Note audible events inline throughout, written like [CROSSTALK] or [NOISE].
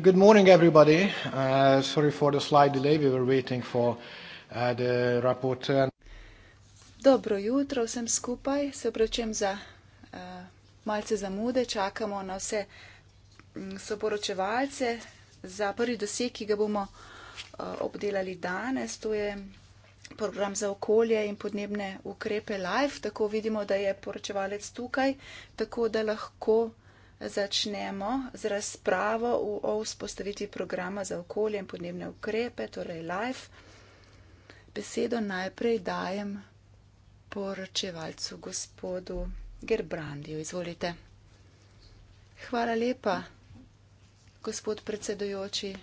Good morning, everybody. Uh, sorry for the slight delay. We were waiting for uh, the rapporteur. Dobro jutro vsem skupaj. Se opravičujem za uh, malce zamude. Čakamo na vse mm, soporočevalce za prvi doseg, ki ga bomo obdelali danes. To je program za okolje in podnebne ukrepe live. Tako vidimo, da je poročevalec tukaj, tako da lahko začnemo z razpravo o vzpostavitvi programa za okolje in podnebne ukrepe, torej LIFE. Besedo najprej dajem poročevalcu gospodu Gerbrandiju. Izvolite. Hvala lepa, gospod predsedojoči.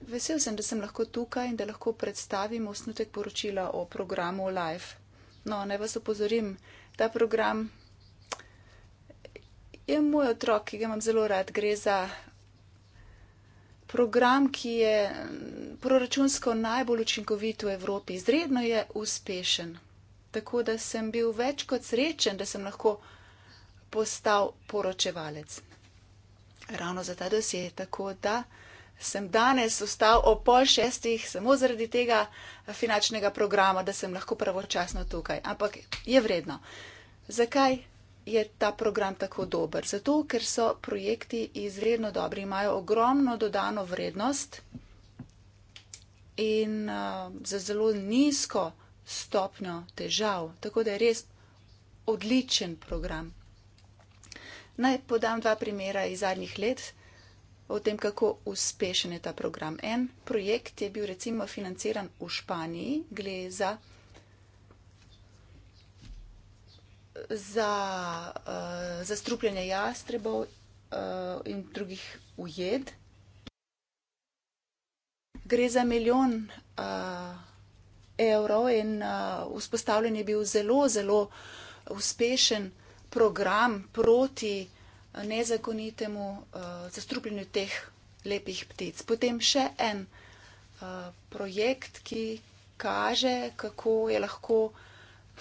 Vesel sem, da sem lahko tukaj in da lahko predstavim osnutek poročila o programu LIFE. No, naj vas opozorim, ta program je moj otrok, ki ga imam zelo rad. Gre za program, ki je mm, proračunsko najbolj učinkovit v Evropi. Izredno je uspešen. Tako da sem bil več kot srečen, da sem lahko postal poročevalec. Ravno za ta dosje. Tako da sem danes ostal o pol šestih samo zaradi tega finančnega programa, da sem lahko pravočasno tukaj. Ampak je vredno. Zakaj? je ta program tako dober? Zato, ker so projekti izredno dobri, imajo ogromno dodano vrednost in uh, za zelo nizko stopnjo težav. Tako da je res odličen program. Naj podam dva primera iz zadnjih let o tem, kako uspešen je ta program. En projekt je bil recimo financiran v Španiji, gre za. za uh, eh, zastrupljanje jastrebov uh, eh, in drugih ujed. Gre za milijon uh, evrov in uh, vzpostavljen je bil zelo, zelo uspešen program proti nezakonitemu uh, zastrupljanju teh lepih ptic. Potem še en uh, projekt, ki kaže, kako je lahko uh,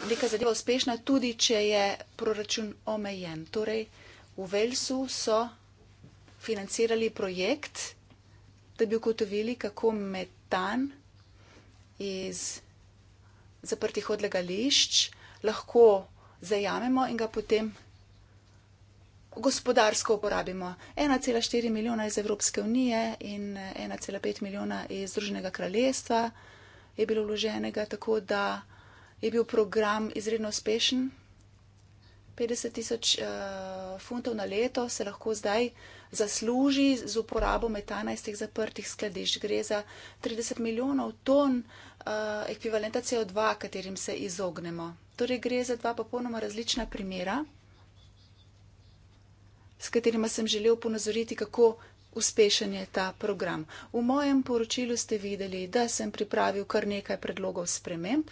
neka zadeva uspešna, tudi če je proračun omejen. Torej, v Velsu so financirali projekt, da bi ugotovili, kako metan iz zaprtih odlagališč lahko zajamemo in ga potem gospodarsko uporabimo. 1,4 milijona iz Evropske unije in 1,5 milijona iz Združenega kraljestva je bilo vloženega, tako da je bil program izredno uspešen. 50 tisoč uh, funtov na leto se lahko zdaj zasluži z uporabo metana iz teh zaprtih skladišč. Gre za 30 milijonov ton uh, ekvivalenta CO2, katerim se izognemo. Torej gre za dva popolnoma različna primera, s katerima sem želel ponazoriti, kako uspešen je ta program. V mojem poročilu ste videli, da sem pripravil kar nekaj predlogov sprememb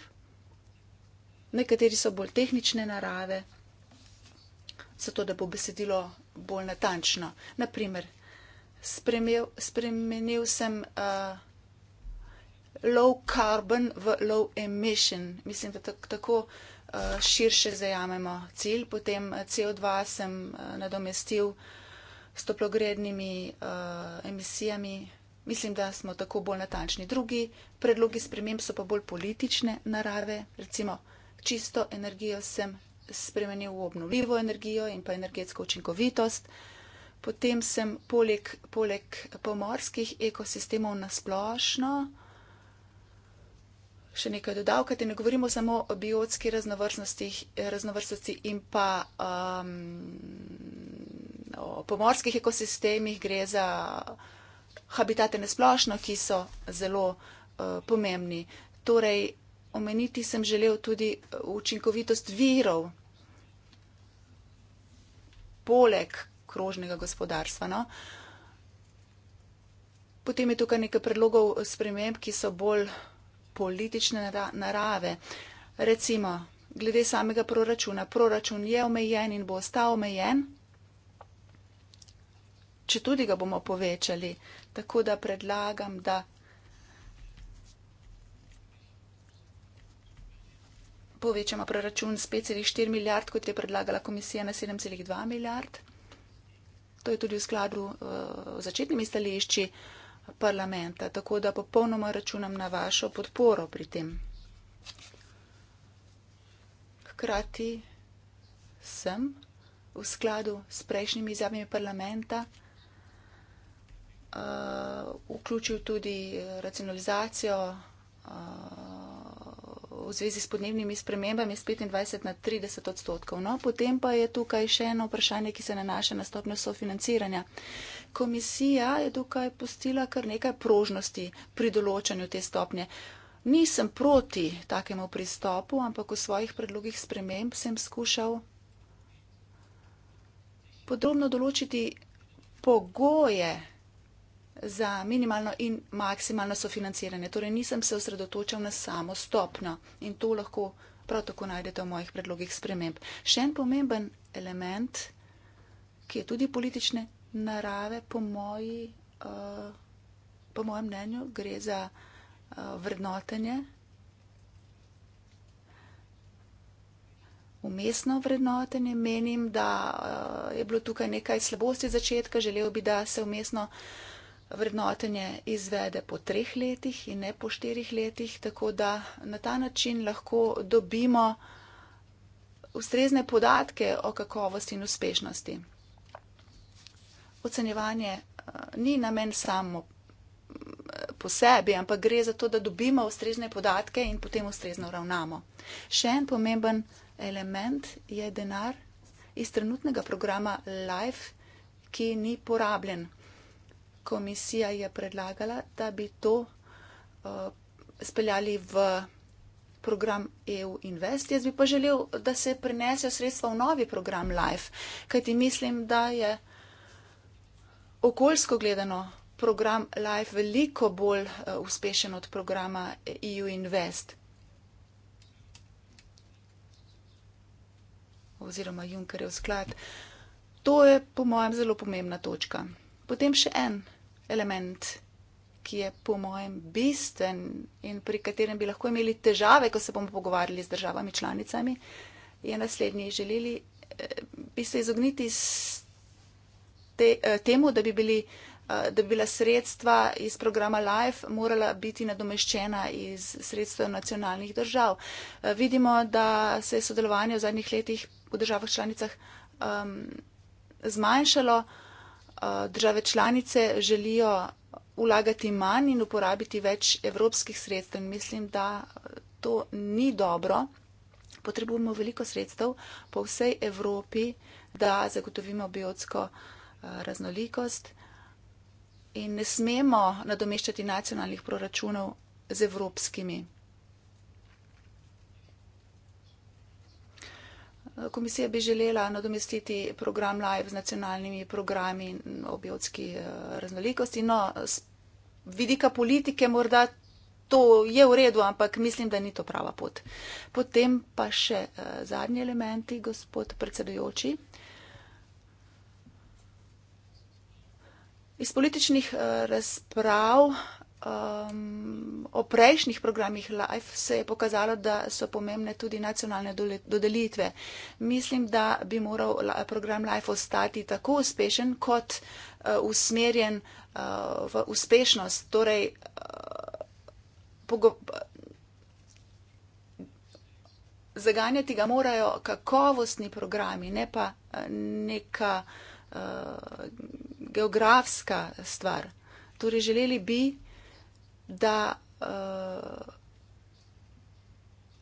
nekateri so bolj tehnične narave, zato da bo besedilo bolj natančno. Naprimer, spremel, spremenil sem uh, low carbon v low emission. Mislim, da tako, tako uh, eh, širše zajamemo cilj. Potem eh, CO2 sem uh, nadomestil s toplogrednimi uh, emisijami. Mislim, da smo tako bolj natančni. Drugi predlogi sprememb so pa bolj politične narave, recimo čisto energijo sem spremenil v obnovljivo energijo in pa energetsko učinkovitost. Potem sem poleg, poleg pomorskih ekosistemov nasplošno še nekaj dodal, kajte ne govorimo samo o biotski raznovrstnosti in pa um, o pomorskih ekosistemih, gre za habitate nasplošno, ki so zelo uh, pomembni. Torej, omeniti sem želel tudi eh, učinkovitost virov poleg krožnega gospodarstva. No? Potem je tukaj nekaj predlogov eh, sprememb, ki so bolj politične narave. Recimo, glede samega proračuna. Proračun je omejen in bo ostal omejen, če tudi ga bomo povečali. Tako da predlagam, da povečamo proračun z 5,4 milijard, kot je predlagala komisija, na 7,2 milijard. To je tudi v skladu eh, z začetnimi stališči parlamenta, tako da popolnoma računam na vašo podporo pri tem. Hkrati sem v skladu s prejšnjimi izjavami parlamenta uh, vključil tudi racionalizacijo uh, v zvezi s podnebnimi spremembami z 25 na 30 odstotkov. No, potem pa je tukaj še eno vprašanje, ki se nanaša na stopnjo sofinanciranja. Komisija je tukaj postila kar nekaj prožnosti pri določanju te stopnje. Nisem proti takemu pristopu, ampak v svojih predlogih sprememb sem skušal podrobno določiti pogoje za minimalno in maksimalno sofinanciranje. Torej nisem se osredotočal na samo stopno in to lahko prav tako najdete v mojih predlogih sprememb. Še en pomemben element, ki je tudi politične narave, po, moji, uh, po mojem mnenju, gre za uh, vrednotenje, umestno vrednotenje. Menim, da uh, je bilo tukaj nekaj slabosti začetka, želel bi, da se umestno vrednotenje izvede po treh letih in ne po štirih letih, tako da na ta način lahko dobimo ustrezne podatke o kakovosti in uspešnosti. Ocenjevanje eh, ni namen samo mm, po sebi, ampak gre za to, da dobimo ustrezne podatke in potem ustrezno ravnamo. Še en pomemben element je denar iz trenutnega programa Life, ki ni porabljen komisija je predlagala, da bi to uh, speljali v program EU Invest. Jaz bi pa želel, da se prenesejo sredstva v novi program LIFE, kajti mislim, da je okoljsko gledano program LIFE veliko bolj uh, uspešen od programa EU Invest. Oziroma Junkerjev sklad. To je po mojem zelo pomembna točka. Potem še en element, ki je po mojem bistven in pri katerem bi lahko imeli težave, ko se bomo pogovarjali z državami članicami, je naslednji. Želeli eh, bi se izogniti te, eh, temu, da bi bili eh, da bi bila sredstva iz programa LIFE morala biti nadomeščena iz sredstev nacionalnih držav. Vidimo, da se je sodelovanje v zadnjih letih v državah članicah um, zmanjšalo države članice želijo vlagati manj in uporabiti več evropskih sredstev. Mislim, da to ni dobro. Potrebujemo veliko sredstev po vsej Evropi, da zagotovimo biotsko raznolikost in ne smemo nadomeščati nacionalnih proračunov z evropskimi. Komisija bi želela nadomestiti program Live z nacionalnimi programi o biotski eh, raznolikosti. No, z vidika politike morda to je v redu, ampak mislim, da ni to prava pot. Potem pa še eh, zadnji elementi, gospod predsedujoči. Iz političnih eh, razprav um, o prejšnjih programih LIFE se je pokazalo, da so pomembne tudi nacionalne dodelitve. Mislim, da bi moral program LIFE ostati tako uspešen, kot uh, usmerjen uh, v uspešnost. Torej, uh, zaganjati ga morajo kakovostni programi, ne pa uh, neka uh, geografska stvar. Torej, želeli bi, da uh,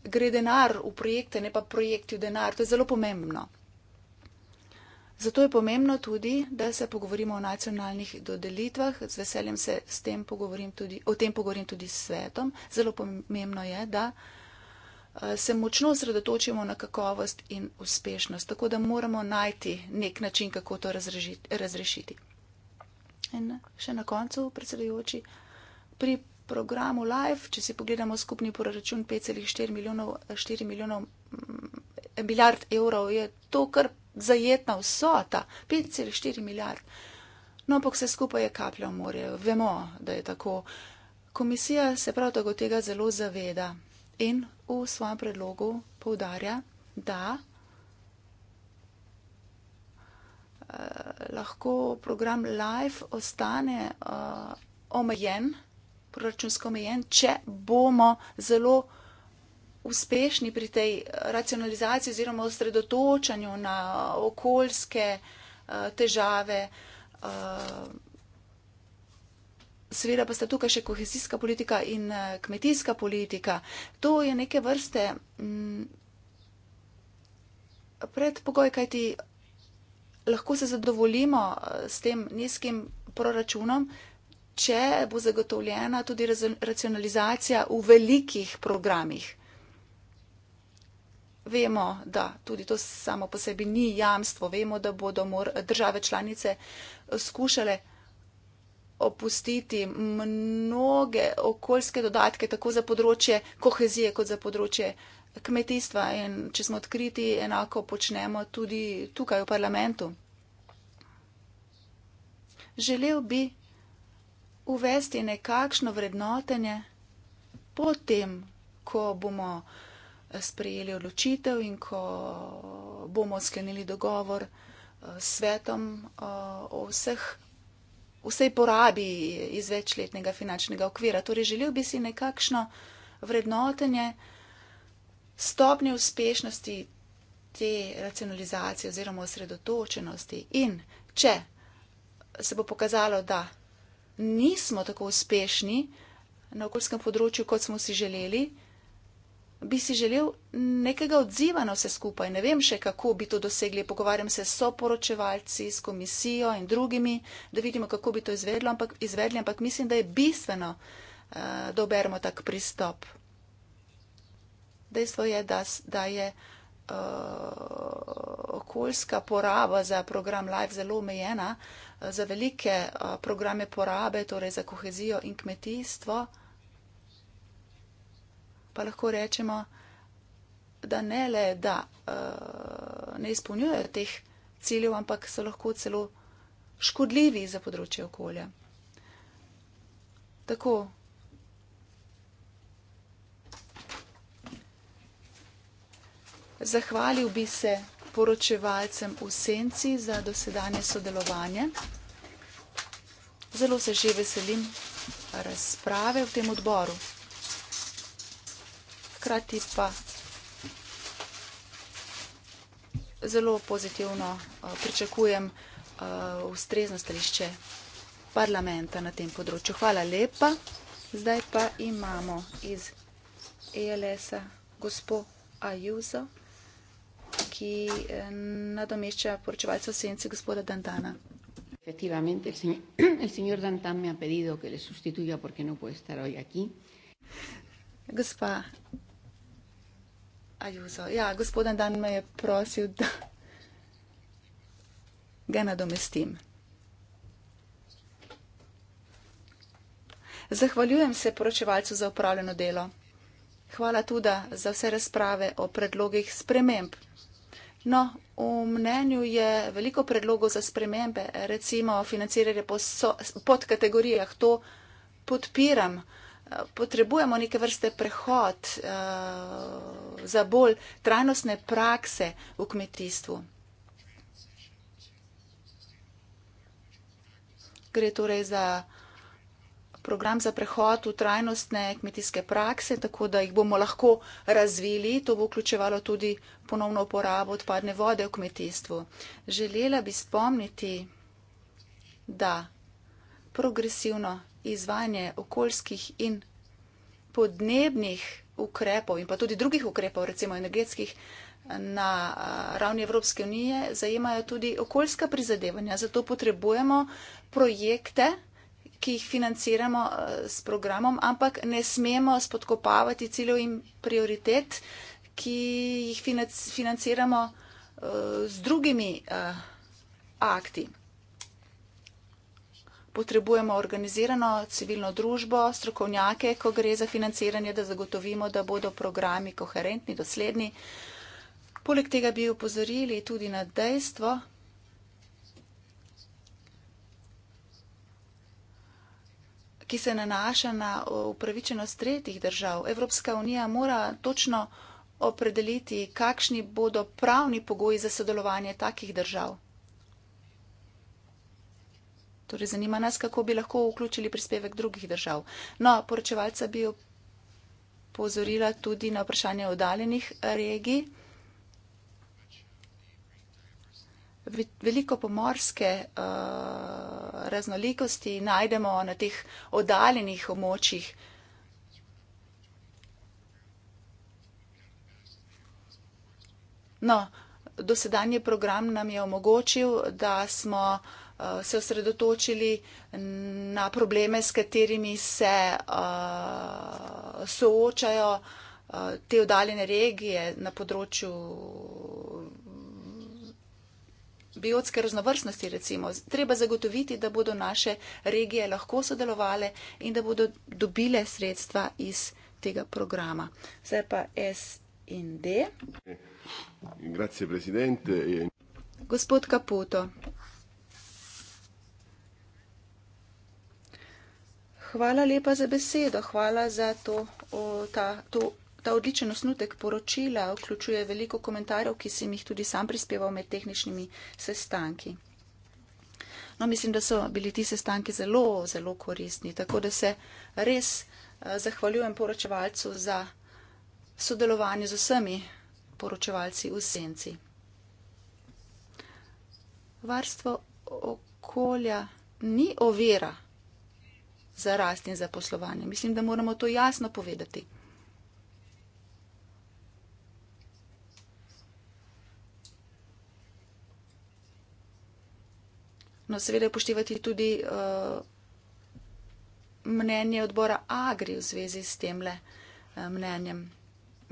gre denar v projekte, ne pa projekti v denar. To je zelo pomembno. Zato je pomembno tudi, da se pogovorimo o nacionalnih dodelitvah. Z veseljem se s tem pogovorim tudi, o tem pogovorim tudi s svetom. Zelo pomembno je, da eh, se močno osredotočimo na kakovost in uspešnost. Tako da moramo najti nek način, kako to razrešiti. In še na koncu, predsedujoči, pri programu Live, če si pogledamo skupni proračun 5,4 milijonov, 4 milijonov mm, milijard evrov, je to kar zajetna vsota, 5,4 milijard. No, ampak vse skupaj je kapljal morje, vemo, da je tako. Komisija se prav tako tega zelo zaveda in v svojem predlogu poudarja, da eh, lahko program Live ostane uh, omejen proračunsko omejen, če bomo zelo uspešni pri tej racionalizaciji oziroma osredotočanju na okoljske eh, težave. Eh, seveda pa sta tukaj še kohezijska politika in eh, kmetijska politika. To je neke vrste mm, predpogoj, kajti lahko se zadovoljimo s tem nizkim proračunom, če bo zagotovljena tudi racionalizacija v velikih programih. Vemo, da tudi to samo po sebi ni jamstvo, vemo, da bodo države članice eh, skušale opustiti mnoge okoljske dodatke, tako za področje kohezije, kot za področje kmetijstva. In če smo odkriti, enako počnemo tudi tukaj v parlamentu. Želel bi, uvesti nekakšno vrednotenje, potem, ko bomo sprejeli odločitev in ko bomo sklenili dogovor eh, s svetom eh, o vseh, vsej porabi iz večletnega finančnega okvira. Torej, želel bi si nekakšno vrednotenje stopnje uspešnosti te racionalizacije oziroma osredotočenosti in če se bo pokazalo, da nismo tako uspešni na okoljskem področju, kot smo si želeli, bi si želel nekega odziva na vse skupaj. Ne vem še, kako bi to dosegli. Pogovarjam se s soporočevalci, s komisijo in drugimi, da vidimo, kako bi to izvedlo, ampak, izvedli, ampak mislim, da je bistveno, eh, da oberemo tak pristop. Dejstvo je, da, da je uh, okoljska poraba za program Life zelo omejena, uh, za velike programe porabe, torej za kohezijo in kmetijstvo, pa lahko rečemo, da ne le, da ne izpolnjujejo teh ciljev, ampak so lahko celo škodljivi za področje okolja. Tako. Zahvalil bi se poročevalcem v senci za dosedanje sodelovanje. Zelo se že veselim razprave v tem odboru. Hkrati pa zelo pozitivno eh, pričakujem eh, ustrezno stališče parlamenta na tem področju. Hvala lepa. Zdaj pa imamo iz ELS-a gospod Ajuzo ki eh, nadomešča poročevalca v senci gospoda Dantana. [CLEARS THROAT] No Gospa Ajuzo, ja, gospod Dantan me je prosil, da ga nadomestim. Zahvaljujem se poročevalcu za upravljeno delo. Hvala tudi za vse razprave o predlogih sprememb. No, v mnenju je veliko predlogov za spremembe, recimo financiranje po so, podkategorijah, to podpiram. Potrebujemo neke vrste prehod uh, za bolj trajnostne prakse v kmetijstvu. Gre torej za program za prehod v trajnostne kmetijske prakse, tako da jih bomo lahko razvili. To bo vključevalo tudi ponovno uporabo odpadne vode v kmetijstvu. Želela bi spomniti, da progresivno izvajanje okoljskih in podnebnih ukrepov in pa tudi drugih ukrepov, recimo energetskih, na ravni Evropske unije zajemajo tudi okoljska prizadevanja. Zato potrebujemo projekte, ki jih financiramo eh, s programom, ampak ne smemo spodkopavati ciljev in prioritet, ki jih financiramo eh, z drugimi eh, akti. Potrebujemo organizirano civilno družbo, strokovnjake, ko gre za financiranje, da zagotovimo, da bodo programi koherentni, dosledni. Poleg tega bi upozorili tudi na dejstvo, ki se nanaša na upravičenost tretjih držav. Evropska unija mora točno opredeliti, kakšni bodo pravni pogoji za sodelovanje takih držav. Torej, zanima nas, kako bi lahko vključili prispevek drugih držav. No, poročevalca bi opozorila tudi na vprašanje oddaljenih regij. veliko pomorske uh, raznolikosti najdemo na teh oddaljenih območjih. No, dosedanje program nam je omogočil, da smo uh, se osredotočili na probleme, s katerimi se uh, soočajo uh, te oddaljene regije na področju biotske raznovrstnosti recimo. Treba zagotoviti, da bodo naše regije lahko sodelovale in da bodo dobile sredstva iz tega programa. Zdaj pa S in D. Grazie, presidente. Gospod Kaputo. Hvala lepa za besedo, hvala za to, o, ta, to Ta odličen osnutek poročila vključuje veliko komentarjev, ki sem jih tudi sam prispeval med tehničnimi sestanki. No, mislim, da so bili ti sestanki zelo, zelo koristni, tako da se res eh, zahvaljujem poročevalcu za sodelovanje z vsemi poročevalci v senci. Varstvo okolja ni ovira za rast in za poslovanje. Mislim, da moramo to jasno povedati. No, seveda upoštevati tudi uh, mnenje odbora Agri v zvezi s tem le uh, mnenjem.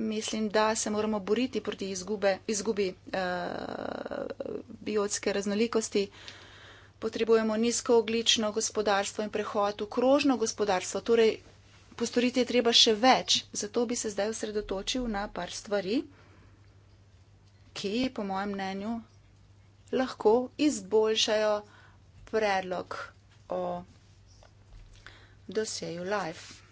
Mislim, da se moramo boriti proti izgube, izgubi uh, biotske raznolikosti. Potrebujemo nizkooglično gospodarstvo in prehod v krožno gospodarstvo. Torej, postoriti je treba še več. Zato bi se zdaj osredotočil na par stvari, ki, po mojem mnenju, lahko izboljšajo predlog o doseju Life.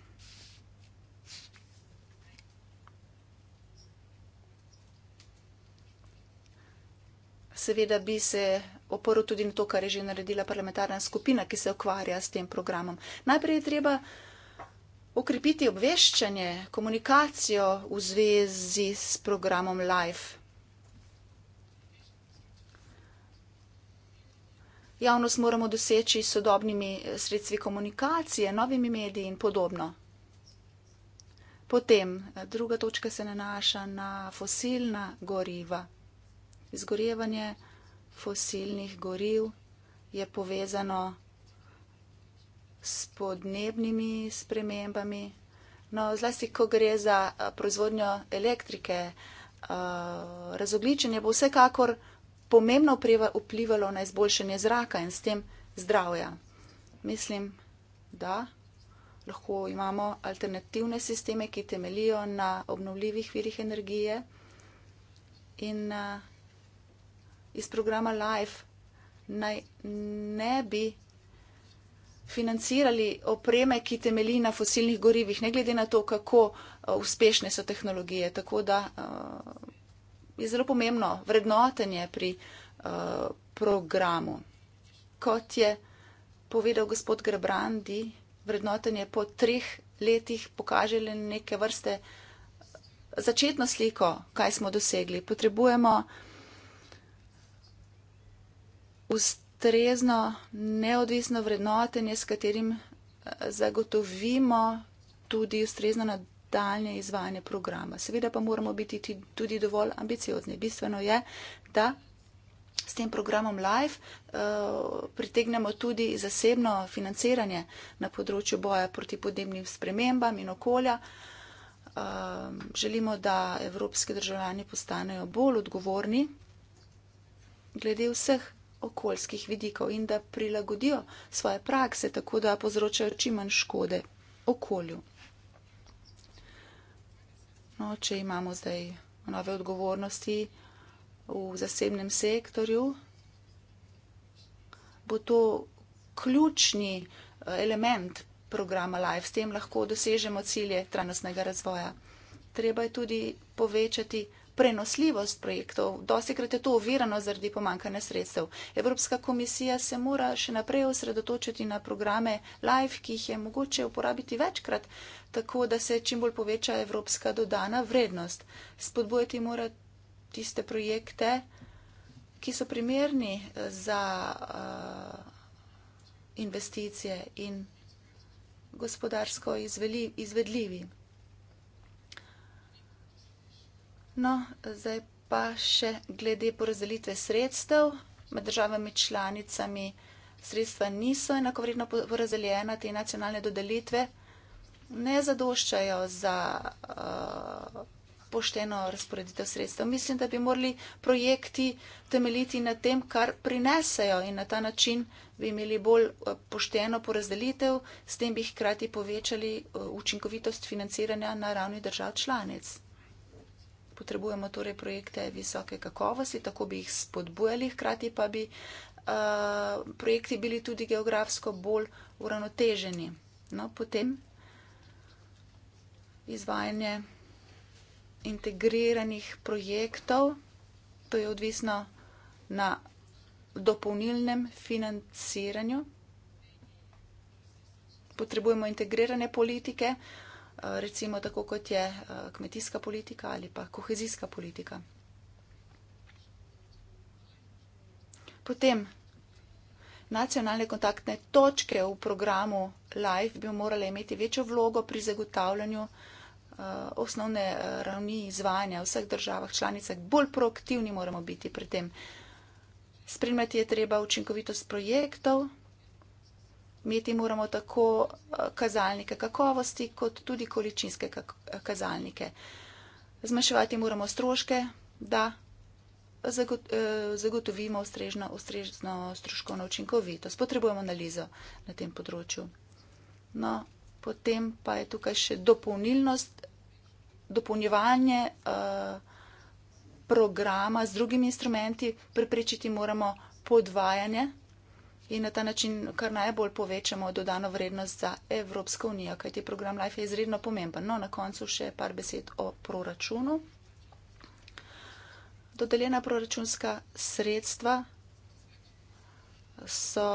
Seveda bi se oporil tudi na to, kar je že naredila parlamentarna skupina, ki se ukvarja s tem programom. Najprej je treba okrepiti obveščanje, komunikacijo v zvezi s programom Life. javnost moramo doseči s sodobnimi eh, sredstvi komunikacije, novimi mediji in podobno. Potem eh, druga točka se nanaša na fosilna goriva. Izgorevanje fosilnih goriv je povezano s podnebnimi spremembami. No, zlasti, ko gre za eh, proizvodnjo elektrike, razogličenje bo vsekakor pomembno vplivalo na izboljšanje zraka in s tem zdravja. Mislim, da lahko imamo alternativne sisteme, ki temelijo na obnovljivih virih energije in eh, iz programa LIFE naj ne bi financirali opreme, ki temelji na fosilnih gorivih, ne glede na to, kako eh, uspešne so tehnologije. Tako da eh, je zelo pomembno vrednotenje pri uh, programu. Kot je povedal gospod Grebrandi, vrednotenje po treh letih pokaže le neke vrste eh, začetno sliko, kaj smo dosegli. Potrebujemo ustrezno, neodvisno vrednotenje, s katerim eh, zagotovimo tudi ustrezno nadzor daljne izvajanje programa. Seveda pa moramo biti tudi dovolj ambiciozni. Bistveno je, da s tem programom LIFE uh, pritegnemo tudi zasebno financiranje na področju boja proti podnebnim spremembam in okolja. Uh, želimo, da evropski državljani postanejo bolj odgovorni glede vseh okoljskih vidikov in da prilagodijo svoje prakse tako, da povzročajo čim manj škode okolju. No, če imamo zdaj nove odgovornosti v zasebnem sektorju, bo to ključni eh, element programa LIFE. S tem lahko dosežemo cilje trajnostnega razvoja. Treba je tudi povečati prenosljivost projektov. Dosikrat je to uverano zaradi pomankanja sredstev. Evropska komisija se mora še naprej osredotočiti na programe LIFE, ki jih je mogoče uporabiti večkrat, tako da se čim bolj poveča evropska dodana vrednost. Spodbujati mora tiste projekte, ki so primerni eh, za uh, investicije in gospodarsko izvedljivi. No, zdaj pa še glede porazdelitve sredstev med državami članicami. Sredstva niso enakovredno porazdeljena, te nacionalne dodelitve ne zadoščajo za uh, pošteno razporeditev sredstev. Mislim, da bi morali projekti temeljiti na tem, kar prinesejo in na ta način bi imeli bolj eh, pošteno porazdelitev, s tem bi hkrati povečali eh, učinkovitost financiranja na ravni držav članic potrebujemo torej projekte visoke kakovosti, tako bi jih spodbujali, hkrati pa bi uh, projekti bili tudi geografsko bolj uravnoteženi. No, potem izvajanje integriranih projektov, to je odvisno na dopolnilnem financiranju. Potrebujemo integrirane politike, uh, Eh, recimo tako kot je eh, kmetijska politika ali pa kohezijska politika. Potem nacionalne kontaktne točke v programu LIFE bi morale imeti večjo vlogo pri zagotavljanju eh, osnovne ravni izvanja v vseh državah članicah. Bolj proaktivni moramo biti pri tem. Spremljati je treba učinkovitost projektov, imeti moramo tako eh, kazalnike kakovosti, kot tudi količinske kazalnike. Zmanjševati moramo stroške, da eh, zagotovimo ustrežno, ustrežno stroškovno učinkovitost. Potrebujemo analizo na tem področju. No, potem pa je tukaj še dopolnilnost, dopolnjevanje eh, programa z drugimi instrumenti. Preprečiti moramo podvajanje in na ta način kar najbolj povečamo dodano vrednost za Evropsko unijo, kajti program LIFE je izredno pomemben. No, na koncu še par besed o proračunu. Dodeljena proračunska sredstva so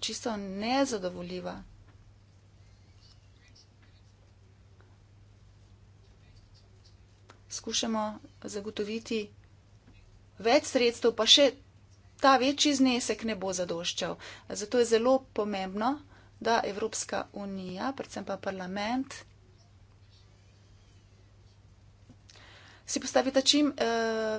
čisto nezadovoljiva. Skušamo zagotoviti več sredstev, pa še ta večji znesek ne bo zadoščal. Zato je zelo pomembno, da Evropska unija, predvsem pa parlament, si postavita čim uh,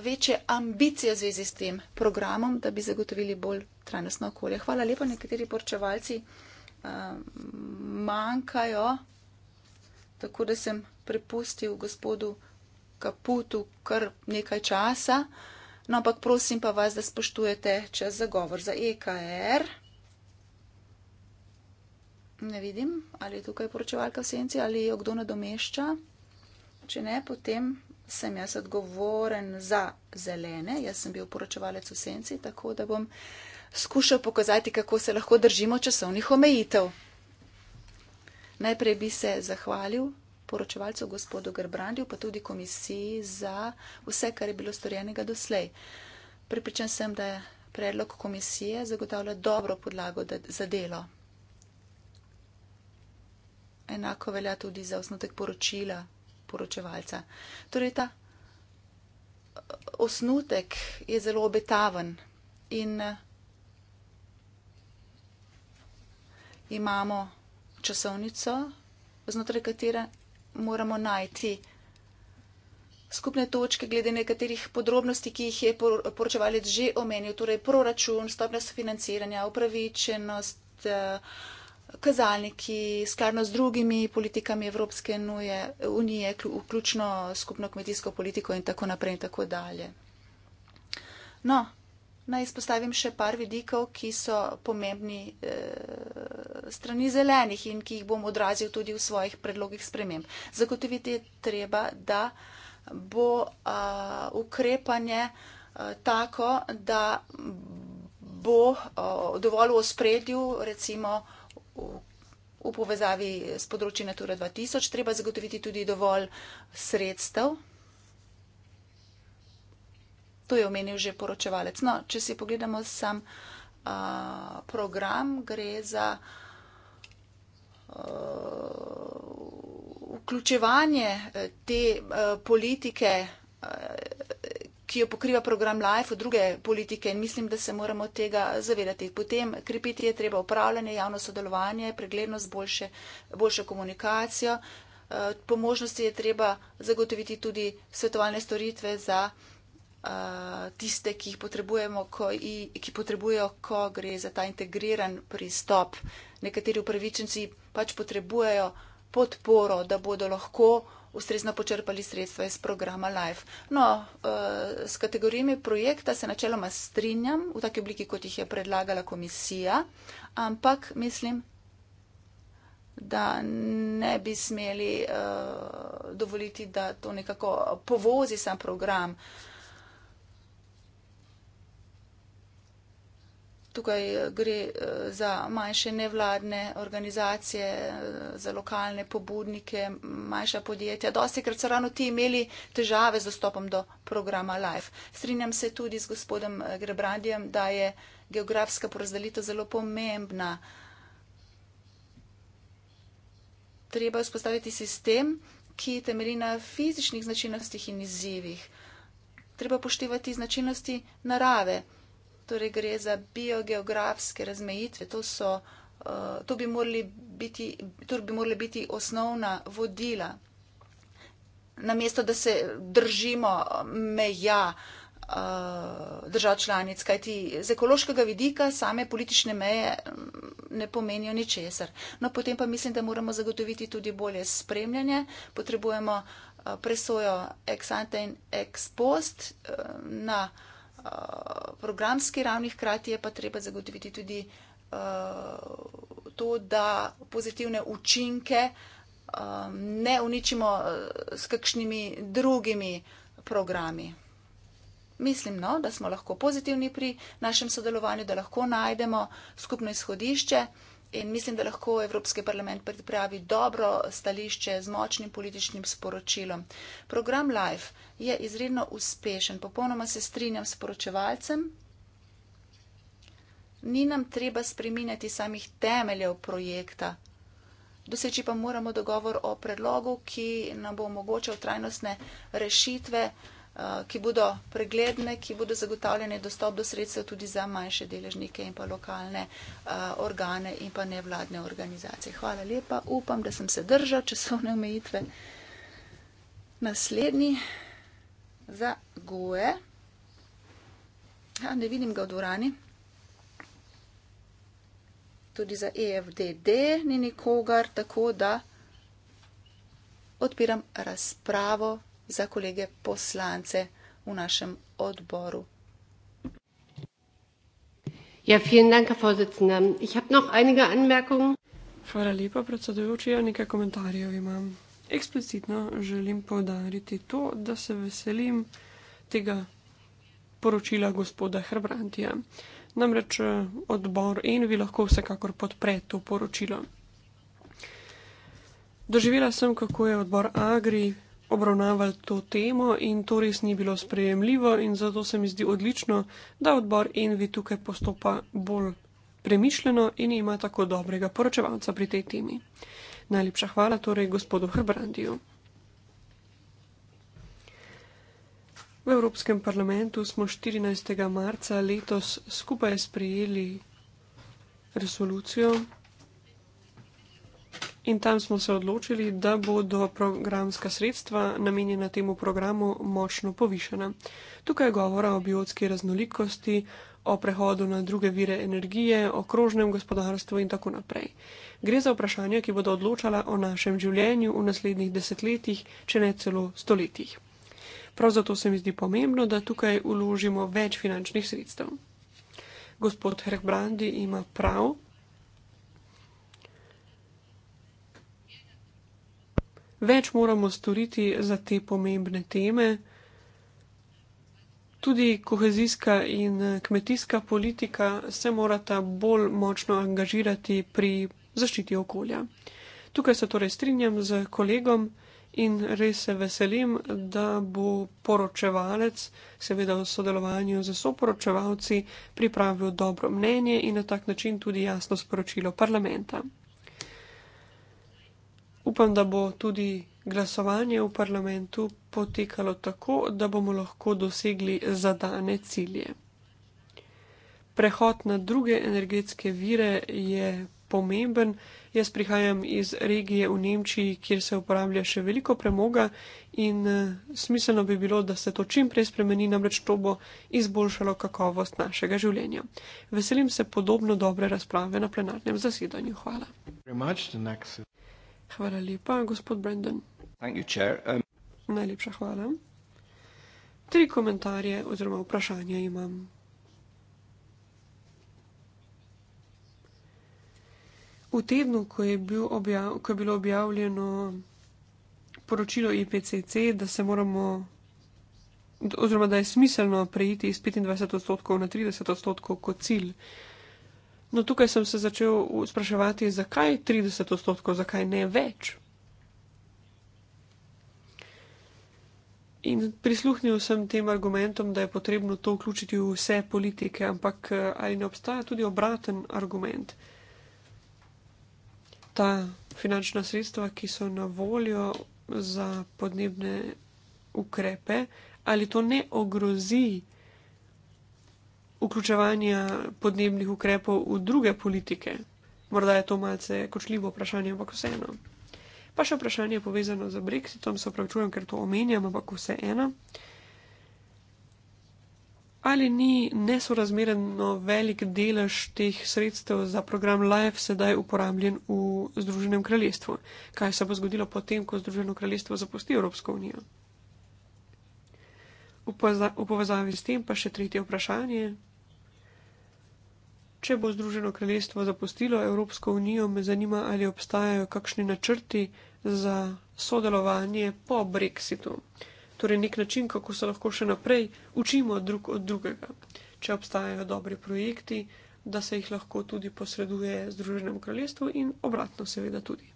večje ambicije v zvezi s tem programom, da bi zagotovili bolj trajnostno okolje. Hvala lepa, nekateri porčevalci uh, eh, manjkajo, tako da sem prepustil gospodu Kaputu kar nekaj časa. Uh, No, ampak prosim pa vas, da spoštujete čas za govor za EKR. Ne vidim, ali je tukaj poročevalka v senci ali jo kdo nadomešča. Če ne, potem sem jaz odgovoren za zelene. Jaz sem bil poročevalec v senci, tako da bom skušal pokazati, kako se lahko držimo časovnih omejitev. Najprej bi se zahvalil poročevalcu gospodu Grbrandju, pa tudi komisiji za vse, kar je bilo storjenega doslej. Pripričan sem, da je predlog komisije zagotavlja dobro podlago za delo. Enako velja tudi za osnutek poročila poročevalca. Torej, ta eh, osnutek je zelo obetaven in eh, imamo časovnico, znotraj katere moramo najti skupne točke glede nekaterih podrobnosti, ki jih je poročevalec že omenil, torej proračun, stopnja sofinanciranja, upravičenost, eh, kazalniki, skladno z drugimi politikami Evropske unije, vključno skupno kmetijsko politiko in tako naprej in tako dalje. No, naj izpostavim še par vidikov, ki so pomembni e, strani zelenih in ki jih bom odrazil tudi v svojih predlogih sprememb. Zagotoviti je treba, da bo a, ukrepanje a, tako, da bo a, dovolj v ospredju, recimo v, v povezavi s področji Natura 2000, treba zagotoviti tudi dovolj sredstev To je omenil že poročevalec. No, če si pogledamo sam uh, program, gre za uh, vključevanje e, te uh, politike, uh, ki jo pokriva program LIFE, v druge politike in mislim, da se moramo tega zavedati. Potem krepiti je treba upravljanje, javno sodelovanje, preglednost, boljše, boljšo komunikacijo. Uh, po možnosti je treba zagotoviti tudi svetovalne storitve za tiste, ki jih potrebujemo, ko, i, ki potrebujo, ko gre za ta integriran pristop. Nekateri upravičenci pač potrebujejo podporo, da bodo lahko ustrezno počrpali sredstva iz programa LIFE. No, s kategorijami projekta se načeloma strinjam v taki obliki, kot jih je predlagala komisija, ampak mislim, da ne bi smeli dovoliti, da to nekako povozi sam program. tukaj eh, gre eh, za manjše nevladne organizacije, eh, za lokalne pobudnike, manjša podjetja. Dosti krat so ravno ti imeli težave z dostopom do programa Life. Strinjam se tudi z gospodom Grebrandijem, da je geografska porazdelitev zelo pomembna. Treba vzpostaviti sistem, ki temelji na fizičnih značilnostih in izzivih. Treba poštevati značilnosti narave. Torej gre za biogeografske razmejitve. To, so, eh, to, bi biti, to bi morali biti osnovna vodila. Namesto, da se držimo meja eh, držav članic, kajti z ekološkega vidika same politične meje mm, ne pomenijo ničesar. No, potem pa mislim, da moramo zagotoviti tudi bolje spremljanje. Potrebujemo eh, presojo ex ante in ex post na. Eh, programski ravni, hkrati je pa treba zagotoviti tudi eh, to, da pozitivne učinke eh, ne uničimo s kakšnimi drugimi programi. Mislim, no, da smo lahko pozitivni pri našem sodelovanju, da lahko najdemo skupno izhodišče. In mislim, da lahko Evropski parlament pripravi dobro stališče z močnim političnim sporočilom. Program Life je izredno uspešen, popolnoma se strinjam s poročevalcem. Ni nam treba spreminjati samih temeljev projekta. Doseči pa moramo dogovor o predlogu, ki nam bo omogočal trajnostne rešitve. Eh, ki bodo pregledne, ki bodo zagotavljene dostop do sredstev tudi za manjše deležnike in pa lokalne eh, organe in pa nevladne organizacije. Hvala lepa, upam, da sem se držal časovne omejitve. Naslednji za GUE. Ja, ne vidim ga v dvorani. Tudi za EFDD ni nikogar, tako da odpiram razpravo za kolege poslance v našem odboru. Ja, vielen Dank, Herr Vorsitzender. Ich habe noch einige Anmerkungen. Hvala lepa, predsedujoča, ja, nekaj komentarjev imam. Eksplicitno želim povdariti to, da se veselim tega poročila gospoda Herbrantija. Namreč eh, odbor in vi lahko vsekakor podprete to poročilo. Doživela sem, kako je odbor Agri obravnavali to temo in to res ni bilo sprejemljivo in zato se mi zdi odlično, da odbor Envi tukaj postopa bolj premišljeno in ima tako dobrega poročevalca pri tej temi. Najlepša hvala torej gospodu Hrbrandiju. V Evropskem parlamentu smo 14. marca letos skupaj sprejeli resolucijo In tam smo se odločili, da bodo programska sredstva namenjena temu programu močno povišena. Tukaj je govora o biotski raznolikosti, o prehodu na druge vire energije, o krožnem gospodarstvu in tako naprej. Gre za vprašanja, ki bodo odločala o našem življenju v naslednjih desetletjih, če ne celo stoletjih. Prav zato se mi zdi pomembno, da tukaj uložimo več finančnih sredstev. Gospod Herk Brandi ima prav, več moramo storiti za te pomembne teme. Tudi kohezijska in kmetijska politika se morata bolj močno angažirati pri zaščiti okolja. Tukaj se torej strinjam z kolegom in res se veselim, da bo poročevalec, seveda v sodelovanju z soporočevalci, pripravil dobro mnenje in na tak način tudi jasno sporočilo parlamenta. Upam, da bo tudi glasovanje v parlamentu potekalo tako, da bomo lahko dosegli zadane cilje. Prehod na druge energetske vire je pomemben. Jaz prihajam iz regije v Nemčiji, kjer se uporablja še veliko premoga in eh, smiselno bi bilo, da se to čim prej spremeni, namreč to bo izboljšalo kakovost našega življenja. Veselim se podobno dobre razprave na plenarnem zasedanju. Hvala. Hvala lepa, gospod Brendan. Um... Najlepša hvala. Tri komentarje oziroma vprašanja imam. V tednu, ko je, bil objav, ko je bilo objavljeno poročilo IPCC, e da se moramo, oziroma da je smiselno prejiti iz 25 odstotkov na 30 odstotkov kot cilj, No, tukaj sem se začel spraševati, zakaj 30 odstotkov, zakaj ne več. In prisluhnil sem tem argumentom, da je potrebno to vključiti v vse politike, ampak eh, ali ne obstaja tudi obraten argument? Ta finančna sredstva, ki so na voljo za podnebne ukrepe, ali to ne ogrozi? vključevanja podnebnih ukrepov v druge politike? Morda je to malce kočljivo vprašanje, ampak vseeno. Pa še vprašanje povezano z Brexitom, se opravičujem, ker to omenjam, ampak vseeno. Ali ni nesorazmerno velik delež teh sredstev za program LIFE sedaj uporabljen v Združenem kraljestvu? Kaj se bo zgodilo potem, ko Združeno kraljestvo zapusti Evropsko unijo? V povezavi s tem pa še tretje vprašanje, Če bo Združeno kraljestvo zapustilo Evropsko unijo, me zanima, ali obstajajo kakšni načrti za sodelovanje po Brexitu. Torej nek način, kako se lahko še naprej učimo drug od drugega. Če obstajajo dobri projekti, da se jih lahko tudi posreduje Združenemu kraljestvu in obratno seveda tudi.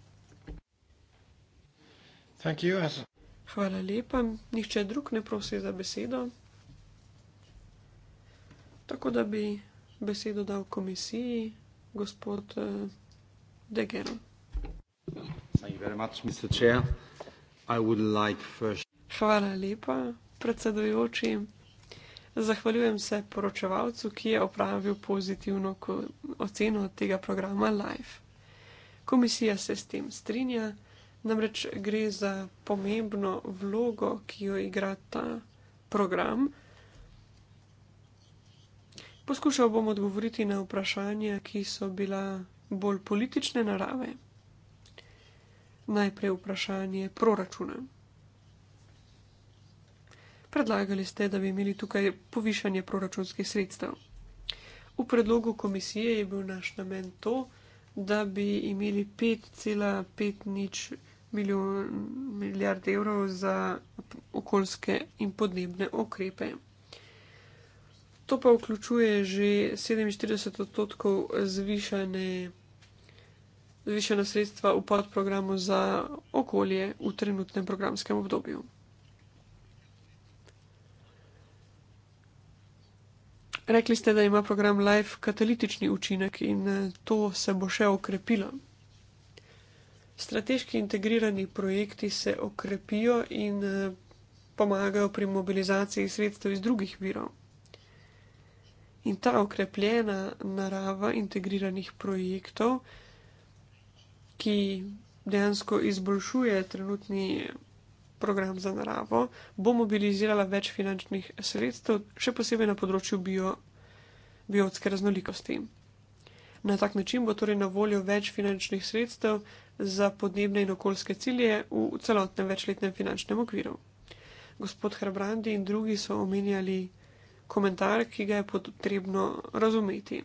Hvala lepa. Nihče drug ne prosi za besedo. Tako da bi besedo dal komisiji, gospod uh, eh, Degen. Like first... Hvala lepa, predsedujoči. Zahvaljujem se poročevalcu, ki je opravil pozitivno oceno tega programa Life. Komisija se s tem strinja, namreč gre za pomembno vlogo, ki jo igra ta program. Poskušal bom odgovoriti na vprašanja, ki so bila bolj politične narave. Najprej vprašanje proračuna. Predlagali ste, da bi imeli tukaj povišanje proračunskih sredstev. V predlogu komisije je bil naš namen to, da bi imeli 5,5 milijard evrov za okoljske in podnebne okrepe. To pa vključuje že 47 odstotkov zvišene sredstva v podprogramu za okolje v trenutnem programskem obdobju. Rekli ste, da ima program Life katalitični učinek in to se bo še okrepilo. Strateški integrirani projekti se okrepijo in pomagajo pri mobilizaciji sredstev iz drugih virov. In ta okrepljena narava integriranih projektov, ki dejansko izboljšuje trenutni program za naravo, bo mobilizirala več finančnih sredstev, še posebej na področju bio, biotske raznolikosti. Na tak način bo torej na voljo več finančnih sredstev za podnebne in okoljske cilje v celotnem večletnem finančnem okviru. Gospod Herbrandi in drugi so omenjali, komentar, ki ga je potrebno razumeti.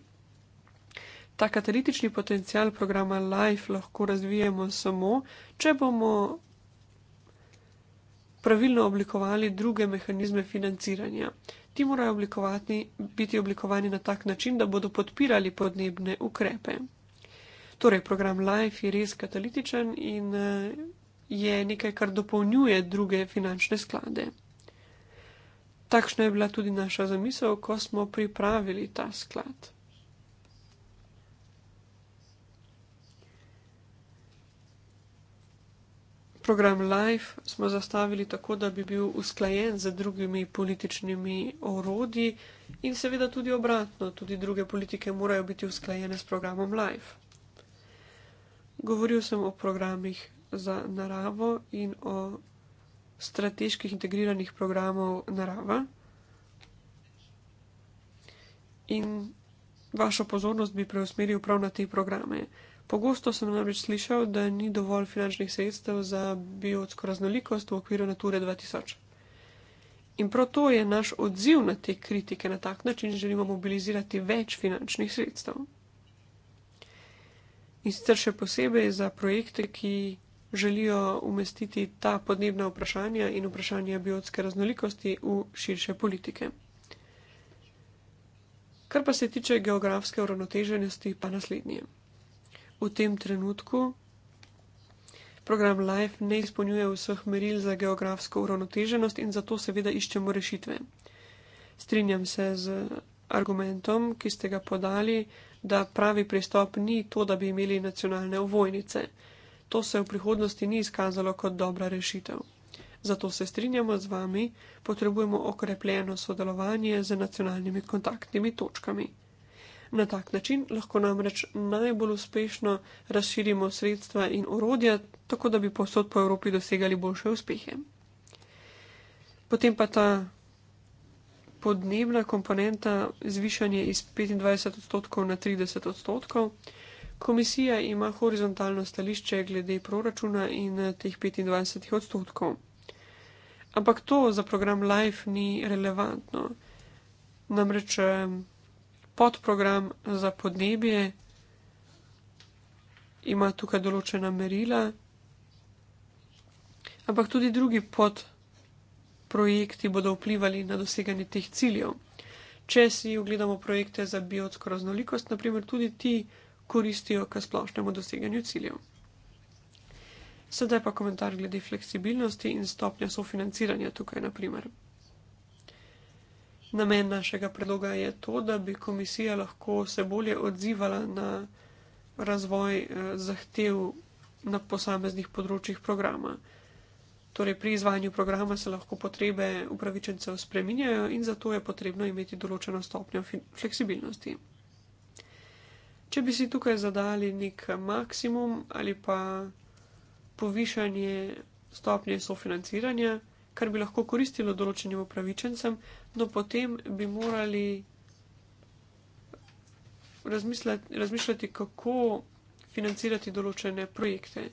Ta katalitični potencial programa Life lahko razvijemo samo, če bomo pravilno oblikovali druge mehanizme financiranja. Ti morajo oblikovati, biti oblikovani na tak način, da bodo podpirali podnebne ukrepe. Torej, program Life je res katalitičen in eh, je nekaj, kar dopolnjuje druge finančne sklade. Takšna je bila tudi naša zamisel, ko smo pripravili ta sklad. Program Life smo zastavili tako, da bi bil usklajen z drugimi političnimi orodji in seveda tudi obratno, tudi druge politike morajo biti usklajene s programom Life. Govoril sem o programih za naravo in o strateških integriranih programov narava. In vašo pozornost bi preusmeril prav na te programe. Pogosto sem namreč slišal, da ni dovolj finančnih sredstev za biotsko raznolikost v okviru Nature 2000. In prav to je naš odziv na te kritike na tak način, da želimo mobilizirati več finančnih sredstev. In sicer še posebej za projekte, ki želijo umestiti ta podnebna vprašanja in vprašanja biotske raznolikosti v širše politike. Kar pa se tiče geografske uravnoteženosti, pa naslednje. V tem trenutku program LIFE ne izpolnjuje vseh meril za geografsko uravnoteženost in zato seveda iščemo rešitve. Strinjam se z argumentom, ki ste ga podali, da pravi pristop ni to, da bi imeli nacionalne ovojnice. To se v prihodnosti ni izkazalo kot dobra rešitev. Zato se strinjamo z vami, potrebujemo okrepljeno sodelovanje z nacionalnimi kontaktnimi točkami. Na tak način lahko namreč najbolj uspešno razširimo sredstva in orodja, tako da bi posod po Evropi dosegali boljše uspehe. Potem pa ta podnebna komponenta zvišanje iz 25 odstotkov na 30 odstotkov. Komisija ima horizontalno stališče glede proračuna in eh, teh 25 odstotkov. Ampak to za program Life ni relevantno. Namreč podprogram za podnebje ima tukaj določena merila, ampak tudi drugi podprojekti bodo vplivali na doseganje teh ciljev. Če si ogledamo projekte za biotsko raznolikost, naprimer tudi ti koristijo k splošnemu doseganju ciljev. Sedaj pa komentar glede fleksibilnosti in stopnja sofinanciranja tukaj naprimer. Namen našega predloga je to, da bi komisija lahko se bolje odzivala na razvoj eh, zahtev na posameznih področjih programa. Torej, pri izvajanju programa se lahko potrebe upravičencev spreminjajo in zato je potrebno imeti določeno stopnjo fleksibilnosti če bi si tukaj zadali nek maksimum ali pa povišanje stopnje sofinanciranja, kar bi lahko koristilo določenim upravičencem, no potem bi morali razmišljati, razmišljati kako financirati določene projekte.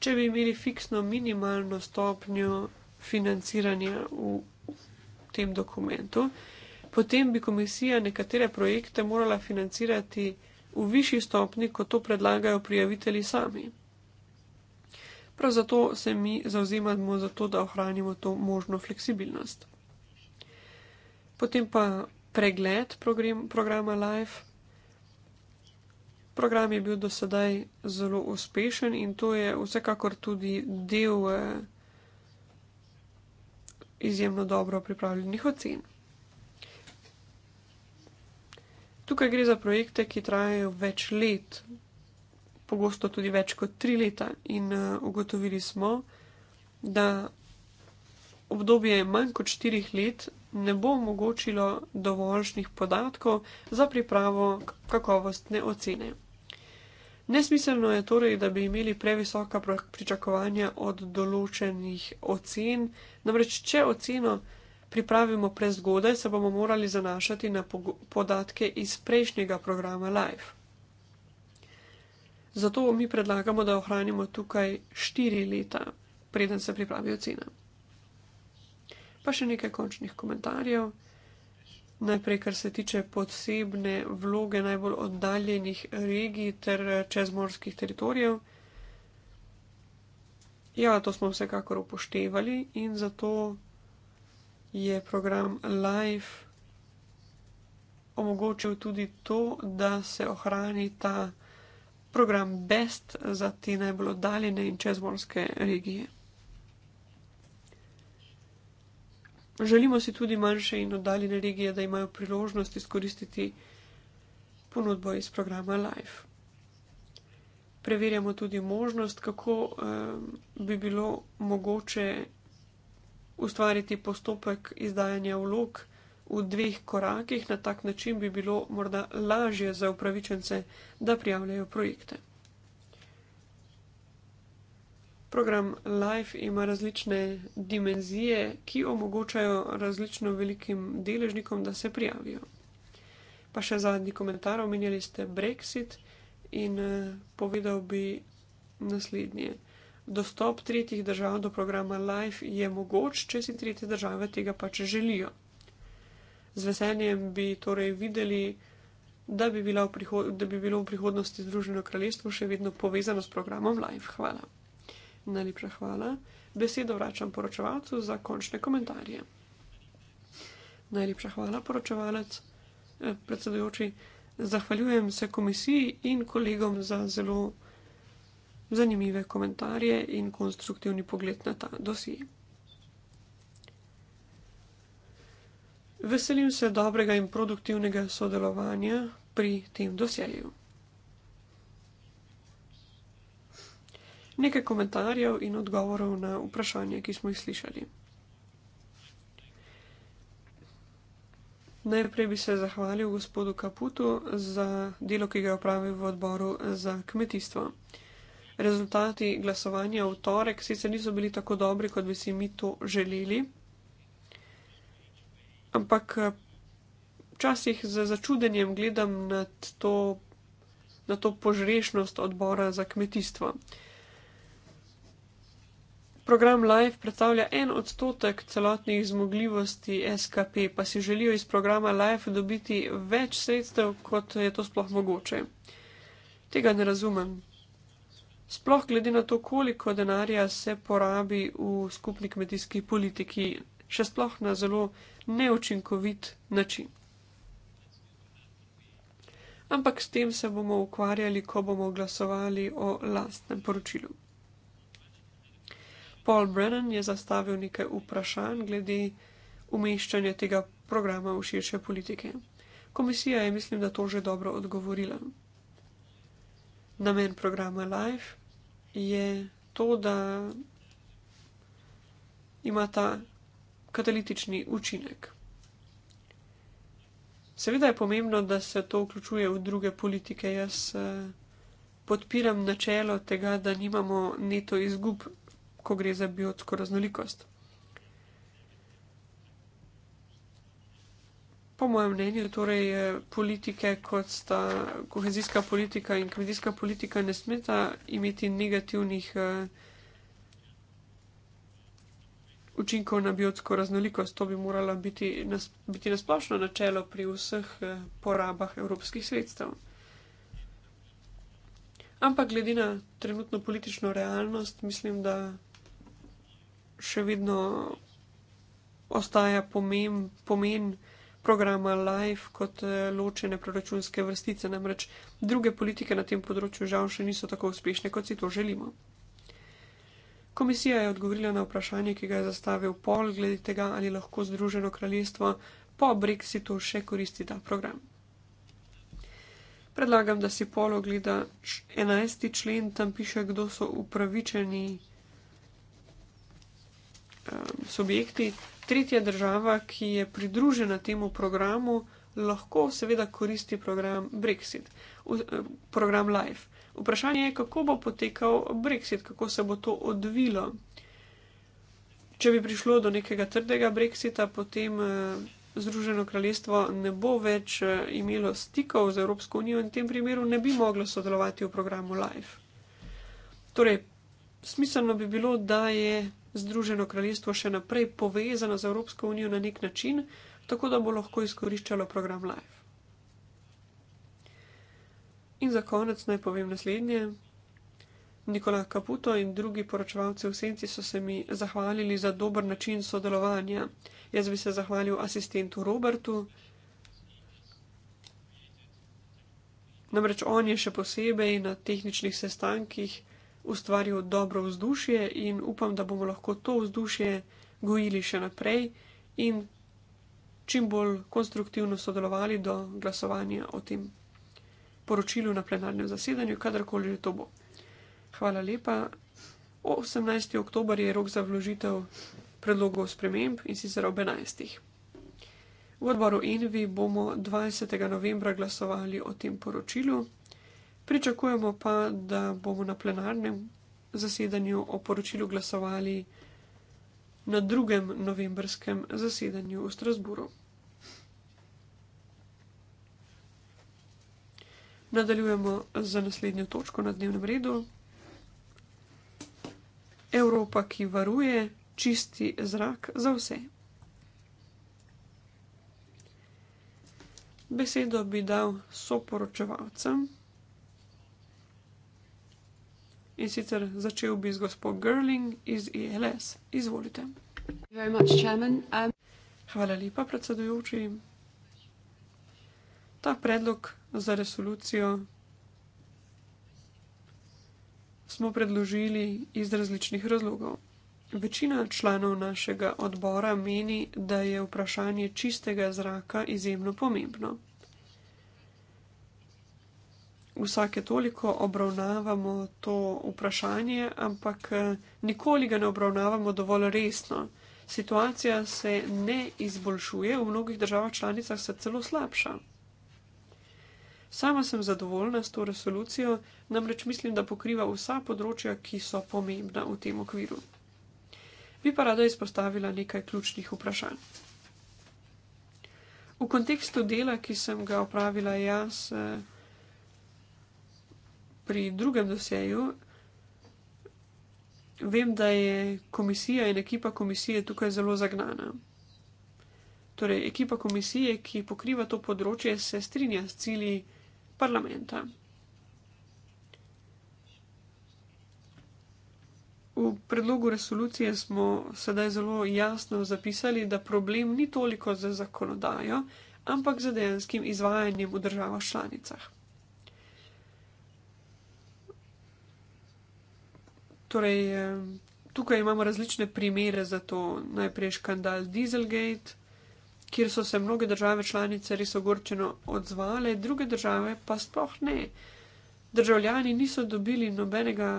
Če bi imeli fiksno minimalno stopnjo financiranja v tem dokumentu, potem bi komisija nekatere projekte morala financirati v višji stopni, kot to predlagajo prijavitelji sami. Prav zato se mi zauzemamo za to, da ohranimo to možno fleksibilnost. Potem pa pregled program, programa Life. Program je bil do sedaj zelo uspešen in to je vsekakor tudi del eh, izjemno dobro pripravljenih ocen. Tukaj gre za projekte, ki trajajo več let, pogosto tudi več kot tri leta, in eh, ugotovili smo, da obdobje manj kot štirih let ne bo omogočilo dovoljšnih podatkov za pripravo kakovostne ocene. Nesmiselno je torej, da bi imeli previsoka pričakovanja od določenih ocen, namreč če oceno pripravimo prezgodaj, se bomo morali zanašati na podatke iz prejšnjega programa Live. Zato mi predlagamo, da ohranimo tukaj 4 leta, preden se pripravi ocena. Pa še nekaj končnih komentarjev. Najprej, kar se tiče posebne vloge najbolj oddaljenih regij ter eh, čezmorskih teritorijev. Ja, to smo vsekakor upoštevali in zato je program Life omogočil tudi to, da se ohrani ta program Best za te najbolj oddaljene in čezmorske regije. Želimo si tudi manjše in oddaljene regije, da imajo priložnost izkoristiti ponudbo iz programa Life. Preverjamo tudi možnost, kako um, bi bilo mogoče ustvariti postopek izdajanja vlog v dveh korakih, na tak način bi bilo morda lažje za upravičence, da prijavljajo projekte. Program LIFE ima različne dimenzije, ki omogočajo različno velikim deležnikom, da se prijavijo. Pa še zadnji komentar, omenjali ste Brexit in eh, povedal bi naslednje dostop tretjih držav do programa LIFE je mogoč, če si tretje države tega pač želijo. Z veseljem bi torej videli, da bi, da bi bilo v prihodnosti Združeno kraljestvo še vedno povezano s programom LIFE. Hvala. Najlepša hvala. Besedo vračam poročevalcu za končne komentarje. Najlepša hvala, poročevalec, eh, predsedujoči. Zahvaljujem se komisiji in kolegom za zelo zanimive komentarje in konstruktivni pogled na ta dosije. Veselim se dobrega in produktivnega sodelovanja pri tem dosjeju. Nekaj komentarjev in odgovorov na vprašanje, ki smo jih slišali. Najprej bi se zahvalil gospodu Kaputu za delo, ki ga je opravil v odboru za kmetijstvo rezultati glasovanja v torek sicer niso bili tako dobri, kot bi si mi to želeli, ampak eh, včasih z začudenjem gledam na to, na to požrešnost odbora za kmetijstvo. Program Life predstavlja en odstotek celotnih zmogljivosti SKP, pa si želijo iz programa Life dobiti več sredstev, kot je to sploh mogoče. Tega ne razumem sploh glede na to, koliko denarja se porabi v skupni kmetijski politiki, še sploh na zelo neučinkovit način. Ampak s tem se bomo ukvarjali, ko bomo glasovali o lastnem poročilu. Paul Brennan je zastavil nekaj vprašanj glede umeščanja tega programa v širše politike. Komisija je, mislim, da to že dobro odgovorila. Namen programa Life je to, da ima ta katalitični učinek. Seveda je pomembno, da se to vključuje v druge politike. Jaz eh, podpiram načelo tega, da nimamo neto izgub, ko gre za biotsko raznolikost. po mojem mnenju, torej eh, politike kot sta kohezijska politika in kmetijska politika ne smeta imeti negativnih eh, učinkov na biotsko raznolikost. To bi morala biti, nas, biti nasplošno načelo pri vseh eh, porabah evropskih sredstev. Ampak glede na trenutno politično realnost, mislim, da še vedno ostaja pomen, pomen programa Life kot eh, ločene proračunske vrstice, namreč druge politike na tem področju žal še niso tako uspešne, kot si to želimo. Komisija je odgovorila na vprašanje, ki ga je zastavil Pol, glede tega, ali lahko Združeno kraljestvo po Brexitu še koristi ta program. Predlagam, da si Pol ogleda 11. člen, tam piše, kdo so upravičeni um, subjekti tretja država, ki je pridružena temu programu, lahko seveda koristi program Brexit, eh, program Life. Vprašanje je, kako bo potekal Brexit, kako se bo to odvilo. Če bi prišlo do nekega trdega Brexita, potem eh, Združeno kraljestvo ne bo več eh, imelo stikov z Evropsko unijo in v tem primeru ne bi moglo sodelovati v programu Life. Torej, smiselno bi bilo, da je Združeno kraljestvo še naprej povezano z Evropsko unijo na nek način, tako da bo lahko izkoriščalo program Life. In za konec naj povem naslednje. Nikola Caputo in drugi poročevalci v senci so se mi zahvalili za dober način sodelovanja. Jaz bi se zahvalil asistentu Robertu. Namreč on je še posebej na tehničnih sestankih ustvaril dobro vzdušje in upam, da bomo lahko to vzdušje gojili še naprej in čim bolj konstruktivno sodelovali do glasovanja o tem poročilu na plenarnem zasedanju, kadarkoli že to bo. Hvala lepa. 18. oktober je rok za vložitev predlogov sprememb in sicer ob 11. V odboru Envi bomo 20. novembra glasovali o tem poročilu. Pričakujemo pa, da bomo na plenarnem zasedanju o poročilu glasovali na drugem novembrskem zasedanju v Strasburu. Nadaljujemo z naslednjo točko na dnevnem redu. Evropa, ki varuje čisti zrak za vse. Besedo bi dal soporočevalcem in sicer začel bi z gospod Gerling iz ELS. Izvolite. Much, um... Hvala lepa, predsedujoči. Ta predlog za resolucijo smo predložili iz različnih razlogov. Večina članov našega odbora meni, da je vprašanje čistega zraka izjemno pomembno vsake toliko obravnavamo to vprašanje, ampak eh, nikoli ga ne obravnavamo dovolj resno. Situacija se ne izboljšuje, v mnogih državah članicah se celo slabša. Sama sem zadovoljna s to resolucijo, namreč mislim, da pokriva vsa področja, ki so pomembna v tem okviru. Bi pa rada izpostavila nekaj ključnih vprašanj. V kontekstu dela, ki sem ga opravila jaz, eh, pri drugem doseju, vem, da je komisija in ekipa komisije tukaj zelo zagnana. Torej, ekipa komisije, ki pokriva to področje, se strinja s cili parlamenta. V predlogu resolucije smo sedaj zelo jasno zapisali, da problem ni toliko z zakonodajo, ampak z dejanskim izvajanjem v državah članicah. Torej, eh, tukaj imamo različne primere za to. Najprej škandal Dieselgate, kjer so se mnoge države članice res ogorčeno odzvale, druge države pa sploh ne. Državljani niso dobili nobenega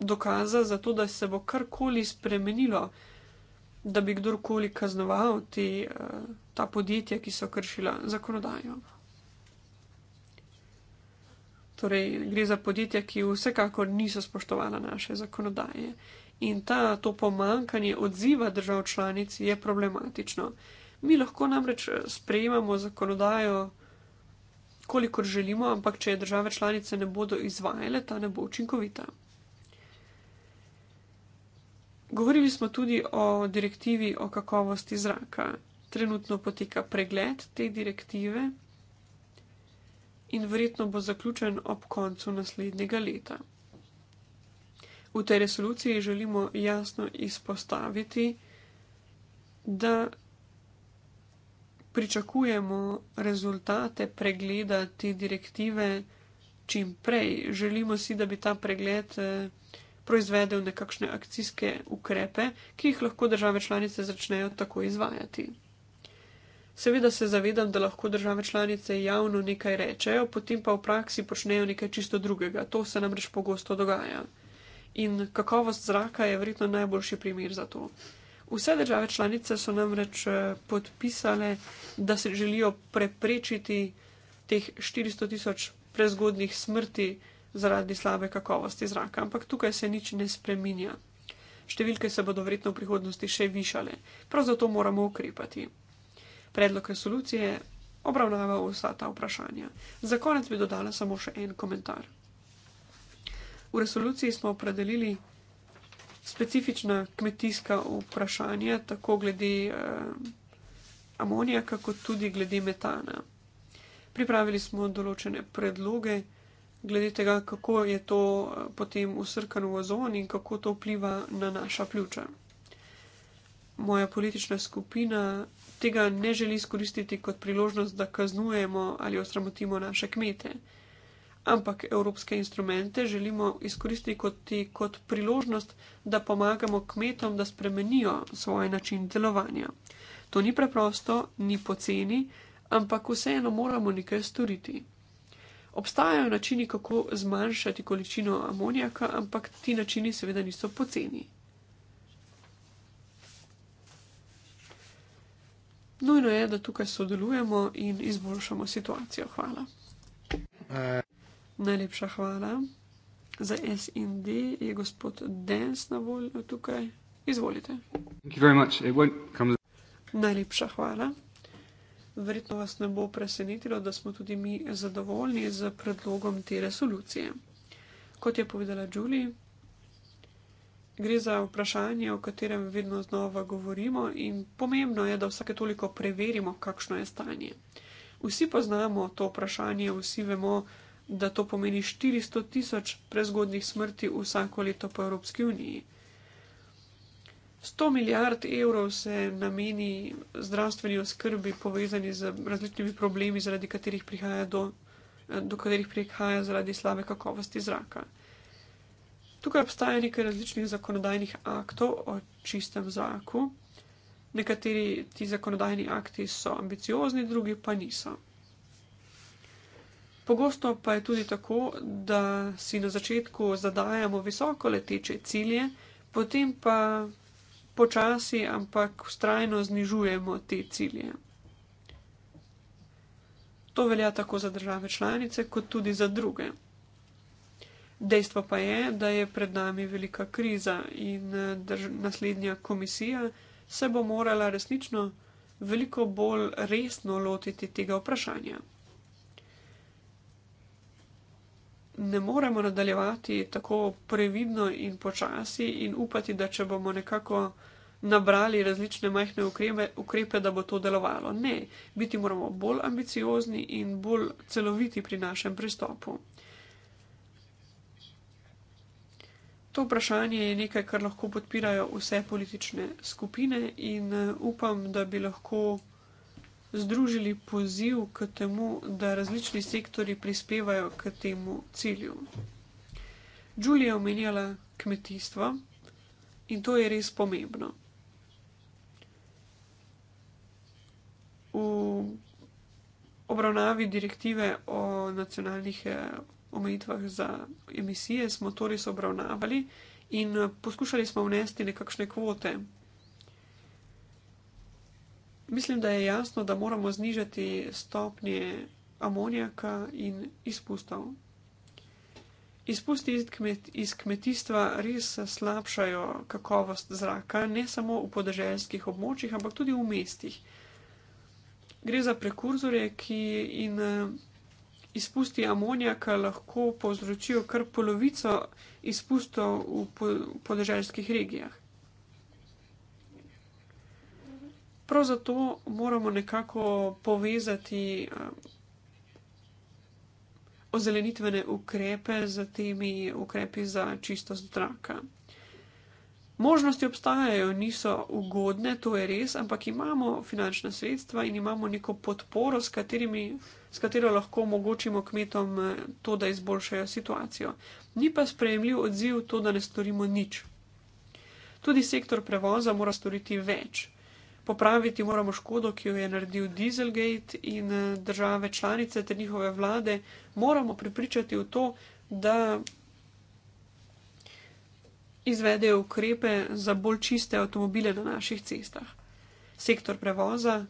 dokaza za to, da se bo karkoli spremenilo, da bi kdorkoli kaznoval ti, eh, ta podjetja, ki so kršila zakonodajo. Torej, gre za podjetja, ki vsekakor niso spoštovala naše zakonodaje. In ta, to pomankanje odziva držav članic je problematično. Mi lahko namreč eh, sprejemamo zakonodajo, kolikor želimo, ampak če države članice ne bodo izvajale, ta ne bo učinkovita. Govorili smo tudi o direktivi o kakovosti zraka. Trenutno poteka pregled te direktive, in verjetno bo zaključen ob koncu naslednjega leta. V tej resoluciji želimo jasno izpostaviti, da pričakujemo rezultate pregleda te direktive čim prej. Želimo si, da bi ta pregled eh, proizvedel nekakšne akcijske ukrepe, ki jih lahko države članice začnejo tako izvajati. Seveda se zavedam, da lahko države članice javno nekaj rečejo, potem pa v praksi počnejo nekaj čisto drugega. To se namreč pogosto dogaja. In kakovost zraka je verjetno najboljši primer za to. Vse države članice so namreč eh, podpisale, da se želijo preprečiti teh 400 tisoč prezgodnih smrti zaradi slabe kakovosti zraka, ampak tukaj se nič ne spreminja. Številke se bodo verjetno v prihodnosti še višale, prav zato moramo ukrepati predlog resolucije obravnava vsa ta vprašanja. Za konec bi dodala samo še en komentar. V resoluciji smo opredelili specifična kmetijska vprašanja, tako glede eh, amonijaka, kot tudi glede metana. Pripravili smo določene predloge glede tega, kako je to eh, potem usrkano v ozon in kako to vpliva na naša pljuča. Moja politična skupina tega ne želi skoristiti kot priložnost, da kaznujemo ali osramotimo naše kmete. Ampak evropske instrumente želimo izkoristiti kot, kot priložnost, da pomagamo kmetom, da spremenijo svoj način delovanja. To ni preprosto, ni poceni, ampak vseeno moramo nekaj storiti. Obstajajo načini, kako zmanjšati količino amonijaka, ampak ti načini seveda niso poceni. Nujno je, da tukaj sodelujemo in izboljšamo situacijo. Hvala. Uh. Najlepša hvala. Za S in D je gospod Dens na voljo tukaj. Izvolite. Najlepša hvala. Verjetno vas ne bo presenetilo, da smo tudi mi zadovoljni z predlogom te resolucije. Kot je povedala Julie, Gre za vprašanje, o katerem vedno znova govorimo in pomembno je, da vsake toliko preverimo, kakšno je stanje. Vsi poznamo to vprašanje, vsi vemo, da to pomeni 400 tisoč prezgodnih smrti vsako leto po Evropski uniji. 100 milijard evrov se nameni zdravstveni oskrbi povezani z različnimi problemi, zaradi katerih prihaja do, do katerih prihaja zaradi slabe kakovosti zraka. Tukaj obstaja nekaj različnih zakonodajnih aktov o čistem zraku. Nekateri ti zakonodajni akti so ambiciozni, drugi pa niso. Pogosto pa je tudi tako, da si na začetku zadajamo visoko leteče cilje, potem pa počasi, ampak ustrajno znižujemo te cilje. To velja tako za države članice, kot tudi za druge. Dejstvo pa je, da je pred nami velika kriza in eh, naslednja komisija se bo morala resnično veliko bolj resno lotiti tega vprašanja. Ne moremo nadaljevati tako previdno in počasi in upati, da če bomo nekako nabrali različne majhne ukrepe, ukrepe, da bo to delovalo. Ne, biti moramo bolj ambiciozni in bolj celoviti pri našem pristopu. To vprašanje je nekaj, kar lahko podpirajo vse politične skupine in eh, upam, da bi lahko združili poziv k temu, da različni sektori prispevajo k temu cilju. Julija je omenjala kmetijstvo in to je res pomembno. V obravnavi direktive o nacionalnih eh, omejitvah za emisije, smo torej so obravnavali in eh, poskušali smo vnesti nekakšne kvote. Mislim, da je jasno, da moramo znižati stopnje amonijaka in izpustov. Izpusti iz, kmet, iz kmetijstva res slabšajo kakovost zraka, ne samo v podeželskih območjih, ampak tudi v mestih. Gre za prekurzore, ki in eh, izpusti amonijaka lahko povzročijo kar polovico izpustov v podeželskih regijah. Prav zato moramo nekako povezati eh, ozelenitvene ukrepe z temi ukrepi za čistost zraka. Možnosti obstajajo, niso ugodne, to je res, ampak imamo finančna sredstva in imamo neko podporo, s, katerimi, s katero lahko omogočimo kmetom eh, to, da izboljšajo situacijo. Ni pa sprejemljiv odziv to, da ne storimo nič. Tudi sektor prevoza mora storiti več. Popraviti moramo škodo, ki jo je naredil Dieselgate in eh, države članice ter njihove vlade, moramo pripričati v to, da izvedejo ukrepe za bolj čiste avtomobile na naših cestah. Sektor prevoza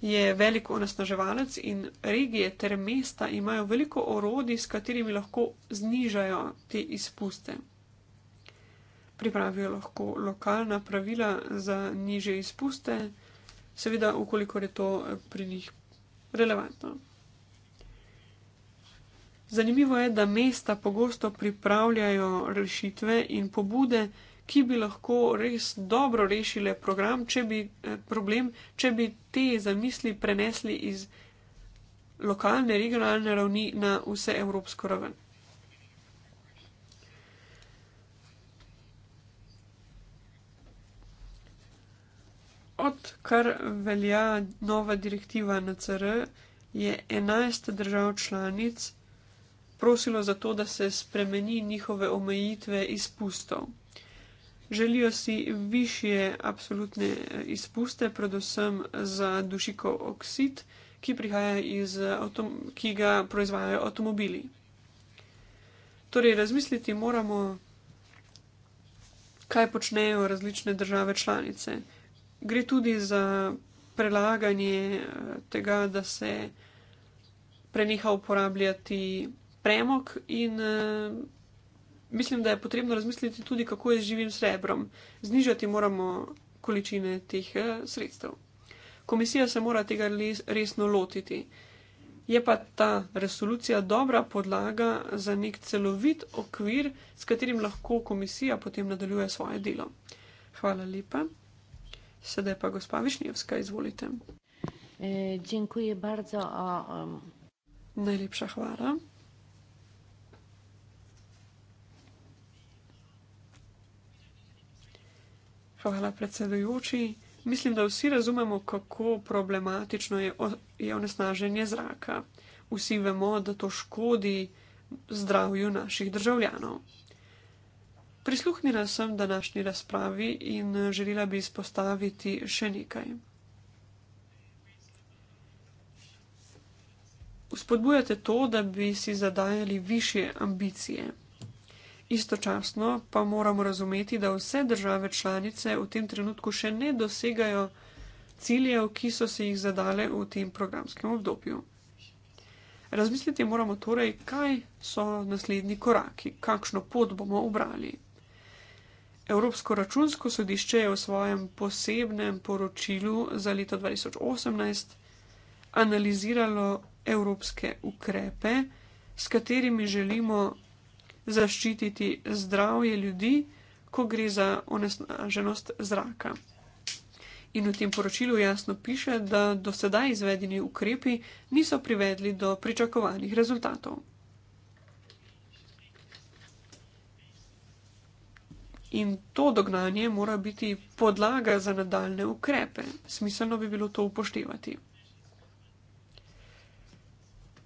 je velik onesnaževalec in regije ter mesta imajo veliko orodij, s katerimi lahko znižajo te izpuste. Pripravijo lahko lokalna pravila za nižje izpuste, seveda, ukolikor je to pri njih relevantno. Zanimivo je, da mesta pogosto pripravljajo rešitve in pobude, ki bi lahko res dobro rešile program, če bi, eh, problem, če bi te zamisli prenesli iz lokalne, regionalne ravni na vse evropsko raven. Odkar velja nova direktiva NCR, je 11 držav članic prosilo za to, da se spremeni njihove omejitve izpustov. Želijo si višje absolutne eh, izpuste, predvsem za dušikov oksid, ki, iz, ki ga proizvajajo avtomobili. Torej, razmisliti moramo, kaj počnejo različne države članice. Gre tudi za prelaganje eh, tega, da se preneha uporabljati premog in uh, mislim, da je potrebno razmisliti tudi, kako je z živim srebrom. Znižati moramo količine teh uh, sredstev. Komisija se mora tega les, resno lotiti. Je pa ta resolucija dobra podlaga za nek celovit okvir, s katerim lahko komisija potem nadaljuje svoje delo. Hvala lepa. Sedaj pa gospa Višnjevska, izvolite. E, Najlepša hvala. Hvala, predsedujoči. Mislim, da vsi razumemo, kako problematično je, je onesnaženje zraka. Vsi vemo, da to škodi zdravju naših državljanov. Prisluhnila sem današnji razpravi in želela bi izpostaviti še nekaj. Spodbujate to, da bi si zadajali više ambicije. Istočasno pa moramo razumeti, da vse države članice v tem trenutku še ne dosegajo ciljev, ki so se jih zadale v tem programskem obdobju. Razmisliti moramo torej, kaj so naslednji koraki, kakšno pot bomo obrali. Evropsko računsko sodišče je v svojem posebnem poročilu za leto 2018 analiziralo evropske ukrepe, s katerimi želimo zaščititi zdravje ljudi, ko gre za onesnaženost zraka. In v tem poročilu jasno piše, da do sedaj izvedeni ukrepi niso privedli do pričakovanih rezultatov. In to dognanje mora biti podlaga za nadaljne ukrepe. Smiselno bi bilo to upoštevati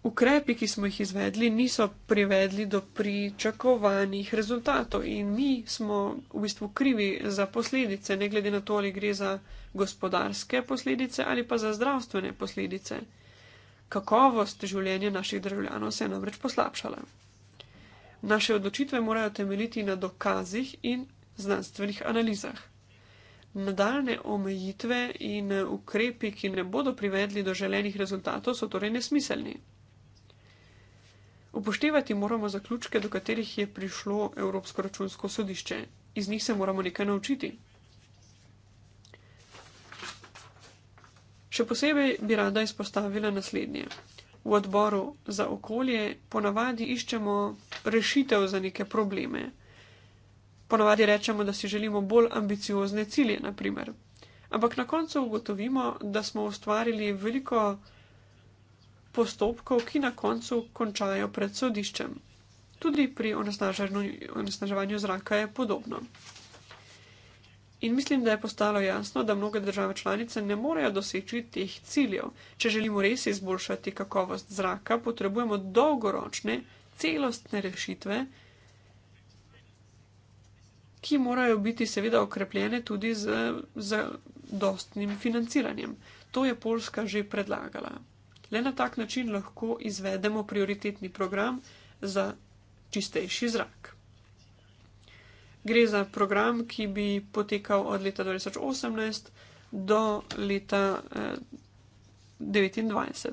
ukrepi, ki smo jih izvedli, niso privedli do pričakovanih rezultatov in mi smo v bistvu krivi za posledice, ne glede na to, ali gre za gospodarske posledice ali pa za zdravstvene posledice. Kakovost življenja naših državljanov se je namreč poslabšala. Naše odločitve morajo temeljiti na dokazih in znanstvenih analizah. Nadaljne omejitve in ukrepi, ki ne bodo privedli do želenih rezultatov, so torej nesmiselni. Upoštevati moramo zaključke, do katerih je prišlo Evropsko računsko sodišče. Iz njih se moramo nekaj naučiti. Še posebej bi rada izpostavila naslednje. V odboru za okolje ponavadi iščemo rešitev za neke probleme. Ponavadi rečemo, da si želimo bolj ambiciozne cilje, naprimer. Ampak na koncu ugotovimo, da smo ustvarili veliko postopkov, ki na koncu končajo pred sodiščem. Tudi pri onesnaževanju zraka je podobno. In mislim, da je postalo jasno, da mnoge države članice ne morejo doseči teh ciljev. Če želimo res izboljšati kakovost zraka, potrebujemo dolgoročne, celostne rešitve, ki morajo biti seveda okrepljene tudi z, z dostnim financiranjem. To je Poljska že predlagala. Le na tak način lahko izvedemo prioritetni program za čistejši zrak. Gre za program, ki bi potekal od leta 2018 do leta 2029. Eh,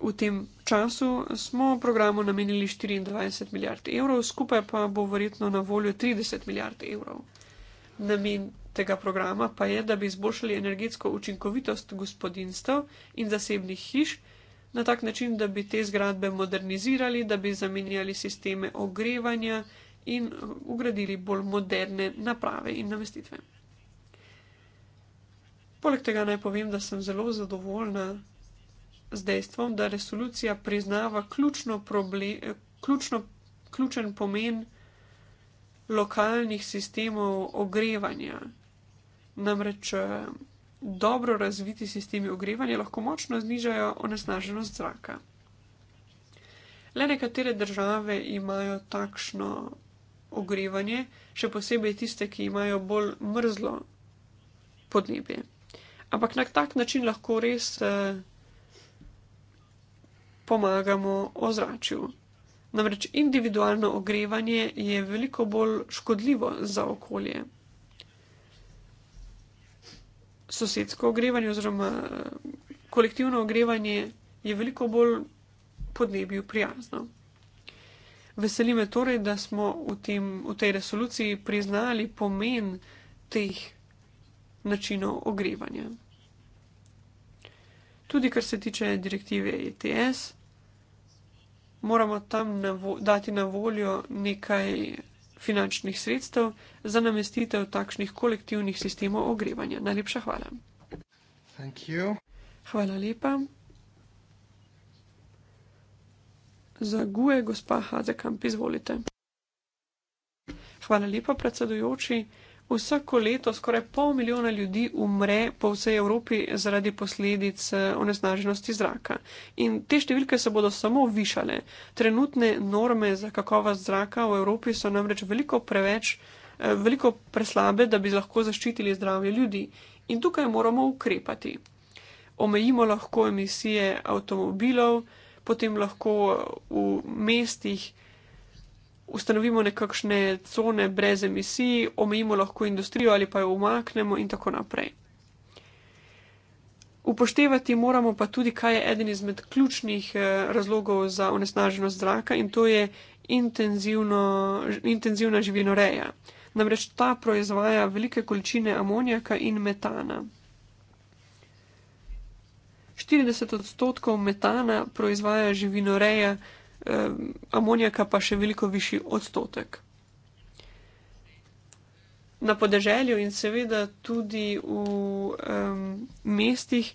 v tem času smo programu namenili 24 milijard evrov, skupaj pa bo verjetno na voljo 30 milijard evrov. Namen tega programa pa je, da bi izboljšali energetsko učinkovitost gospodinstv in zasebnih hiš na tak način, da bi te zgradbe modernizirali, da bi zamenjali sisteme ogrevanja in ugradili bolj moderne naprave in namestitve. Poleg tega naj povem, da sem zelo zadovoljna z dejstvom, da resolucija priznava ključno problem, ključno pomen lokalnih sistemov ogrevanja. Namreč eh, dobro razviti sistemi ogrevanja lahko močno znižajo onesnaženost zraka. Le nekatere države imajo takšno ogrevanje, še posebej tiste, ki imajo bolj mrzlo podnebje. Ampak na tak način lahko res eh, pomagamo ozračju. Namreč individualno ogrevanje je veliko bolj škodljivo za okolje sosedsko ogrevanje oziroma eh, kolektivno ogrevanje je veliko bolj podnebju prijazno. Veseli me torej, da smo v, tem, v tej resoluciji priznali pomen teh načinov ogrevanja. Tudi kar se tiče direktive ETS, moramo tam navo dati na voljo nekaj finančnih sredstev za namestitev takšnih kolektivnih sistemov ogrevanja. Najlepša hvala. Hvala lepa. Za guje, gospa Hazekamp, izvolite. Hvala lepa, predsedujoči. Vsako leto skoraj pol milijona ljudi umre po vsej Evropi zaradi posledic eh, onesnaženosti zraka. In te številke se bodo samo višale. Trenutne norme za kakovost zraka v Evropi so namreč veliko preveč, eh, veliko preslabe, da bi lahko zaščitili zdravje ljudi. In tukaj moramo ukrepati. Omejimo lahko emisije avtomobilov, potem lahko eh, v mestih ustanovimo nekakšne cone brez emisij, omejimo lahko industrijo ali pa jo umaknemo in tako naprej. Upoštevati moramo pa tudi, kaj je eden izmed ključnih eh, razlogov za onesnaženost zraka in to je intenzivna živinoreja. Namreč ta proizvaja velike količine amonijaka in metana. 40 odstotkov metana proizvaja živinoreja, eh, amonijaka pa še veliko višji odstotek. Na podeželju in seveda tudi v eh, mestih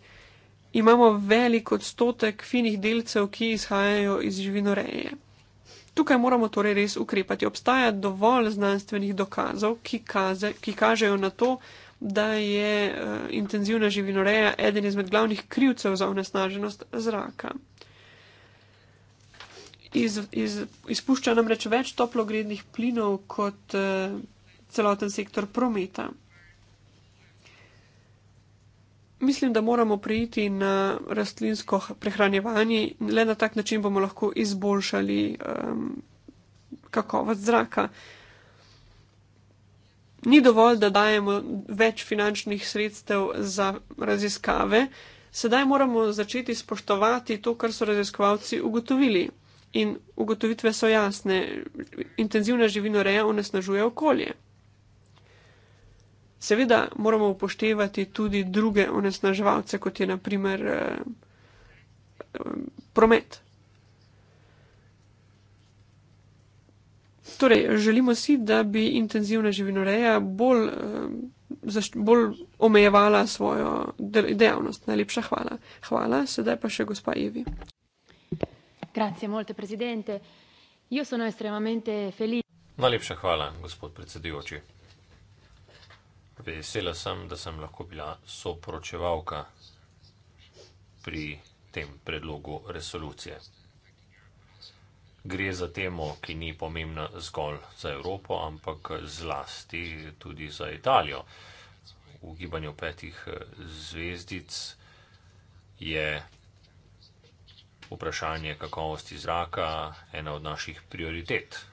imamo velik odstotek finih delcev, ki izhajajo iz živinoreje. Tukaj moramo torej res ukrepati. Obstaja dovolj znanstvenih dokazov, ki, kaze, ki kažejo na to, da je uh, intenzivna živinoreja eden izmed glavnih krivcev za onesnaženost zraka iz, iz, izpušča namreč več toplogrednih plinov kot uh, celoten sektor prometa. Mislim, da moramo prejiti na rastlinsko prehranjevanje, le na tak način bomo lahko izboljšali um, kakovost zraka. Ni dovolj, da dajemo več finančnih sredstev za raziskave, sedaj moramo začeti spoštovati to, kar so raziskovalci ugotovili in ugotovitve so jasne: intenzivna živinoreja onesnažuje okolje. Seveda moramo upoštevati tudi druge onesnaževalce, kot je naprimer eh, eh, promet. Torej, želimo si, da bi intenzivna živinoreja bolj, eh, bolj omejevala svojo dejavnost. Najlepša hvala. Hvala, sedaj pa še gospa Evi gospod predsedujoči. Najlepša hvala, gospod predsedujoči. Vesela sem, da sem lahko bila soporočevalka pri tem predlogu resolucije. Gre za temo, ki ni pomembna zgolj za Evropo, ampak zlasti tudi za Italijo. V gibanju petih eh, zvezdic je vprašanje kakovosti zraka ena od naših prioritet.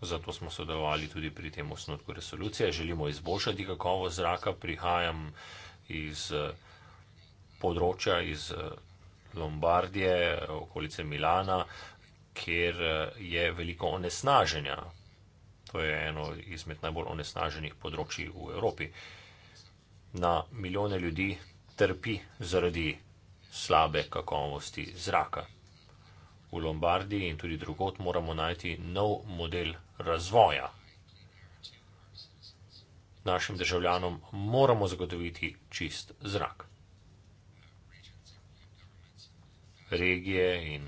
Zato smo sodelovali tudi pri tem osnutku resolucije. Želimo izboljšati kakovost zraka. Prihajam iz eh, področja, iz eh, Lombardije, okolice Milana, kjer eh, je veliko onesnaženja. To je eno izmed najbolj onesnaženih področji v Evropi. Na milijone ljudi trpi zaradi slabe kakovosti zraka. V Lombardiji in tudi drugot moramo najti nov model razvoja. Našim državljanom moramo zagotoviti čist zrak. Regije in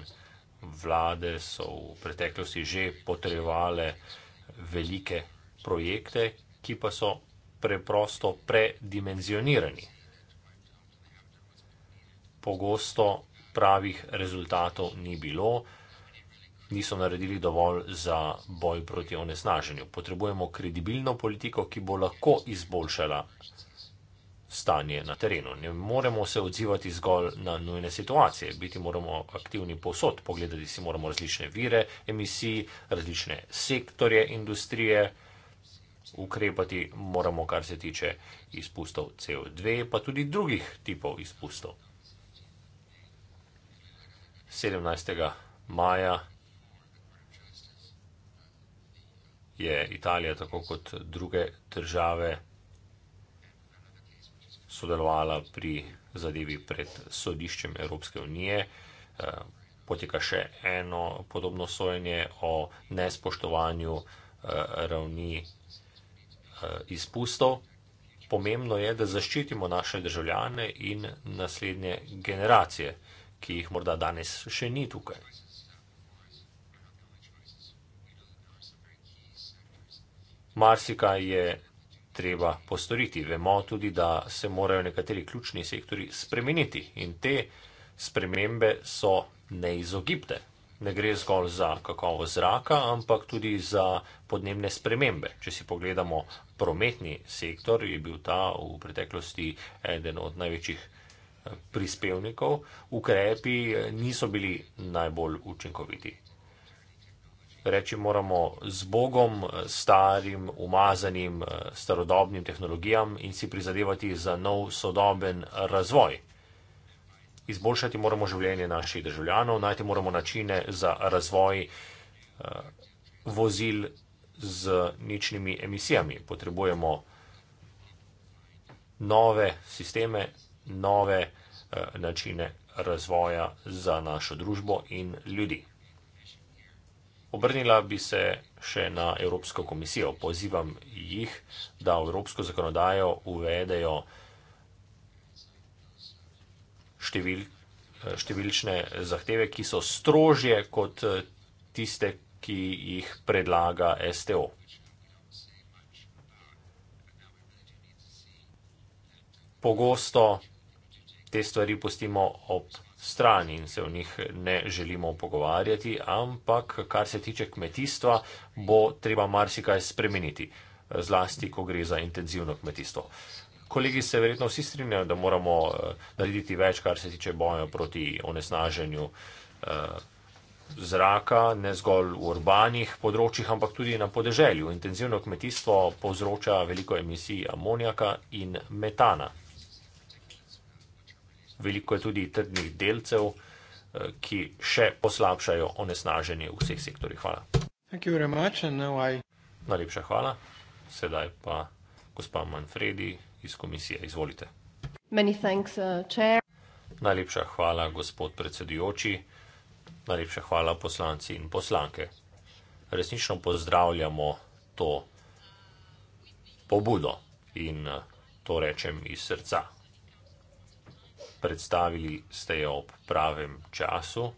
vlade so v preteklosti že potrebovali velike projekte, ki pa so preprosto predimenzionirani pogosto pravih rezultatov ni bilo, niso naredili dovolj za boj proti onesnaženju. Potrebujemo kredibilno politiko, ki bo lahko izboljšala stanje na terenu. Ne moremo se odzivati zgolj na nujne situacije, biti moramo aktivni posod, pogledati si moramo različne vire emisij, različne sektorje industrije, ukrepati moramo, kar se tiče izpustov CO2, pa tudi drugih tipov izpustov. 17. maja je Italija, tako kot druge države, sodelovala pri zadevi pred sodiščem Evropske unije. Eh, poteka še eno podobno sojenje o nespoštovanju eh, ravni eh, izpustov. Pomembno je, da zaščitimo naše državljane in naslednje generacije ki jih morda danes še ni tukaj. Marsika je treba postoriti. Vemo tudi, da se morajo nekateri ključni sektori spremeniti in te spremembe so neizogibne. Ne gre zgolj za kakovo zraka, ampak tudi za podnebne spremembe. Če si pogledamo prometni sektor, je bil ta v preteklosti eden od največjih prispevnikov, ukrepi eh, niso bili najbolj učinkoviti. Reči moramo z Bogom, eh, starim, umazanim, eh, starodobnim tehnologijam in si prizadevati za nov sodoben razvoj. Izboljšati moramo življenje naših državljanov, najti moramo načine za razvoj vozil z ničnimi emisijami. Potrebujemo nove sisteme, nove eh, načine razvoja za našo družbo in ljudi. Obrnila bi se še na Evropsko komisijo. Pozivam jih, da v evropsko zakonodajo uvedejo števil, eh, številčne zahteve, ki so strožje kot eh, tiste, ki jih predlaga STO. Pogosto te stvari pustimo ob strani in se o njih ne želimo pogovarjati, ampak kar se tiče kmetijstva, bo treba marsikaj spremeniti, zlasti, ko gre za intenzivno kmetijstvo. Kolegi se verjetno vsi strinjajo, da moramo eh, narediti več, kar se tiče boja proti onesnaženju eh, zraka, ne zgolj v urbanih področjih, ampak tudi na podeželju. Intenzivno kmetijstvo povzroča veliko emisij amonijaka in metana veliko je tudi trdnih delcev, eh, ki še poslabšajo onesnaženje v vseh sektorjih. Hvala. Najlepša hvala. Sedaj pa gospa Manfredi iz komisije. Izvolite. Thanks, uh, Najlepša hvala, gospod predsedujoči. Najlepša hvala poslanci in poslanke. Resnično pozdravljamo to pobudo in eh, to rečem iz srca predstavili ste jo ob pravem času.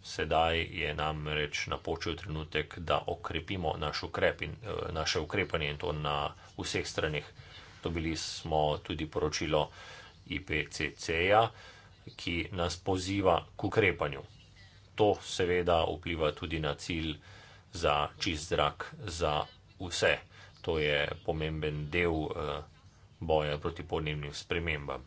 Sedaj je namreč napočil trenutek, da okrepimo naš ukrep in, eh, naše ukrepanje in to na vseh stranih. Dobili smo tudi poročilo IPCC-ja, ki nas poziva k ukrepanju. To seveda vpliva tudi na cilj za čist zrak za vse. To je pomemben del eh, boja proti podnebnim spremembam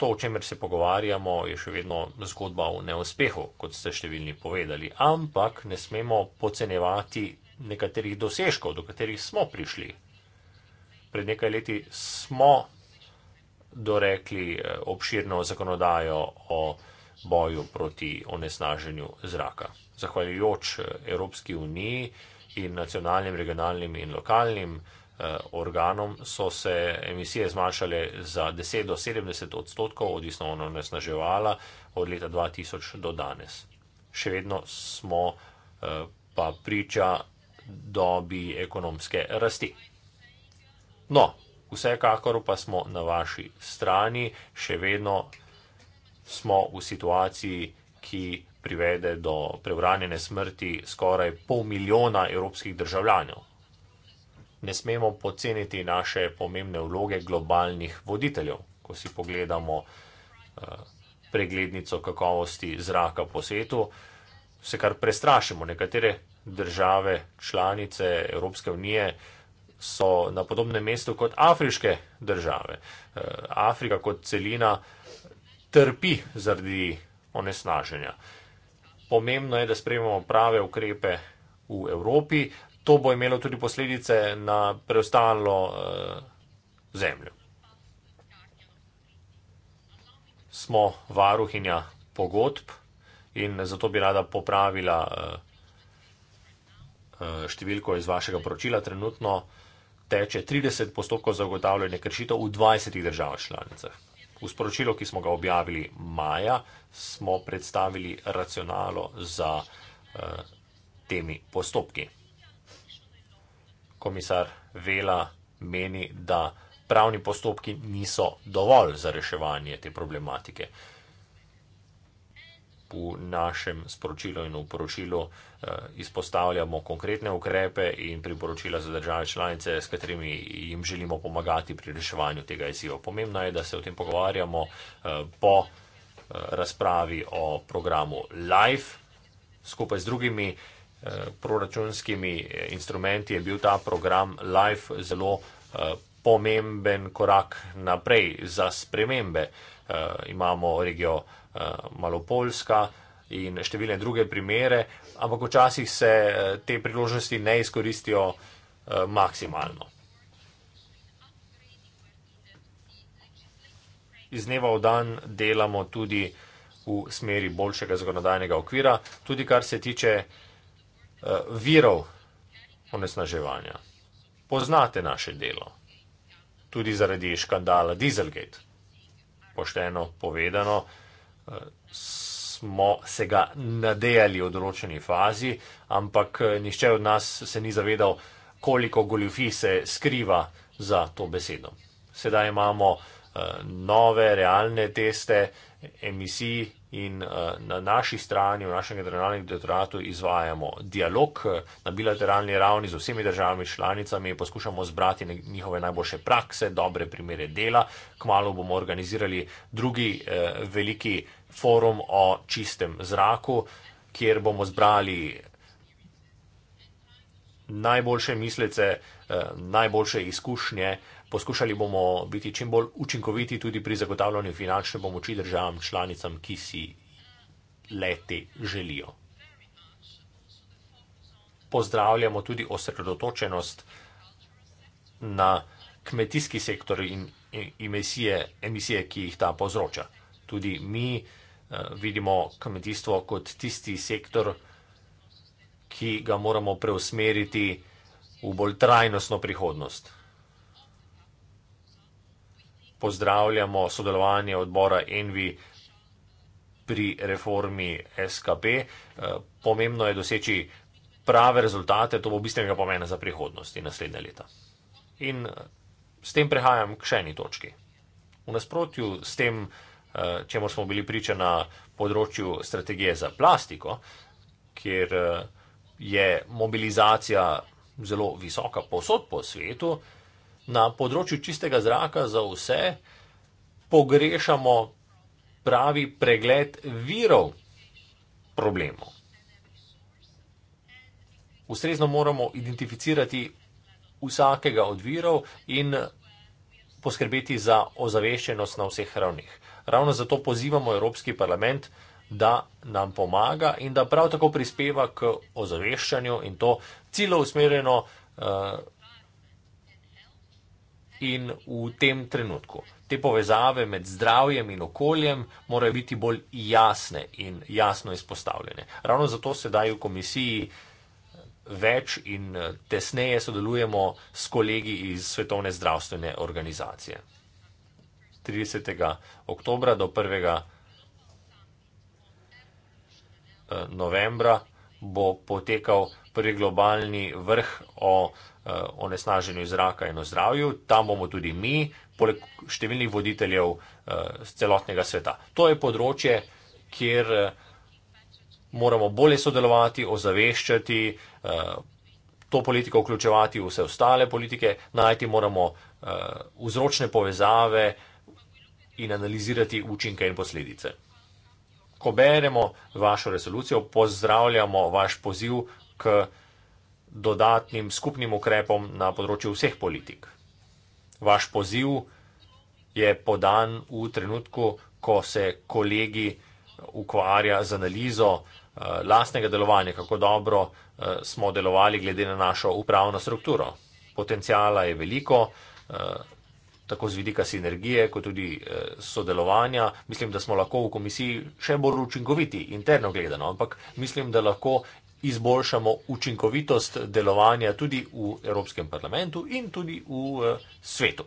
to, o čemer se pogovarjamo, je še vedno zgodba o neuspehu, kot ste številni povedali, ampak ne smemo pocenevati nekaterih dosežkov, do katerih smo prišli. Pred nekaj leti smo dorekli eh, obširno zakonodajo o boju proti onesnaženju zraka. Zahvaljujoč eh, Evropski uniji in nacionalnim, regionalnim in lokalnim Eh, organom so se emisije zmanjšale za 10 do 70 odstotkov, odvisno od onesnaževala, od leta 2000 do danes. Še vedno smo eh, pa priča dobi ekonomske rasti. No, vsekakor pa smo na vaši strani, še vedno smo v situaciji, ki privede do preuranjene smrti skoraj pol milijona evropskih državljanov ne smemo poceniti naše pomembne vloge globalnih voditeljev. Ko si pogledamo eh, preglednico kakovosti zraka po svetu, se kar prestrašimo. Nekatere države, članice Evropske unije so na podobnem mestu kot afriške države. Eh, Afrika kot celina trpi zaradi onesnaženja. Pomembno je, da sprejmemo prave ukrepe v Evropi, to bo imelo tudi posledice na preostalo uh, zemljo. Smo varuhinja pogodb in zato bi rada popravila uh, številko iz vašega poročila. Trenutno teče 30 postopkov za ugotavljanje kršitev v 20 državah članicah. V sporočilu, ki smo ga objavili maja, smo predstavili racionalo za uh, temi postopki komisar Vela meni, da pravni postopki niso dovolj za reševanje te problematike. V našem sporočilu in v poročilu eh, izpostavljamo konkretne ukrepe in priporočila za države članice, s katerimi jim želimo pomagati pri reševanju tega izziva. Pomembno je, da se o tem pogovarjamo eh, po eh, razpravi o programu LIFE skupaj z drugimi proračunskimi eh, instrumenti je bil ta program LIFE zelo eh, pomemben korak naprej za spremembe. Eh, imamo regijo Malopolska in številne druge primere, ampak včasih se te priložnosti ne izkoristijo maksimalno. Iz dneva v dan delamo tudi v smeri boljšega zakonodajnega okvira, tudi kar se tiče uh, Eh, virov onesnaževanja. Poznate naše delo. Tudi zaradi škandala Dieselgate. Pošteno povedano, eh, smo se ga nadejali v določeni fazi, ampak eh, nišče od nas se ni zavedal, koliko goljufi se skriva za to besedo. Sedaj imamo nove realne teste emisij in eh, na naši strani, v našem generalnem direktoratu, izvajamo dialog eh, na bilateralni ravni z vsemi državami članicami, poskušamo zbrati njihove najboljše prakse, dobre primere dela. Kmalo bomo organizirali drugi eh, veliki forum o čistem zraku, kjer bomo zbrali najboljše mislice, najboljše izkušnje, Poskušali bomo biti čim bolj učinkoviti tudi pri zagotavljanju finančne pomoči državam članicam, ki si leti želijo. Pozdravljamo tudi osredotočenost na kmetijski sektor in e, emisije, emisije, ki jih ta povzroča. Tudi mi e, vidimo kmetijstvo kot tisti sektor, ki ga moramo preusmeriti v bolj trajnostno prihodnost pozdravljamo sodelovanje odbora Envi pri reformi SKP. Eh, pomembno je doseči prave rezultate, to bo bistvenega pomena za prihodnost in naslednje leta. In eh, s tem prehajam k še eni točki. V nasprotju s tem, eh, čemu smo bili priča na področju strategije za plastiko, kjer je mobilizacija zelo visoka posod po svetu, na področju čistega zraka za vse pogrešamo pravi pregled virov problemov. Ustrezno moramo identificirati vsakega od virov in poskrbeti za ozaveščenost na vseh ravneh. Ravno zato pozivamo Evropski parlament, da nam pomaga in da prav tako prispeva k ozaveščanju in to cilo usmerjeno uh, in v tem trenutku. Te povezave med zdravjem in okoljem morajo biti bolj jasne in jasno izpostavljene. Ravno zato sedaj v komisiji eh, več in eh, tesneje sodelujemo s kolegi iz Svetovne zdravstvene organizacije. 30. oktober do 1. Eh, novembra bo potekal prvi globalni vrh o uh, onesnaženju zraka in o zdravju, tam bomo tudi mi, poleg številnih voditeljev uh, celotnega sveta. To je področje, kjer uh, moramo bolje sodelovati, ozaveščati, uh, to politiko vključevati v vse ostale politike, najti moramo uh, vzročne povezave in analizirati učinke in posledice. Ko beremo vašo resolucijo, pozdravljamo vaš poziv k uh, dodatnim skupnim ukrepom na področju vseh politik. Vaš poziv je podan v trenutku, ko se kolegi ukvarja z analizo eh, lastnega delovanja, kako dobro eh, smo delovali glede na našo upravno strukturo. Potencijala je veliko, eh, tako z vidika sinergije, kot tudi sodelovanja. Mislim, da smo lahko v komisiji še bolj učinkoviti, interno gledano, ampak mislim, da lahko izboljšamo učinkovitost delovanja tudi v Evropskem parlamentu in tudi v eh, svetu.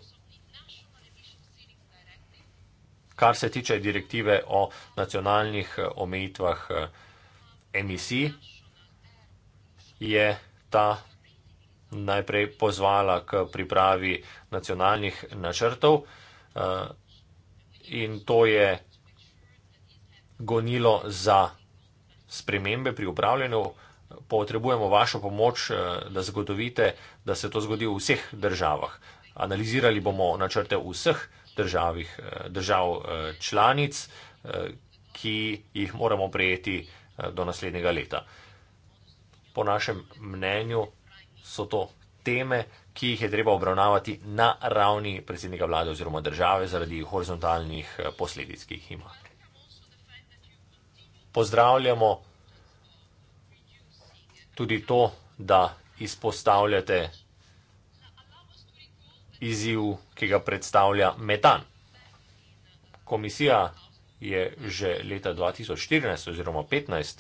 Kar se tiče direktive o nacionalnih eh, omejitvah eh, emisij, je ta najprej pozvala k pripravi nacionalnih načrtov in to je gonilo za spremembe pri upravljanju, potrebujemo vašo pomoč, eh, da zagotovite, da se to zgodi v vseh državah. Analizirali bomo načrte vseh državih, eh, držav eh, članic, ki jih moramo prejeti do naslednjega leta. Po našem mnenju so to teme, ki jih je treba obravnavati na ravni predsednika vlade oziroma države zaradi horizontalnih posledic, ki jih ima pozdravljamo tudi to, da izpostavljate izziv, ki ga predstavlja metan. Komisija je že leta 2014 oziroma 2015,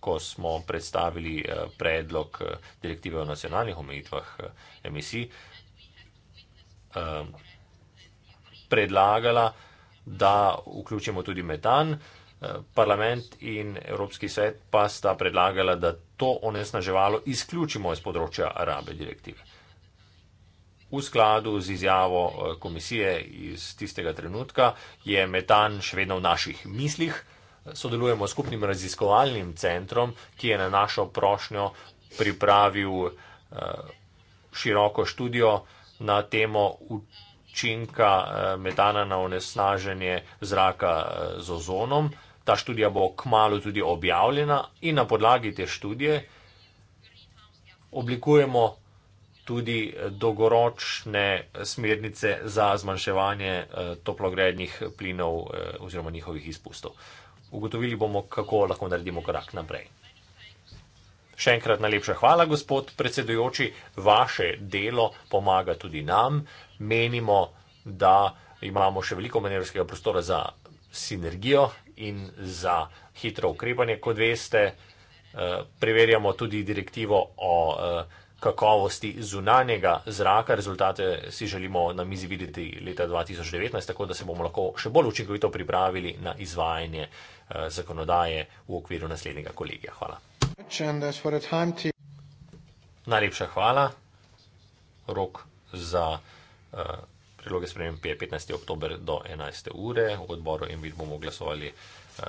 ko smo predstavili eh, predlog eh, direktive o nacionalnih omejitvah eh, emisij, predlagala, da vključimo tudi metan, parlament in Evropski svet pa sta predlagala, da to onesnaževalo izključimo iz področja rabe direktive. V skladu z izjavo eh, komisije iz tistega trenutka je metan še vedno v naših mislih. Sodelujemo s skupnim raziskovalnim centrom, ki je na našo prošnjo pripravil eh, široko študijo na temo učinka eh, metana na onesnaženje zraka z ozonom. Ta študija bo kmalo tudi objavljena in na podlagi te študije oblikujemo tudi dolgoročne smernice za zmanjševanje eh, toplogrednih plinov eh, oziroma njihovih izpustov. Ugotovili bomo, kako lahko naredimo korak naprej. Še enkrat najlepša hvala, gospod predsedujoči. Vaše delo pomaga tudi nam. Menimo, da imamo še veliko manevrskega prostora za sinergijo in za hitro ukrepanje. Kot veste, eh, preverjamo tudi direktivo o eh, kakovosti zunanjega zraka. Rezultate si želimo na mizi videti leta 2019, tako da se bomo lahko še bolj učinkovito pripravili na izvajanje eh, zakonodaje v okviru naslednjega kolegija. Hvala. Najlepša hvala, rok za. Uh, predloge sprememb je 15. oktober do 11. ure. V odboru Envid bomo glasovali uh,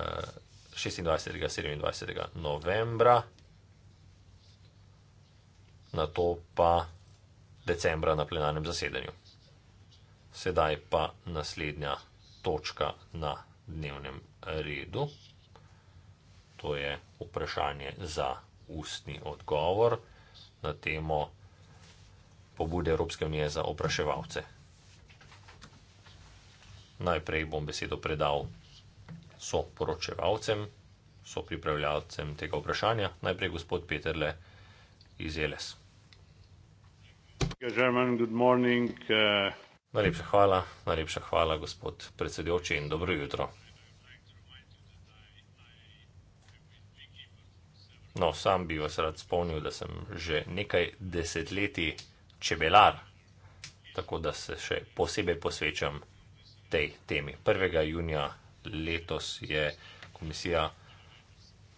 26. in 27. novembra, na to pa decembra na plenarnem zasedanju. Sedaj pa naslednja točka na dnevnem redu. To je vprašanje za ustni odgovor na temo pobude Evropske unije za opraševalce najprej bom besedo predal so poročevalcem, so pripravljalcem tega vprašanja, najprej gospod Peterle iz Eles. Uh, najlepša hvala, najlepša hvala, gospod predsedujoči in dobro jutro. No, sam bi vas rad spomnil, da sem že nekaj desetletij čebelar, tako da se še posebej posvečam čebelarju tej temi. 1. junija letos je komisija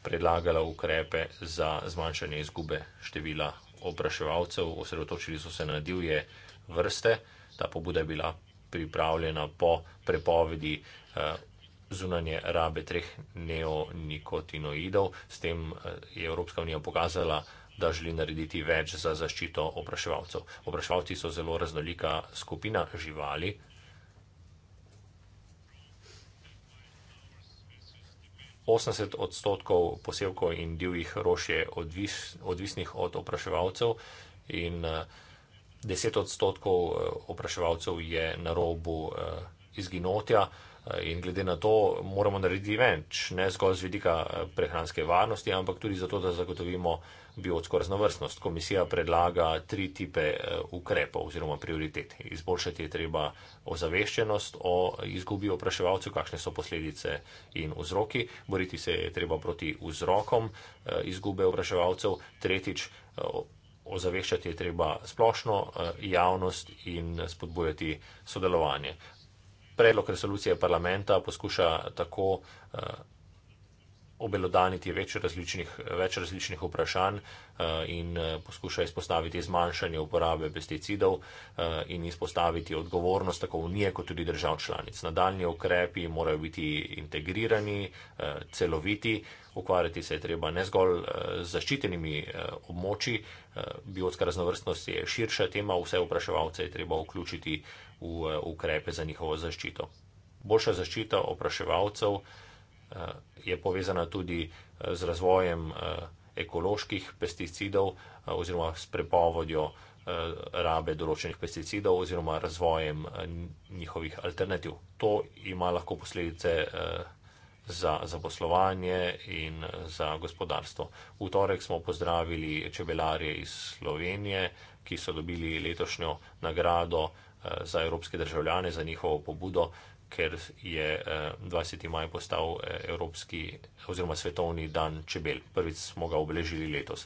predlagala ukrepe za zmanjšanje izgube števila opraševalcev, osredotočili so se na divje vrste. Ta pobuda je bila pripravljena po prepovedi eh, zunanje rabe treh neonikotinoidov. S tem eh, je Evropska unija pokazala, da želi narediti več za zaščito opraševalcev. Opraševalci so zelo raznolika skupina živali, 80 odstotkov posevkov in divjih rož je odvis, odvisnih od opraševalcev in 10 eh, odstotkov eh, opraševalcev je na robu eh, izginotja. In glede na to moramo narediti več, ne zgolj z vidika prehranske varnosti, ampak tudi zato, da zagotovimo biotsko raznovrstnost. Komisija predlaga tri tipe eh, ukrepov oziroma prioritet. Izboljšati je treba ozaveščenost o izgubi opraševalcev, kakšne so posledice in vzroki. Boriti se je treba proti vzrokom eh, izgube opraševalcev. Tretjič, eh, ozaveščati je treba splošno javnost in spodbujati sodelovanje. Predlog resolucije parlamenta poskuša tako obelodaniti več različnih, več različnih vprašanj eh, in eh, poskuša izpostaviti zmanjšanje uporabe pesticidov eh, in izpostaviti odgovornost tako unije kot tudi držav članic. Nadaljni ukrepi morajo biti integrirani, celoviti, ukvarjati se je treba ne zgolj z zaščitenimi območji, biotska raznovrstnost je širša tema, vse vpraševalce je treba vključiti v ukrepe za njihovo zaščito. Boljša zaščita opraševalcev Eh, je povezana tudi eh, z razvojem eh, ekoloških pesticidov oziroma s prepovodjo rabe določenih pesticidov oziroma razvojem njihovih alternativ. To ima lahko posledice za zaposlovanje in za gospodarstvo. V torek smo pozdravili čebelarje iz Slovenije, ki so dobili letošnjo nagrado za evropske državljane za njihovo pobudo, ker je eh, 20. maj postal eh, Evropski oziroma Svetovni dan čebel. Prvič smo ga obeležili letos.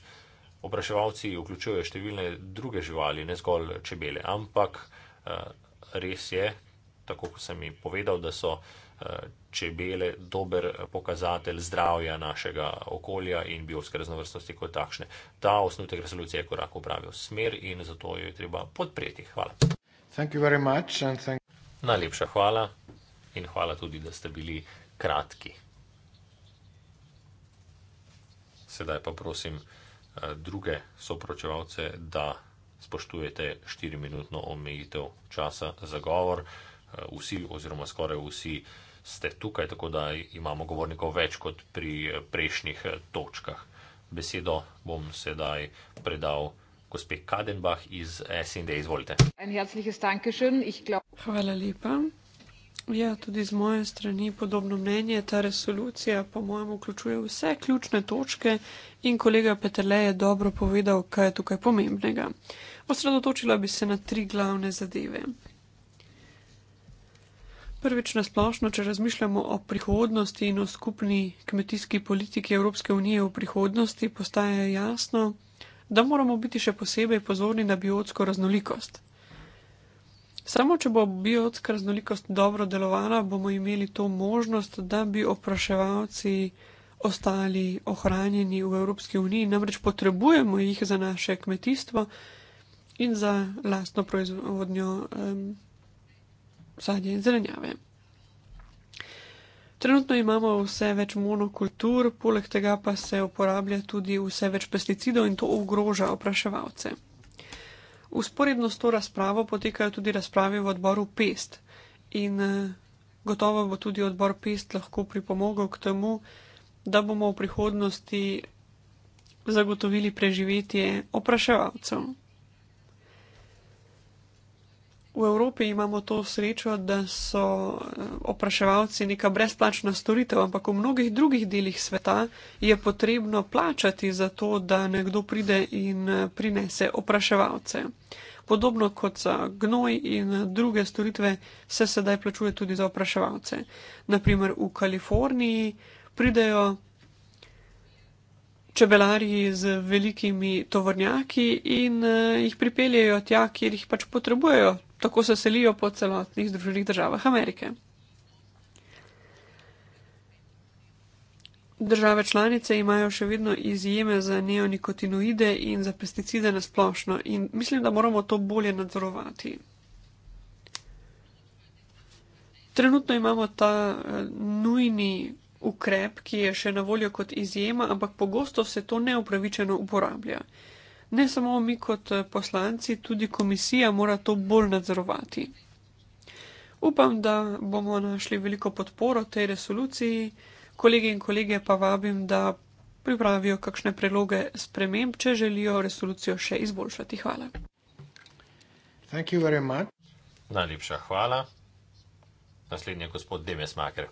Opraševalci vključujejo številne druge živali, ne zgolj čebele, ampak eh, res je, tako kot sem jim povedal, da so eh, čebele dober pokazatelj zdravja našega okolja in biovske raznovrstnosti kot takšne. Ta osnutek resolucije je korak v pravi smer in zato jo je treba podpreti. Hvala. Thank you very much and thank Najlepša hvala in hvala tudi, da ste bili kratki. Sedaj pa prosim eh, druge soproševalce, da spoštujete 4-minutno omejitev časa za govor. Eh, vsi, oziroma skoraj vsi, ste tukaj, tako da imamo govornikov več kot pri eh, prejšnjih točkah. Besedo bom sedaj predal gospe Kadenbach iz SND. Izvolite. Hvala lepa. Ja, tudi z moje strani podobno mnenje. Ta resolucija, po mojem, vključuje vse ključne točke in kolega Petele je dobro povedal, kaj je tukaj pomembnega. Osredotočila bi se na tri glavne zadeve. Prvič na splošno, če razmišljamo o prihodnosti in o skupni kmetijski politiki Evropske unije v prihodnosti, postaje jasno, da moramo biti še posebej pozorni na biotsko raznolikost. Samo če bo biotska raznolikost dobro delovala, bomo imeli to možnost, da bi opraševalci ostali ohranjeni v Evropski uniji, namreč potrebujemo jih za naše kmetijstvo in za lastno proizvodnjo um, sadja in zelenjave. Trenutno imamo vse več monokultur, poleg tega pa se uporablja tudi vse več pesticidov in to ogroža opraševalce. Usporedno s to razpravo potekajo tudi razprave v odboru PEST in eh, gotovo bo tudi odbor PEST lahko pripomogel k temu, da bomo v prihodnosti zagotovili preživetje opraševalcev. V Evropi imamo to srečo, da so eh, opraševalci neka brezplačna storitev, ampak v mnogih drugih delih sveta je potrebno plačati za to, da nekdo pride in eh, prinese opraševalce. Podobno kot za gnoj in druge storitve se sedaj plačuje tudi za opraševalce. Naprimer v Kaliforniji pridejo čebelarji z velikimi tovornjaki in eh, jih pripeljejo tja, kjer jih pač potrebujejo tako se selijo po celotnih združenih državah Amerike. Države članice imajo še vedno izjeme za neonikotinoide in za pesticide na splošno in mislim, da moramo to bolje nadzorovati. Trenutno imamo ta eh, nujni ukrep, ki je še na voljo kot izjema, ampak pogosto se to neupravičeno uporablja. Ne samo mi kot eh, poslanci, tudi komisija mora to bolj nadzorovati. Upam, da bomo našli veliko podporo tej resoluciji, kolege in kolege pa vabim, da pripravijo kakšne preloge sprememb, če želijo resolucijo še izboljšati. Hvala. Najlepša hvala. Naslednji je gospod Demes Maker.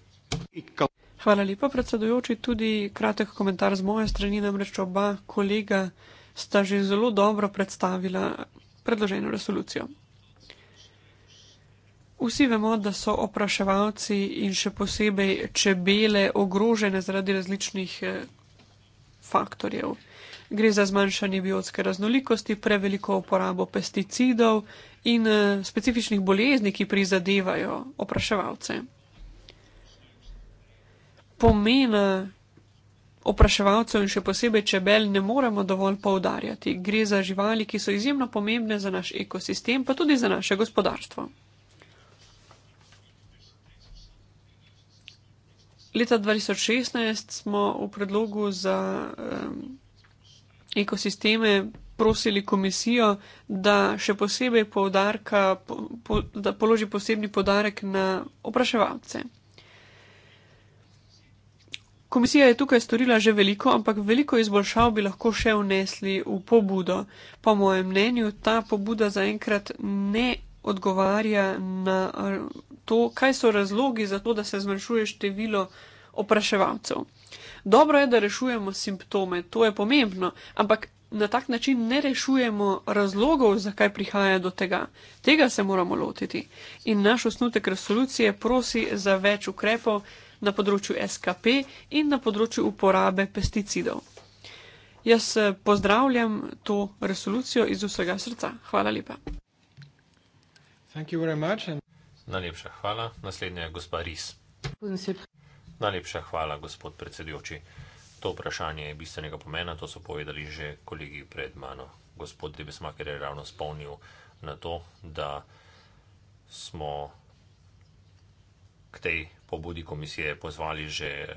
Hvala lepa, predsedujoči. Tudi kratek komentar z moje strani, namreč oba kolega sta že zelo dobro predstavila predloženo resolucijo. Vsi vemo, da so opraševalci in še posebej čebele ogrožene zaradi različnih eh, faktorjev. Gre za zmanjšanje biotske raznolikosti, preveliko uporabo pesticidov in eh, specifičnih bolezni, ki prizadevajo opraševalce. Pomena Opraševalcev in še posebej čebel ne moremo dovolj poudarjati. Gre za živali, ki so izjemno pomembne za naš ekosistem, pa tudi za naše gospodarstvo. Leta 2016 smo v predlogu za um, ekosisteme prosili komisijo, da še posebej poudarka, po, po, da položi posebni podarek na opraševalce. Komisija je tukaj storila že veliko, ampak veliko izboljšav bi lahko še vnesli v pobudo. Po mojem mnenju ta pobuda zaenkrat ne odgovarja na eh, to, kaj so razlogi za to, da se zmanjšuje število opraševalcev. Dobro je, da rešujemo simptome, to je pomembno, ampak na tak način ne rešujemo razlogov, zakaj prihaja do tega. Tega se moramo lotiti. In naš osnutek resolucije prosi za več ukrepov na področju SKP in na področju uporabe pesticidov. Jaz eh, pozdravljam to resolucijo iz vsega srca. Hvala lepa. Najlepša hvala. Naslednja je gospa Ris. Najlepša hvala, gospod predsedujoči. To vprašanje je bistvenega pomena, to so povedali že kolegi pred mano. Gospod Debesmaker je ravno spomnil na to, da smo k tej pobudi komisije pozvali že eh,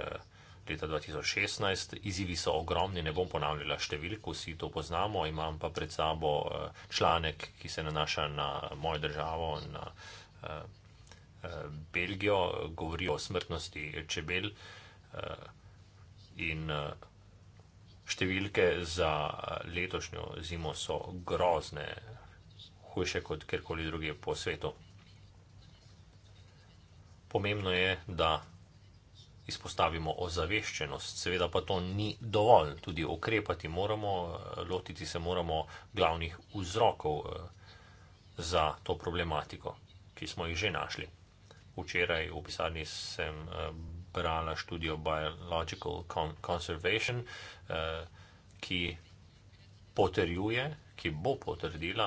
leta 2016. Izivi so ogromni, ne bom ponavljala številk, vsi to poznamo, imam pa pred sabo eh, članek, ki se nanaša na mojo državo, na eh, Belgijo, govori o smrtnosti čebel in številke za letošnjo zimo so grozne, hujše kot kjerkoli druge po svetu pomembno je, da izpostavimo ozaveščenost. Seveda pa to ni dovolj, tudi ukrepati moramo, lotiti se moramo glavnih vzrokov eh, za to problematiko, ki smo jih že našli. Včeraj v pisarni sem eh, brala študijo Biological Conservation, eh, ki potrjuje, ki bo potrdila,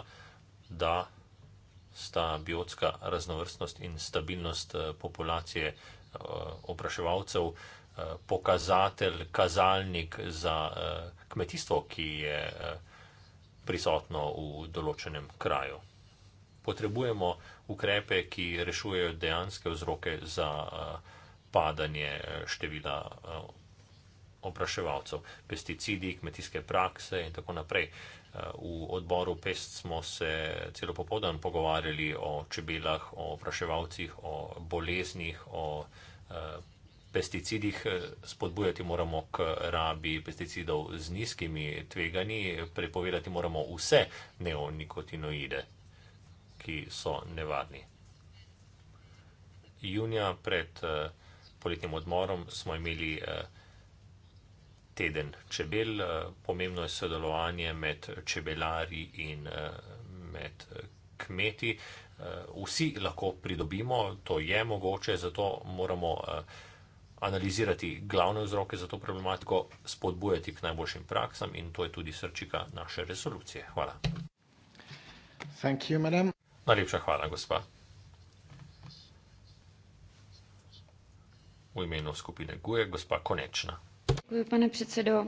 da sta biotska raznovrstnost in stabilnost eh, populacije eh, opraševalcev eh, pokazatelj, kazalnik za kmetijstvo, ki je prisotno v določenem kraju. Potrebujemo ukrepe, ki rešujejo dejanske vzroke za padanje števila opraševalcev, pesticidi, kmetijske prakse in tako naprej. Eh, v odboru Pest smo se celo popoldan pogovarjali o čebelah, o vraševalcih, o boleznih, o eh, pesticidih. Eh, spodbujati moramo k rabi pesticidov z nizkimi tveganji, prepovedati moramo vse neonikotinoide, ki so nevarni. Junija pred poletnim odmorom smo imeli teden čebel. Eh, pomembno je sodelovanje med čebelari in eh, med eh, kmeti. Vsi lahko pridobimo, to je mogoče, zato moramo analizirati glavne vzroke za to problematiko, spodbujati k najboljšim praksam in to je tudi srčika naše resolucije. Hvala. Thank you, madam. Najlepša hvala, gospa. V imenu skupine GUE, gospa Konečna. Děkuji, pane předsedo.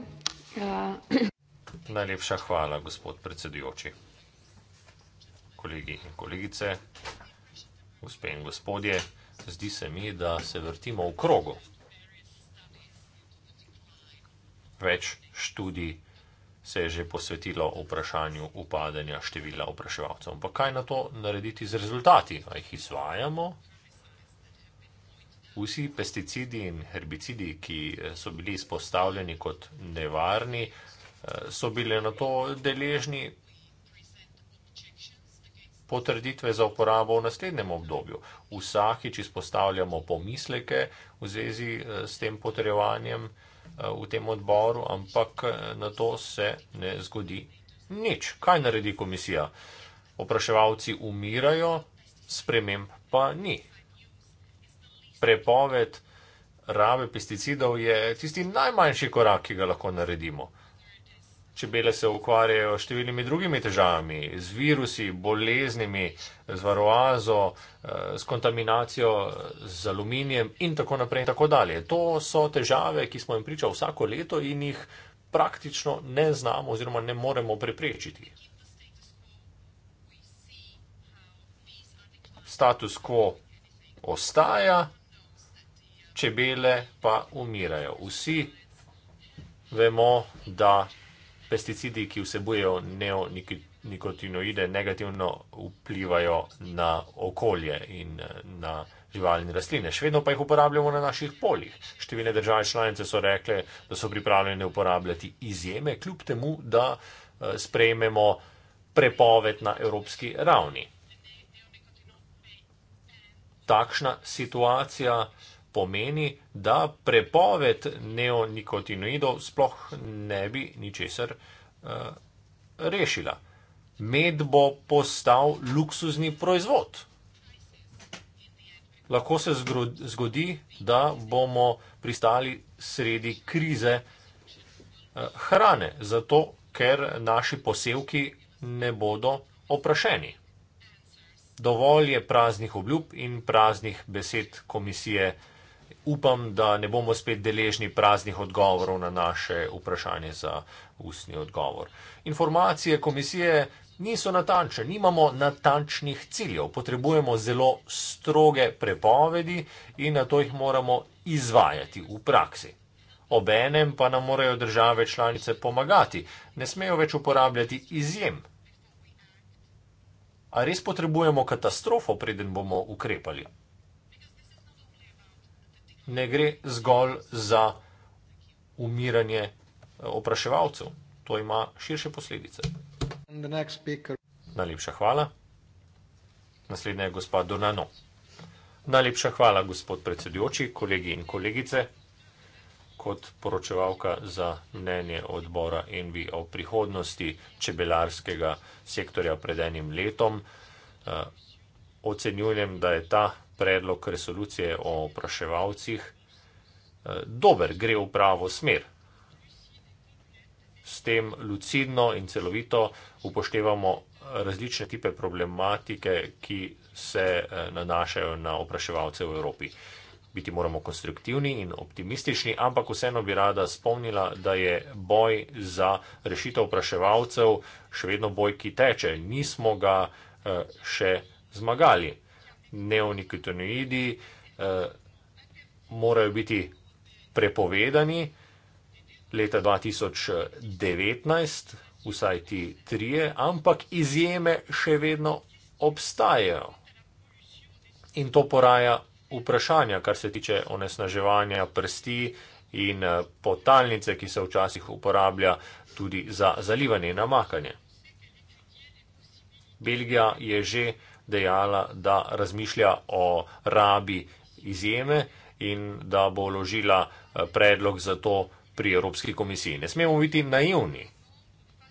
Eh, [CLEARS THROAT] Najlepša hvala, gospod predsedujoči. Kolegi in kolegice, gospe in gospodje, zdi se mi, da se vrtimo v krogu. Več študij se je že posvetilo vprašanju upadanja števila opraševalcev. Ampak kaj na to narediti z rezultati? A no, jih izvajamo, Vsi pesticidi in herbicidi, ki eh, so bili izpostavljeni kot nevarni, eh, so bile na to deležni potrditve za uporabo v naslednjem obdobju. Vsakič izpostavljamo pomisleke v zvezi eh, s tem potrevanjem v tem odboru, ampak na to se ne zgodi nič. Kaj naredi komisija? Opraševalci umirajo, sprememb pa ni prepoved rabe pesticidov je tisti najmanjši korak, ki ga lahko naredimo. Čebele se ukvarjajo s številnimi drugimi težavami, z virusi, boleznimi, z varoazo, eh, s kontaminacijo, z aluminijem in tako naprej. In tako to so težave, ki smo jim priča vsako leto in jih praktično ne znamo oziroma ne moremo preprečiti. Status quo ostaja, čebele pa umirajo. Vsi vemo, da pesticidi, ki vsebujejo neonikotinoide, negativno vplivajo na okolje in eh, na živali in rastline. Še vedno pa jih uporabljamo na naših poljih. Številne države članice so rekle, da so pripravljene uporabljati izjeme, kljub temu, da eh, sprejmemo prepoved na evropski ravni. Takšna situacija pomeni, da prepoved neonikotinoidov sploh ne bi ničesar eh, rešila. Med bo postal luksuzni proizvod. Lahko se zgodi, da bomo pristali sredi krize eh, hrane, zato ker naši posevki ne bodo oprašeni. Dovolj je praznih obljub in praznih besed komisije Hrvatske upam, da ne bomo spet deležni praznih odgovorov na naše vprašanje za ustni odgovor. Informacije komisije niso natančne, nimamo natančnih ciljev, potrebujemo zelo stroge prepovedi in na to jih moramo izvajati v praksi. Obenem pa nam morajo države članice pomagati, ne smejo več uporabljati izjem. A res potrebujemo katastrofo, preden bomo ukrepali? ne gre zgolj za umiranje eh, opraševalcev, to ima širše posledice. Najlepša hvala. Naslednja je gospod Donano. Najlepša hvala, gospod predsedujoči, kolegi in kolegice, kot poročevalka za mnenje odbora Envi o prihodnosti čebelarskega sektorja pred enim letom. Eh, ocenjujem, da je ta predlog resolucije o opraševalcih eh, dober, gre v pravo smer. S tem lucidno in celovito upoštevamo različne tipe problematike, ki se eh, nanašajo na opraševalce v Evropi. Biti moramo konstruktivni in optimistični, ampak vseeno bi rada spomnila, da je boj za rešitev opraševalcev še vedno boj, ki teče. Nismo ga eh, še zmagali neonikotinoidi eh, morajo biti prepovedani leta 2019, vsaj ti trije, ampak izjeme še vedno obstajajo. In to poraja vprašanja, kar se tiče onesnaževanja prsti in eh, potalnice, ki se včasih uporablja tudi za zalivanje in namakanje. Belgija je že dejala, da razmišlja o rabi izjeme in da bo vložila eh, predlog za to pri Evropski komisiji. Ne smemo biti naivni.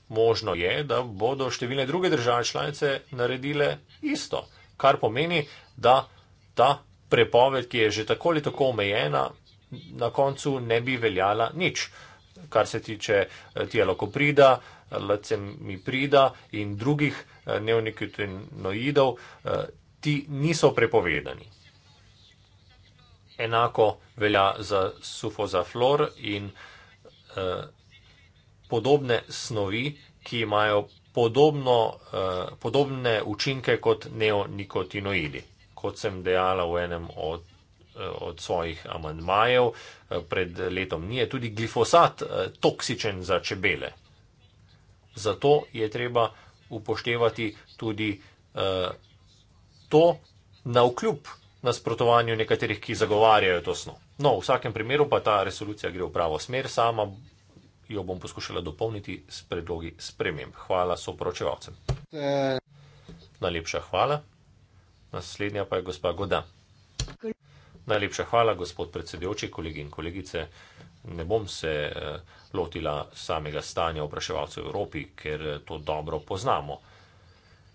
Možno je, da bodo številne druge države članice naredile isto, kar pomeni, da ta prepoved, ki je že tako ali tako omejena, na koncu ne bi veljala nič. Kar se tiče eh, tijelo koprida, lacemiprida in drugih eh, neonikotinoidov, eh, ti niso prepovedani. Enako velja za sufozaflor in eh, podobne snovi, ki imajo podobno, podobne učinke kot neonikotinoidi. Kot sem dejala v enem od, od svojih amandmajev pred letom, ni tudi glifosat toksičen za čebele. Zato je treba upoštevati tudi eh, to na vkljub nasprotovanju nekaterih, ki zagovarjajo to sno. No, v vsakem primeru pa ta resolucija gre v pravo smer, sama jo bom poskušala dopolniti s predlogi sprememb. Hvala soporočevalcem. Najlepša hvala. Naslednja pa je gospa Goda. Najlepša hvala, gospod predsedujoči, kolegi in kolegice ne bom se eh, lotila samega stanja vpraševalcev v Evropi, ker eh, to dobro poznamo.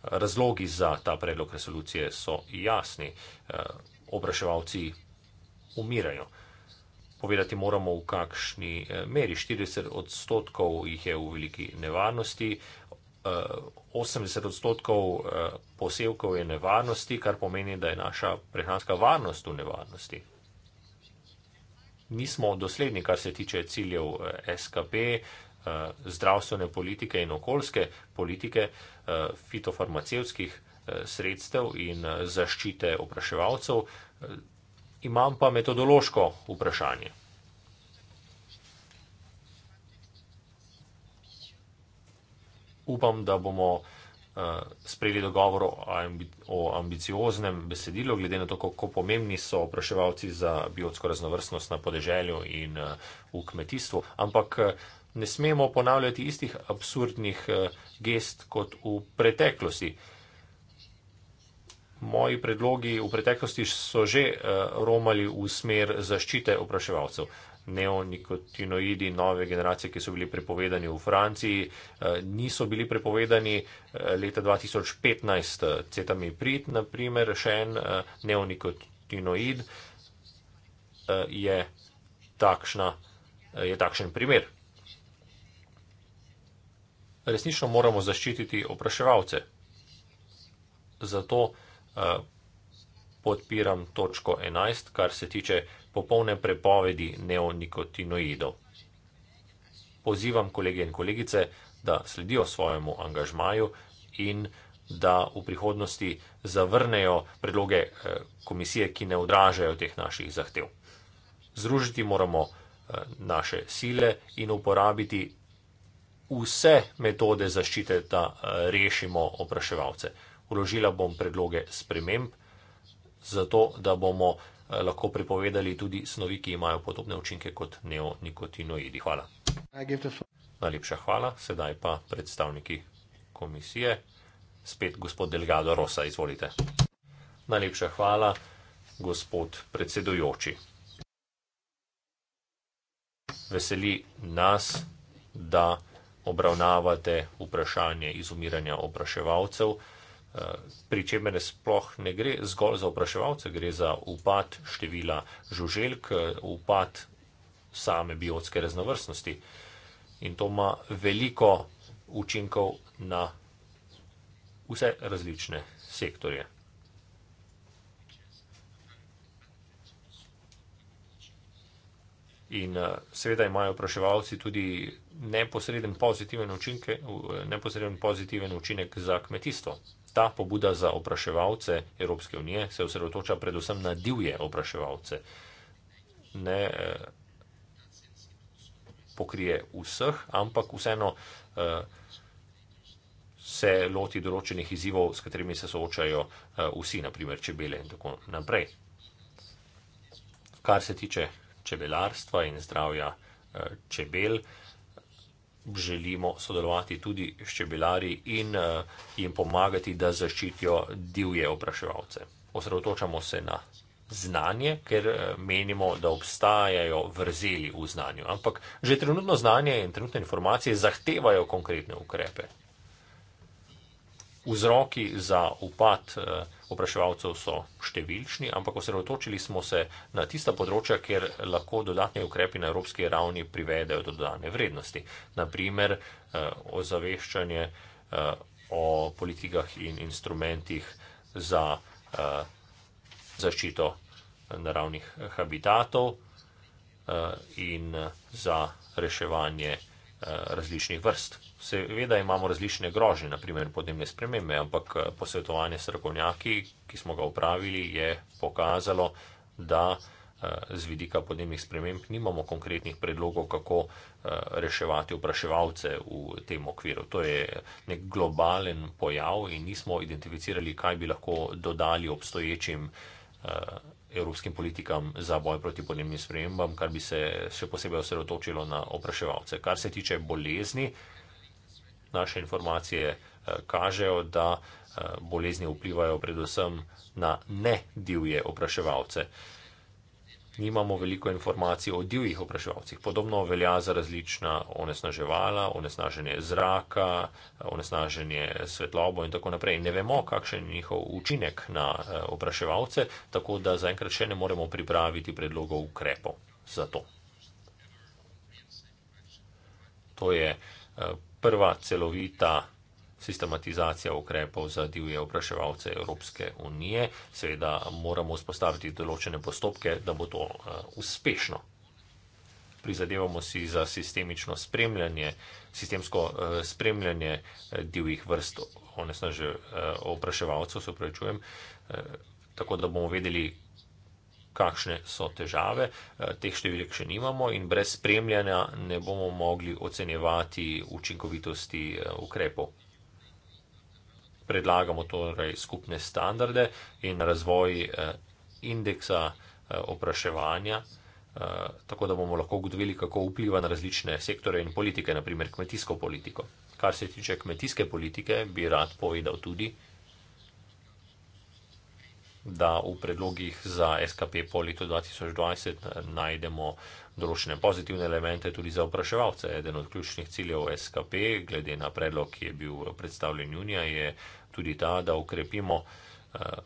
Razlogi za ta predlog resolucije so jasni. Eh, Obraševalci umirajo. Povedati moramo, v kakšni meri. 40 odstotkov jih je v veliki nevarnosti, 80 odstotkov posevkov je nevarnosti, kar pomeni, da je naša prehranska varnost v nevarnosti nismo dosledni, kar se tiče ciljev eh, SKP, eh, zdravstvene politike in okoljske politike, eh, fitofarmacevskih sredstev in zaščite opraševalcev. Imam pa metodološko vprašanje. Upam, da bomo Eh, sprejeli dogovor o, ambi, o ambicioznem besedilu, glede na to, kako pomembni so opraševalci za biotsko raznovrstnost na podeželju in eh, v kmetijstvu. Ampak eh, ne smemo ponavljati istih absurdnih gest kot v preteklosti. Moji predlogi v preteklosti so že romali v smer zaščite opraševalcev neonikotinoidi nove generacije, ki so bili prepovedani v Franciji, eh, niso bili prepovedani eh, leta 2015, eh, cetamiprit, naprimer, še en neonikotinoid je, takšna, je takšen primer. Resnično moramo zaščititi opraševalce. Zato podpiram točko 11, kar se tiče popolne prepovedi neonikotinoidov. Pozivam kolege in kolegice, da sledijo svojemu angažmaju in da v prihodnosti zavrnejo predloge eh, komisije, ki ne odražajo teh naših zahtev. Združiti moramo eh, naše sile in uporabiti vse metode zaščite, da eh, rešimo opraševalce. Uložila bom predloge sprememb zato da bomo eh, lahko pripovedali tudi snovi, ki imajo podobne učinke kot neonikotinoidi. Hvala. Najlepša hvala. Sedaj pa predstavniki komisije. Spet gospod Delgado Rosa, izvolite. Najlepša hvala, gospod predsedujoči. Veseli nas, da obravnavate vprašanje izumiranja opraševalcev pri čemer ne sploh ne gre zgolj za opraševalce, gre za upad števila žuželk, upad same biotske raznovrstnosti. In to ima veliko učinkov na vse različne sektorje. In eh, seveda imajo opraševalci tudi neposreden pozitiven, učinke, neposreden pozitiven učinek za kmetijstvo ta pobuda za opraševalce Evropske unije se osredotoča predvsem na divje opraševalce. Ne eh, pokrije vseh, ampak vseeno eh, se loti določenih izzivov, s katerimi se soočajo eh, vsi, naprimer čebele in tako naprej. Kar se tiče čebelarstva in zdravja čebel, želimo sodelovati tudi s čebelari in uh, jim pomagati, da zaščitijo divje opraševalce. Osredotočamo se na znanje, ker eh, menimo, da obstajajo vrzeli v znanju. Ampak že trenutno znanje in trenutne informacije zahtevajo konkretne ukrepe. Vzroki za upad uh, opraševalcev so številčni, ampak osredotočili smo se na tista področja, kjer lahko dodatni ukrepi na evropski ravni privedejo do dodane vrednosti. Naprimer, eh, ozaveščanje eh, o politikah in instrumentih za eh, zaščito naravnih habitatov in za reševanje. Eh, različnih vrst. Seveda imamo različne grožnje, naprimer podnebne spremembe, ampak eh, posvetovanje strokovnjaki, ki smo ga upravili, je pokazalo, da eh, z vidika podnebnih sprememb nimamo konkretnih predlogov, kako reševati vpraševalce v tem okviru. To je nek globalen pojav in nismo identificirali, kaj bi lahko dodali obstoječim evropskim politikam za boj proti podnebnim spremembam, kar bi se še posebej osredotočilo na opraševalce. Kar se tiče bolezni, naše informacije eh, kažejo, da eh, bolezni vplivajo predvsem na nedivje opraševalce nimamo veliko informacij o divjih opraševalcih. Podobno velja za različna onesnaževala, onesnaženje zraka, onesnaženje svetlobo in tako naprej. Ne vemo, kakšen je njihov učinek na eh, opraševalce, tako da zaenkrat še ne moremo pripraviti predlogov ukrepov za to. To je eh, prva celovita sistematizacija ukrepov za divje opraševalce Evropske unije. Seveda moramo vzpostaviti določene postopke, da bo to eh, uspešno. Prizadevamo si za sistemično spremljanje, sistemsko eh, spremljanje eh, divjih vrst opraševalcev, se upravičujem, tako da bomo vedeli, kakšne so težave. Teh številk še nimamo in brez spremljanja ne bomo mogli ocenjevati učinkovitosti ukrepov predlagamo torej skupne standarde in razvoj eh, indeksa eh, opraševanja, eh, tako da bomo lahko ugotovili, kako vpliva na različne sektore in politike, naprimer kmetijsko politiko. Kar se tiče kmetijske politike, bi rad povedal tudi, da v predlogih za SKP po letu 2020 najdemo določene pozitivne elemente tudi za opraševalce. Eden od ključnih ciljev SKP, glede na predlog, ki je bil predstavljen junija, je tudi ta, da ukrepimo eh,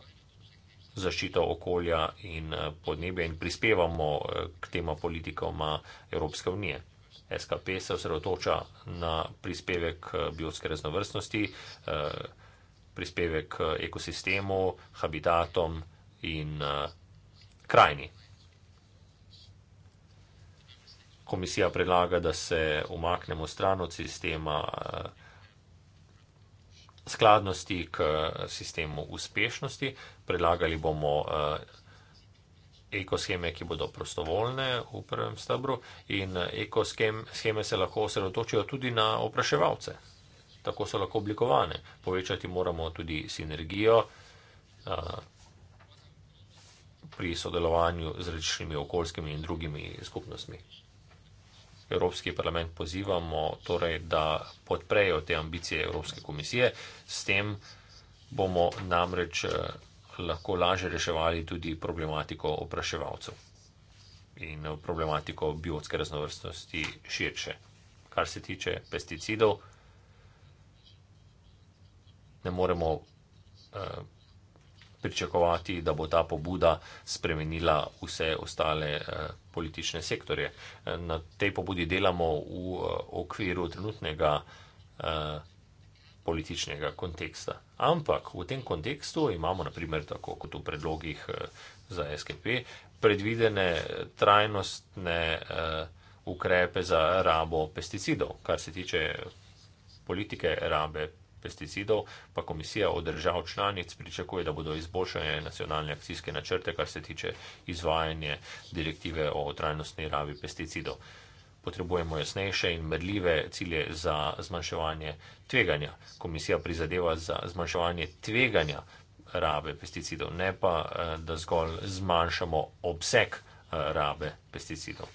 zaščito okolja in eh, podnebja in prispevamo eh, k tema politikoma Evropske unije. SKP se osredotoča na prispevek biotske raznovrstnosti, prispevek ekosistemu, habitatom in krajini. komisija predlaga, da se umaknemo stran od sistema eh, skladnosti k eh, sistemu uspešnosti. Predlagali bomo eh, ekoscheme, ki bodo prostovoljne v prvem stebru in ekoscheme se lahko osredotočijo tudi na opraševalce. Tako so lahko oblikovane. Povečati moramo tudi sinergijo pri sodelovanju z različnimi okoljskimi in drugimi skupnostmi. Evropski parlament pozivamo, torej, da podprejo te ambicije Evropske komisije. S tem bomo namreč eh, lahko laže reševali tudi problematiko opraševalcev in eh, problematiko biotske raznovrstnosti širše. Kar se tiče pesticidov, ne moremo. Uh, pričakovati, da bo ta pobuda spremenila vse ostale eh, politične sektorje. Eh, na tej pobudi delamo v eh, okviru trenutnega političnega konteksta. Ampak v tem kontekstu imamo, naprimer, tako kot v predlogih za SKP, predvidene trajnostne ukrepe za rabo pesticidov, kar se tiče politike rabe pesticidov, pa komisija od držav članic pričakuje, da bodo izboljšane nacionalne akcijske načrte, kar se tiče izvajanja direktive o trajnostni ravi pesticidov. Potrebujemo jasnejše in merljive cilje za zmanjševanje tveganja. Komisija prizadeva za zmanjševanje tveganja rabe pesticidov, ne pa eh, da zgolj zmanjšamo obseg eh, rabe pesticidov.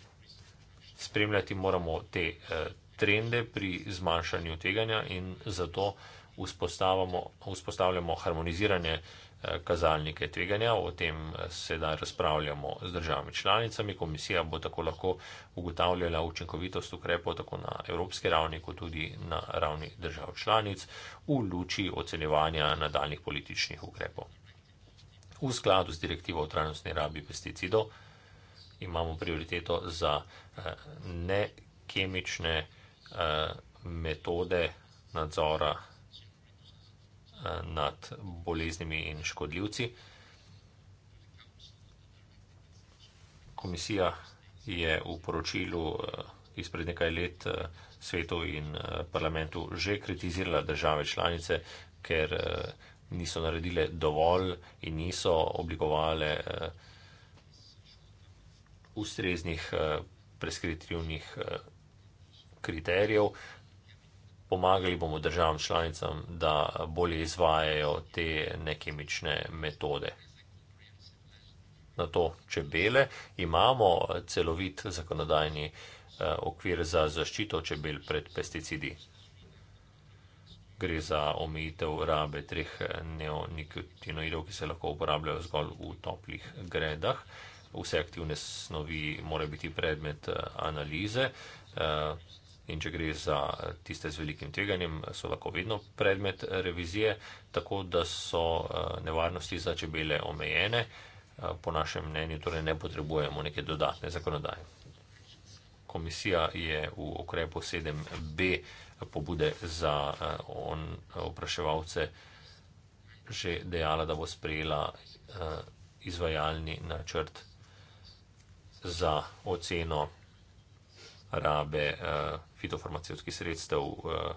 Spremljati moramo te eh, trende pri zmanjšanju tveganja in zato vzpostavljamo harmonizirane eh, kazalnike tveganja. O tem eh, sedaj razpravljamo z državami članicami. Komisija bo tako lahko ugotavljala učinkovitost ukrepov tako na evropski ravni, kot tudi na ravni držav članic v luči ocenjevanja nadaljnih političnih ukrepov. V skladu z direktivo o trajnostni rabi pesticidov imamo prioriteto za eh, nekemične kazalnike Eh, metode nadzora eh, nad boleznimi in škodljivci. Komisija je v poročilu eh, izpred nekaj let svetu in parlamentu že kritizirala države članice, ker niso naredile dovolj in niso oblikovale ustreznih preskritivnih kriterijev. Pomagali bomo državam članicam, da bolje izvajajo te nekemične metode. Na to čebele imamo celovit zakonodajni eh, okvir za zaščito čebel pred pesticidi. Gre za omejitev rabe treh eh, neonikotinoidov, ki se lahko uporabljajo zgolj v toplih gredah. Vse aktivne snovi morajo biti predmet eh, analize in če gre za tiste z velikim tveganjem, so lahko vedno predmet revizije, tako da so eh, nevarnosti za čebele omejene. Eh, po našem mnenju torej ne potrebujemo neke dodatne zakonodaje. Komisija je v okrepu 7b pobude za eh, opraševalce že dejala, da bo sprejela izvajalni načrt za oceno rabe fitofarmacevskih sredstev eh,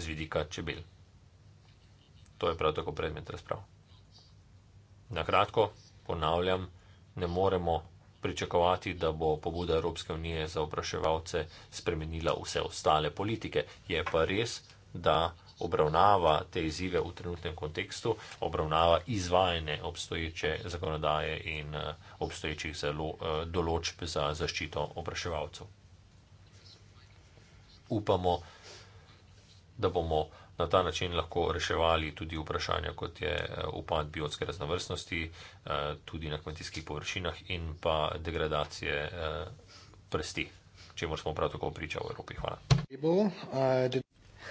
z vidika čebel. To je prav tako predmet razprav. Na kratko, ponavljam, ne moremo pričakovati, da bo pobuda Evropske unije za opraševalce spremenila vse ostale politike. Je pa res, da obravnava te izzive v trenutnem kontekstu, obravnava izvajanje obstoječe zakonodaje in eh, obstoječih eh, določb za zaščito opraševalcev upamo, da bomo na ta način lahko reševali tudi vprašanja, kot je eh, upad biotske raznovrstnosti, eh, tudi na kmetijskih površinah in pa degradacije eh, prsti, čemu smo prav tako pričali v Evropi. Hvala.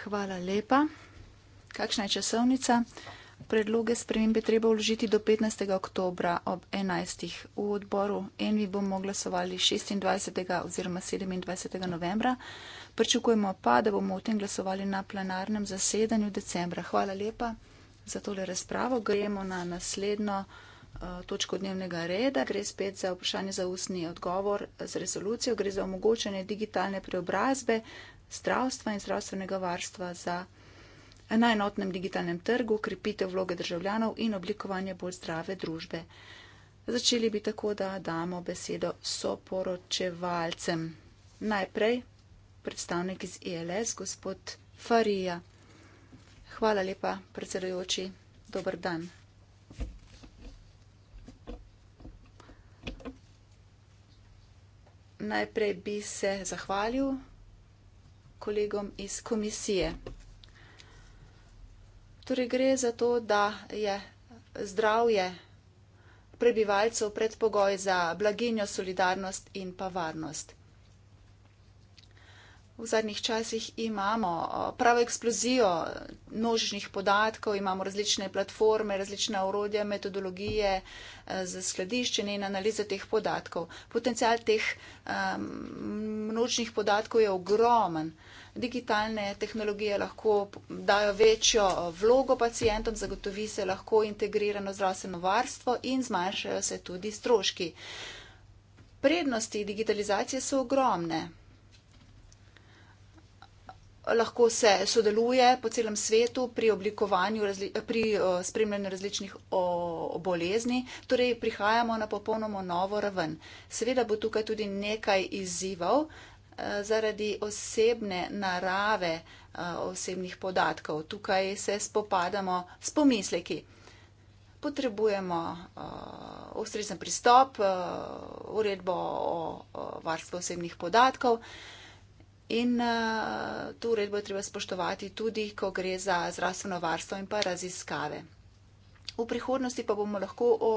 Hvala lepa. Kakšna je časovnica? Predloge spremembe treba vložiti do 15. oktobra ob 11. v odboru. En vi bomo glasovali 26. oziroma 27. novembra. Pričakujemo pa, da bomo o tem glasovali na plenarnem zasedanju decembra. Hvala lepa za tole razpravo. Gremo na naslednjo eh, točko dnevnega reda. Gre spet za vprašanje za ustni odgovor eh, z rezolucijo. Gre za omogočanje digitalne preobrazbe zdravstva in zdravstvenega varstva za eh, najnotnem digitalnem trgu, krepitev vloge državljanov in oblikovanje bolj zdrave družbe. Začeli bi tako, da damo besedo soporočevalcem. Najprej predstavnik iz ILS, e gospod Farija. Hvala lepa, predsedujoči. Dobr dan. Najprej bi se zahvalil kolegom iz komisije. Torej gre za to, da je zdravje prebivalcev predpogoj za blaginjo, solidarnost in pa varnost v zadnjih časih imamo eh, pravo eksplozijo množičnih podatkov, imamo različne platforme, različne urodja, metodologije eh, za skladiščenje in analizo teh podatkov. Potencial teh množičnih podatkov je ogromen. Digitalne tehnologije lahko dajo večjo eh, vlogo pacijentom, zagotovi se lahko integrirano zdravstveno varstvo in zmanjšajo se tudi stroški. Prednosti digitalizacije so ogromne lahko se sodeluje po celem svetu pri oblikovanju, razli, pri eh, spremljanju različnih bolezni, torej prihajamo na popolnoma novo raven. Seveda bo tukaj tudi nekaj izzival eh, zaradi osebne narave eh, osebnih podatkov. Tukaj se spopadamo s pomisleki. Potrebujemo ustrezen pristop, uredbo o varstvu osebnih podatkov. In uh, to uredbo je treba spoštovati tudi, ko gre za zdravstveno varstvo in pa raziskave. V prihodnosti pa bomo lahko o,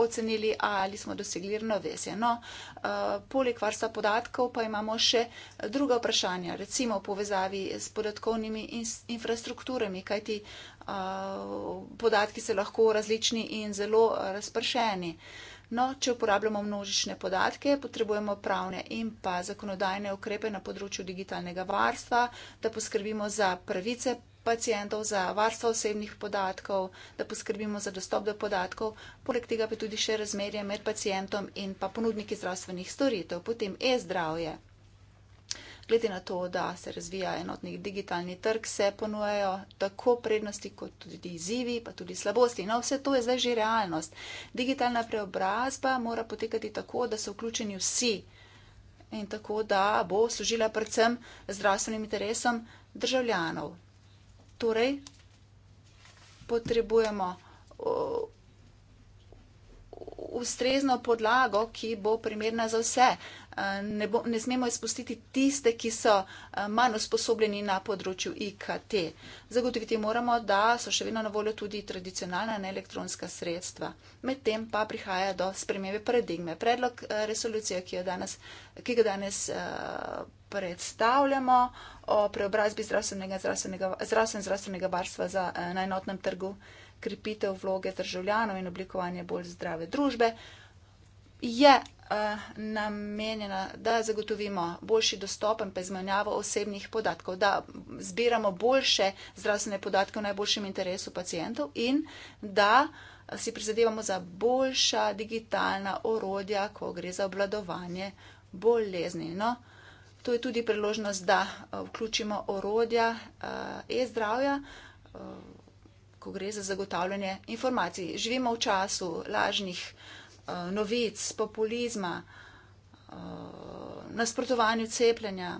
ocenili, ali smo dosegli ravnovesje. No, uh, poleg varstva podatkov pa imamo še druga vprašanja, recimo v povezavi s podatkovnimi in, infrastrukturami, kajti uh, podatki se lahko različni in zelo uh, razpršeni. Uh, No, če uporabljamo množične podatke, potrebujemo pravne in pa zakonodajne ukrepe na področju digitalnega varstva, da poskrbimo za pravice pacijentov, za varstvo osebnih podatkov, da poskrbimo za dostop do podatkov, poleg tega pa tudi še razmerje med pacijentom in pa ponudniki zdravstvenih storitev, potem e-zdravje. Glede na to, da se razvija enotni digitalni trg, se ponujajo tako prednosti, kot tudi izzivi, pa tudi slabosti. No, vse to je zdaj že realnost. Digitalna preobrazba mora potekati tako, da so vključeni vsi in tako, da bo služila predvsem zdravstvenim interesom državljanov. Torej, potrebujemo ustrezno podlago, ki bo primerna za vse. Eh, ne, bo, ne smemo izpustiti tiste, ki so eh, manj usposobljeni na področju IKT. Zagotoviti moramo, da so še vedno na voljo tudi tradicionalna in elektronska sredstva. Medtem pa prihaja do spremembe paradigme. Predlog eh, resolucije, ki, danes, ki ga danes predstavljamo o preobrazbi zdravstvenega, zdravstvenega, zdravstven, zdravstvenega varstva za najnotnem trgu, krepitev vloge državljanov in oblikovanje bolj zdrave družbe, je Eh, namenjena, da zagotovimo boljši dostopen pa izmenjavo osebnih podatkov, da zbiramo boljše zdravstvene podatke v najboljšem interesu pacijentov in da si prizadevamo za boljša digitalna orodja, ko gre za obladovanje bolezni. No, to je tudi priložnost, da eh, vključimo orodja eh, e-zdravja, ko gre za zagotavljanje informacij. Živimo v času lažnih informacij, Eh, novic, populizma, eh, nasprotovanju cepljenja.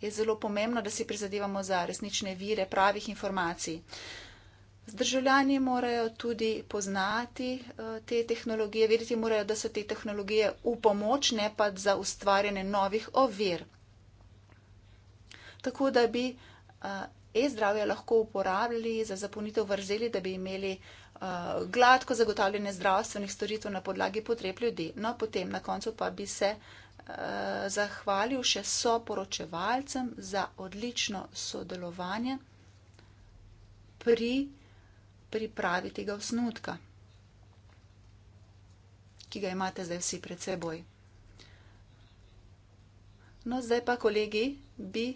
Je zelo pomembno, da si prizadevamo za resnične vire pravih informacij. Zdržavljani morajo tudi poznati eh, te tehnologije, vedeti morajo, da so te tehnologije v pomoč, ne pa za ustvarjanje novih ovir. Tako da bi e-zdravje lahko uporabljali za zapolnitev vrzeli, da bi imeli Eh, gladko zagotavljanje zdravstvenih storitev na podlagi potreb ljudi. No, potem na koncu pa bi se eh, zahvalil še soporočevalcem za odlično sodelovanje pri pripravi tega osnutka, ki ga imate zdaj vsi pred seboj. No, zdaj pa, kolegi, bi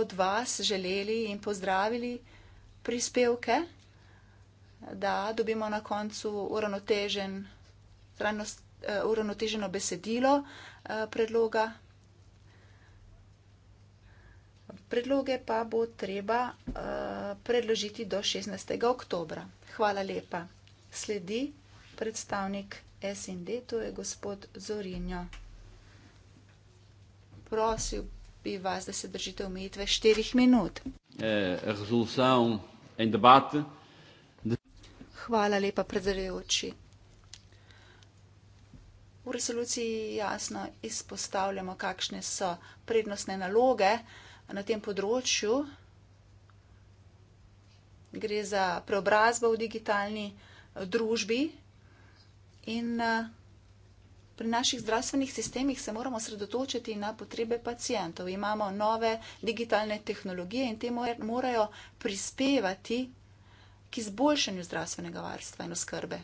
od vas želeli in pozdravili prispevke da dobimo na koncu uravnotežen, uh, uravnoteženo besedilo uh, predloga. Predloge pa bo treba uh, predložiti do 16. oktobra. Hvala lepa. Sledi predstavnik SND, to je gospod Zorinjo. Prosil bi vas, da se držite omejitve štirih minut. Eh, resolucija in debata. Hvala lepa, predsedujoči. V resoluciji jasno izpostavljamo, kakšne so prednostne naloge na tem področju. Gre za preobrazbo v digitalni eh, družbi in eh, pri naših zdravstvenih sistemih se moramo sredotočiti na potrebe pacijentov. Imamo nove digitalne tehnologije in te morajo prispevati k izboljšanju zdravstvenega varstva in oskrbe.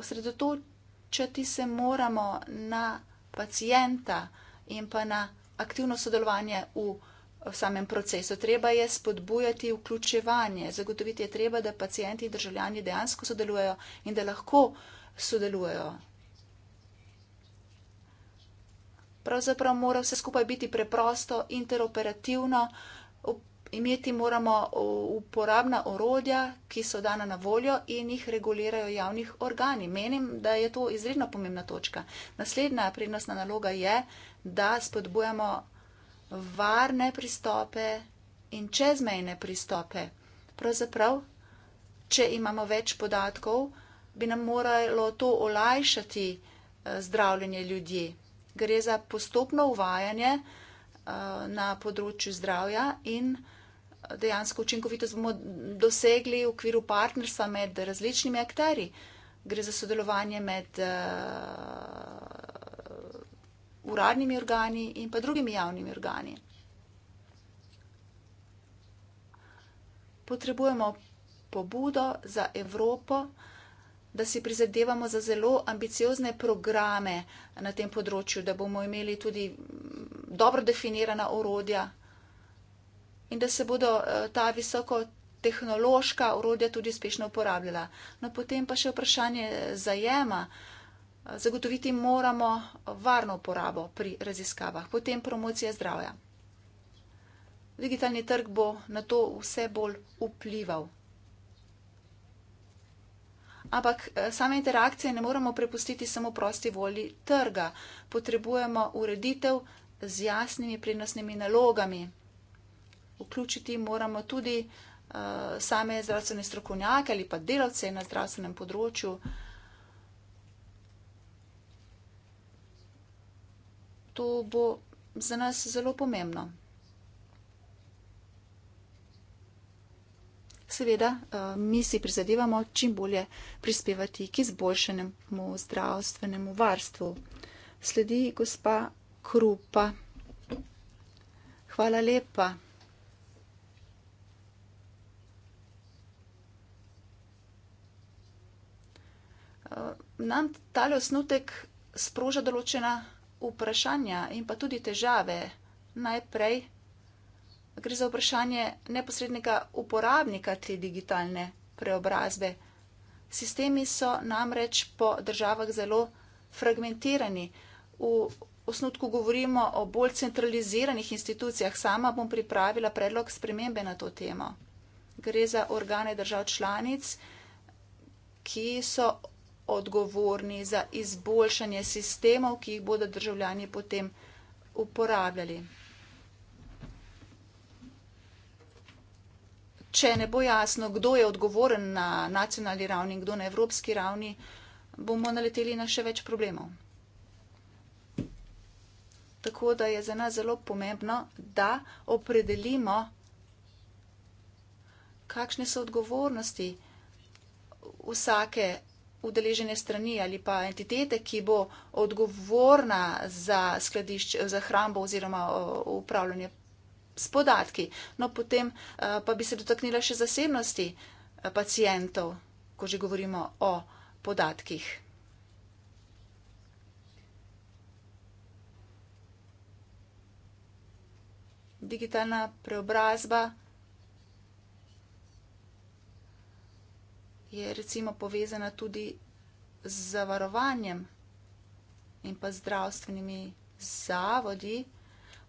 Osredotočiti se moramo na pacijenta in pa na aktivno sodelovanje v samem procesu. Treba je spodbujati vključevanje, zagotoviti je treba, da pacijenti in državljani dejansko sodelujejo in da lahko sodelujejo. Pravzaprav mora vse skupaj biti preprosto, interoperativno, imeti moramo uporabna orodja, ki so dana na voljo in jih regulirajo javnih organi. Menim, da je to izredno pomembna točka. Naslednja prednostna naloga je, da spodbujamo varne pristope in čezmejne pristope. Pravzaprav, če imamo več podatkov, bi nam moralo to olajšati eh, zdravljenje ljudi. Gre za postopno uvajanje, Eh, na področju zdravja in dejansko učinkovitost bomo dosegli v okviru partnerstva med različnimi akteri. Gre za sodelovanje med uh, uradnimi organi in pa drugimi javnimi organi. Potrebujemo pobudo za Evropo, uh, da si prizadevamo za zelo ambiciozne programe na tem področju, da bomo imeli tudi mm, dobro definirana orodja in da se bodo eh, ta visoko tehnološka orodja tudi uspešno uporabljala. No, potem pa še vprašanje eh, zajema. Eh, zagotoviti moramo varno uporabo pri raziskavah, potem promocija zdravja. Digitalni trg bo na to vse bolj vplival ampak eh, same interakcije ne moremo prepustiti samo prosti volji trga. Potrebujemo ureditev z jasnimi prednostnimi nalogami. Vključiti moramo tudi uh, same zdravstvene strokovnjake ali pa delavce na zdravstvenem področju. To bo za nas zelo pomembno. seveda eh, mi si prizadevamo čim bolje prispevati k izboljšanemu zdravstvenemu varstvu. Sledi gospa Krupa. Hvala lepa. Eh, nam tale osnutek sproža določena vprašanja in pa tudi težave. Najprej gre za vprašanje neposrednega uporabnika te digitalne preobrazbe. Sistemi so namreč po državah zelo fragmentirani. V osnutku govorimo o bolj centraliziranih institucijah. Sama bom pripravila predlog spremembe na to temo. Gre za organe držav članic, ki so odgovorni za izboljšanje sistemov, ki jih bodo državljani potem uporabljali. če ne bo jasno, kdo je odgovoren na nacionalni ravni in kdo na evropski ravni, bomo naleteli na še več problemov. Tako da je za nas zelo pomembno, da opredelimo, kakšne so odgovornosti vsake udeležene strani ali pa entitete, ki bo odgovorna za, za hrambo oziroma upravljanje s podatki. No, potem eh, pa bi se dotaknila še zasebnosti eh, pacijentov, ko že govorimo o podatkih. Digitalna preobrazba je recimo povezana tudi z zavarovanjem in pa zdravstvenimi zavodi.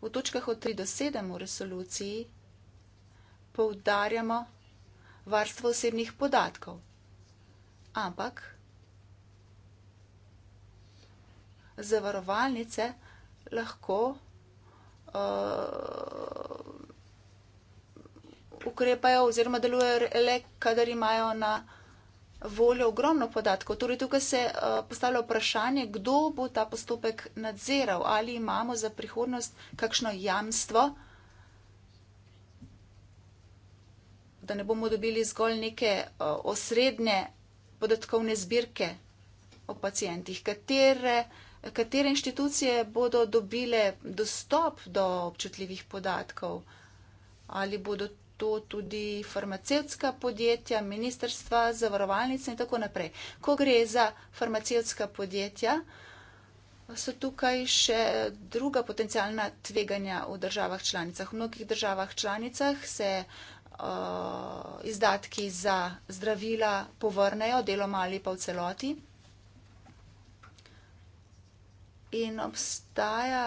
V točkah od 3 do 7 v resoluciji poudarjamo varstvo osebnih podatkov. Ampak zavarovalnice lahko uh, ukrepajo oziroma delujejo le, kadar imajo na voljo ogromno podatkov. Torej, tukaj se uh, postavlja vprašanje, kdo bo ta postopek nadziral, ali imamo za prihodnost kakšno jamstvo, da ne bomo dobili zgolj neke uh, osrednje podatkovne zbirke o pacijentih, katere, katere inštitucije bodo dobile dostop do občutljivih podatkov ali bodo to tudi farmacevtska podjetja, ministerstva, zavarovalnice in tako naprej. Ko gre za farmacevtska podjetja, so tukaj še druga potencijalna tveganja v državah članicah. V mnogih državah članicah se uh, izdatki za zdravila povrnejo, deloma ali pa v celoti. In obstaja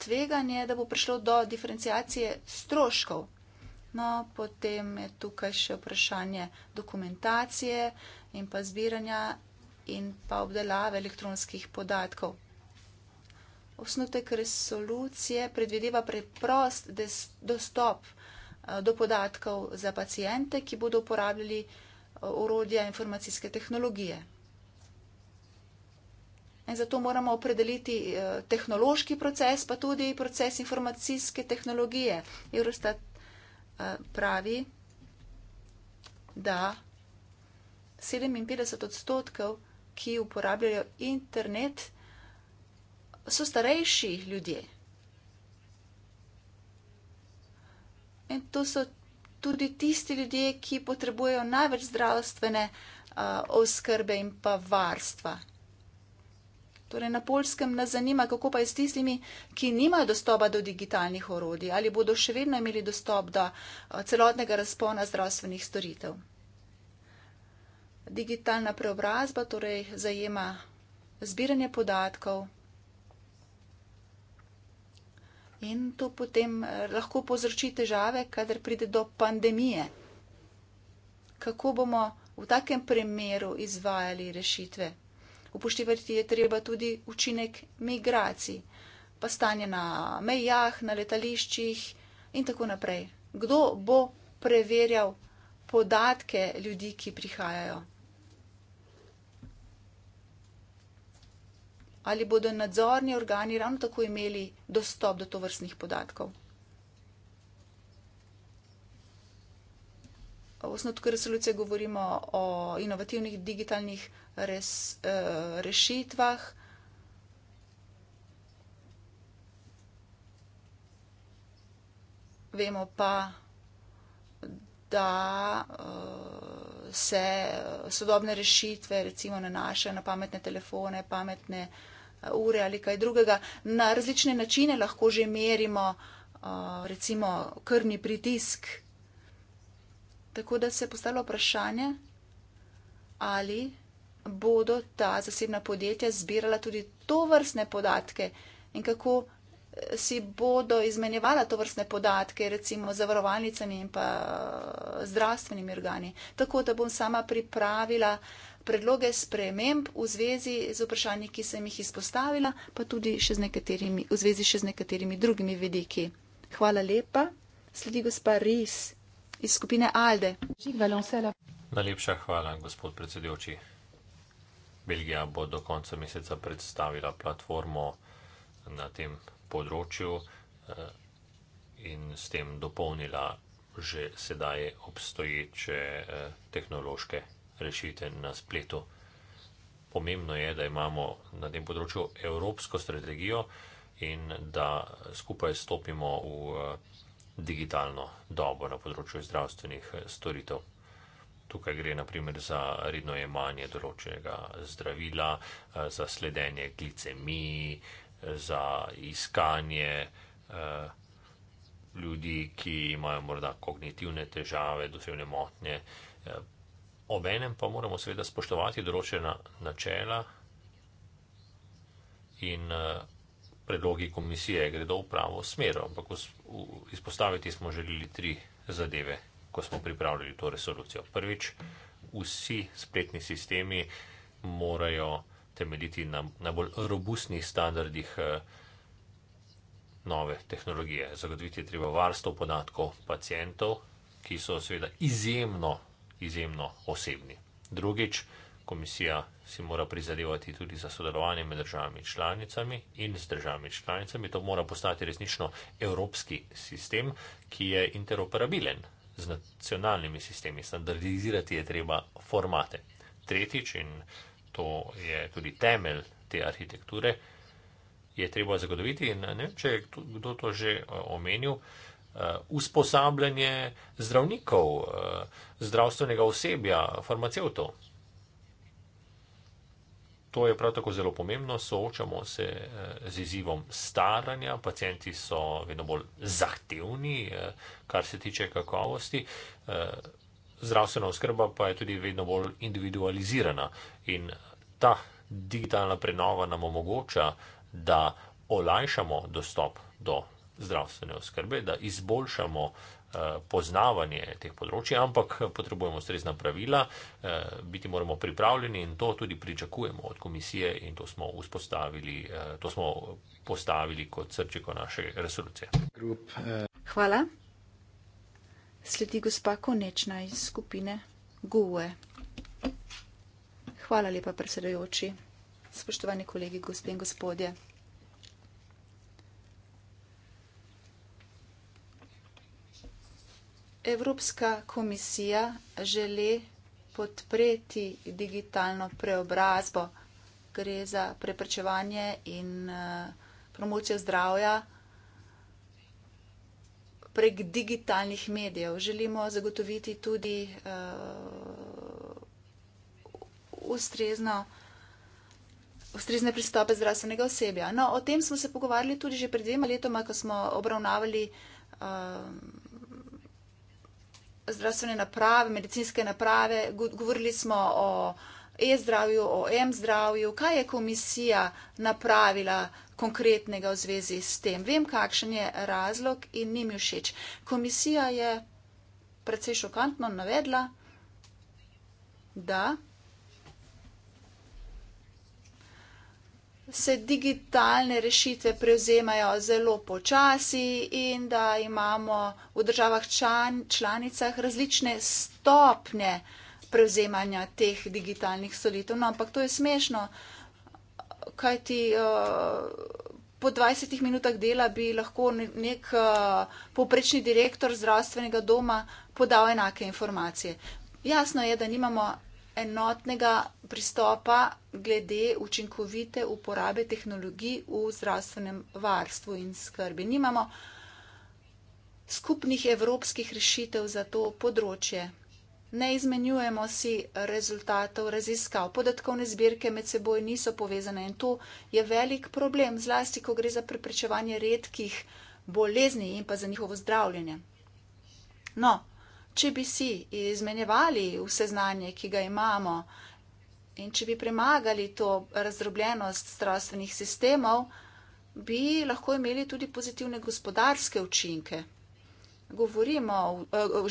tveganje, da bo prišlo do diferencijacije stroškov. No, potem je tukaj še vprašanje dokumentacije in pa zbiranja in pa obdelave elektronskih podatkov. Osnutek resolucije predvideva preprost des, dostop eh, do podatkov za pacijente, ki bodo uporabljali urodja eh, informacijske tehnologije. In zato moramo opredeliti eh, tehnološki proces, pa tudi proces informacijske tehnologije. Eurostat Eh, pravi, da 57 odstotkov, ki uporabljajo internet, so starejši ljudje. In to so tudi tisti ljudje, ki potrebujejo največ zdravstvene uh, oskrbe in pa varstva. Torej, na polskem nas zanima, kako pa je s tistimi, ki nimajo dostopa do digitalnih orodij, ali bodo še vedno imeli dostop do eh, celotnega razpona zdravstvenih storitev. Digitalna preobrazba torej zajema zbiranje podatkov in to potem eh, lahko povzroči težave, kadar pride do pandemije. Kako bomo v takem primeru izvajali rešitve? upoštevati je treba tudi učinek migracij, pa stanje na mejah, na letališčih in tako naprej. Kdo bo preverjal podatke ljudi, ki prihajajo? Ali bodo nadzorni organi ravno tako imeli dostop do tovrstnih podatkov? V osnutku resolucije govorimo o inovativnih digitalnih res, uh, rešitvah. Vemo pa, da uh, se eh, sodobne rešitve recimo nanašajo na pametne telefone, pametne uh, ure ali kaj drugega. Na različne načine lahko že merimo uh, recimo krvni pritisk. Tako da se je postavilo vprašanje, ali bodo ta zasebna podjetja zbirala tudi to vrstne podatke in kako eh, si bodo izmenjevala to vrstne podatke, recimo z zavarovalnicami in pa eh, zdravstvenimi organi. Tako da bom sama pripravila predloge sprememb v zvezi z vprašanji, ki sem jih izpostavila, pa tudi v zvezi še z nekaterimi drugimi vediki. Hvala lepa. Sledi gospa Ris iz skupine Alde. Najlepša hvala, gospod predsedujoči. Belgija bo do konca meseca predstavila platformo na tem področju eh, in s tem dopolnila že sedaj obstoječe eh, tehnološke rešitve na spletu. Pomembno je, da imamo na tem področju evropsko strategijo in da skupaj stopimo v eh, digitalno dobo na področju zdravstvenih storitev. Tukaj gre naprimer za redno jemanje določenega zdravila, eh, za sledenje glicemiji, eh, za iskanje eh, ljudi, ki imajo morda kognitivne težave, duševne motnje. Obenem pa moramo seveda spoštovati določena načela in predlogi komisije gredo v pravo smer, ampak izpostaviti smo želeli tri zadeve, ko smo pripravljali to resolucijo. Prvič, vsi spletni sistemi morajo temeljiti na, na bolj robustnih standardih eh, nove tehnologije. Zagotoviti je treba varstvo podatkov pacijentov, ki so seveda izjemno, izjemno osebni. Drugič, komisija si mora prizadevati tudi za sodelovanje med državami članicami in z državami članicami. To mora postati resnično evropski sistem, ki je interoperabilen z nacionalnimi sistemi. Standardizirati je treba formate. Tretjič, in to je tudi temelj te arhitekture, je treba zagotoviti, in ne vem, če je kdo to že eh, omenil, eh, usposabljanje zdravnikov, eh, zdravstvenega osebja, farmacevtov to je prav tako zelo pomembno, soočamo se eh, z izzivom staranja, pacijenti so vedno bolj zahtevni, eh, kar se tiče kakovosti. Eh, zdravstvena oskrba pa je tudi vedno bolj individualizirana in ta digitalna prenova nam omogoča, da olajšamo dostop do zdravstvene oskrbe, da izboljšamo uh, Eh, poznavanje teh področji, ampak potrebujemo strezna pravila, eh, biti moramo pripravljeni in to tudi pričakujemo od komisije in to smo vzpostavili, eh, to smo postavili kot srčiko naše resolucije. Hvala. Sledi gospa Konečna iz skupine GUE. Hvala lepa, predsedajoči. Spoštovani kolegi, gospe in gospodje. Evropska komisija želi podpreti digitalno preobrazbo. Gre za preprečevanje in eh, promocijo zdravja prek digitalnih medijev. Želimo zagotoviti tudi eh, ustrezno ustrezne pristope zdravstvenega osebja. No, o tem smo se pogovarjali tudi že pred dvema letoma, ko smo obravnavali um, zdravstvene naprave, medicinske naprave, govorili smo o e-zdravju, o m-zdravju, kaj je komisija napravila konkretnega v zvezi s tem. Vem, kakšen je razlog in ni mi všeč. Komisija je precej šokantno navedla, da se digitalne rešitve prevzemajo zelo počasi in da imamo v državah član, članicah različne stopnje prevzemanja teh digitalnih storitev. No, ampak to je smešno, kaj ti uh, eh, po 20 minutah dela bi lahko nek uh, eh, poprečni direktor zdravstvenega doma podal enake informacije. Jasno je, da nimamo enotnega pristopa glede učinkovite uporabe tehnologij v zdravstvenem varstvu in skrbi. Nimamo skupnih evropskih rešitev za to področje. Ne izmenjujemo si rezultatov raziskav. Podatkovne zbirke med seboj niso povezane in to je velik problem, zlasti, ko gre za preprečevanje redkih bolezni in pa za njihovo zdravljenje. No, če bi si izmenjevali vse znanje, ki ga imamo, in če bi premagali to razdrobljenost zdravstvenih sistemov, bi lahko imeli tudi pozitivne gospodarske učinke. Govorimo,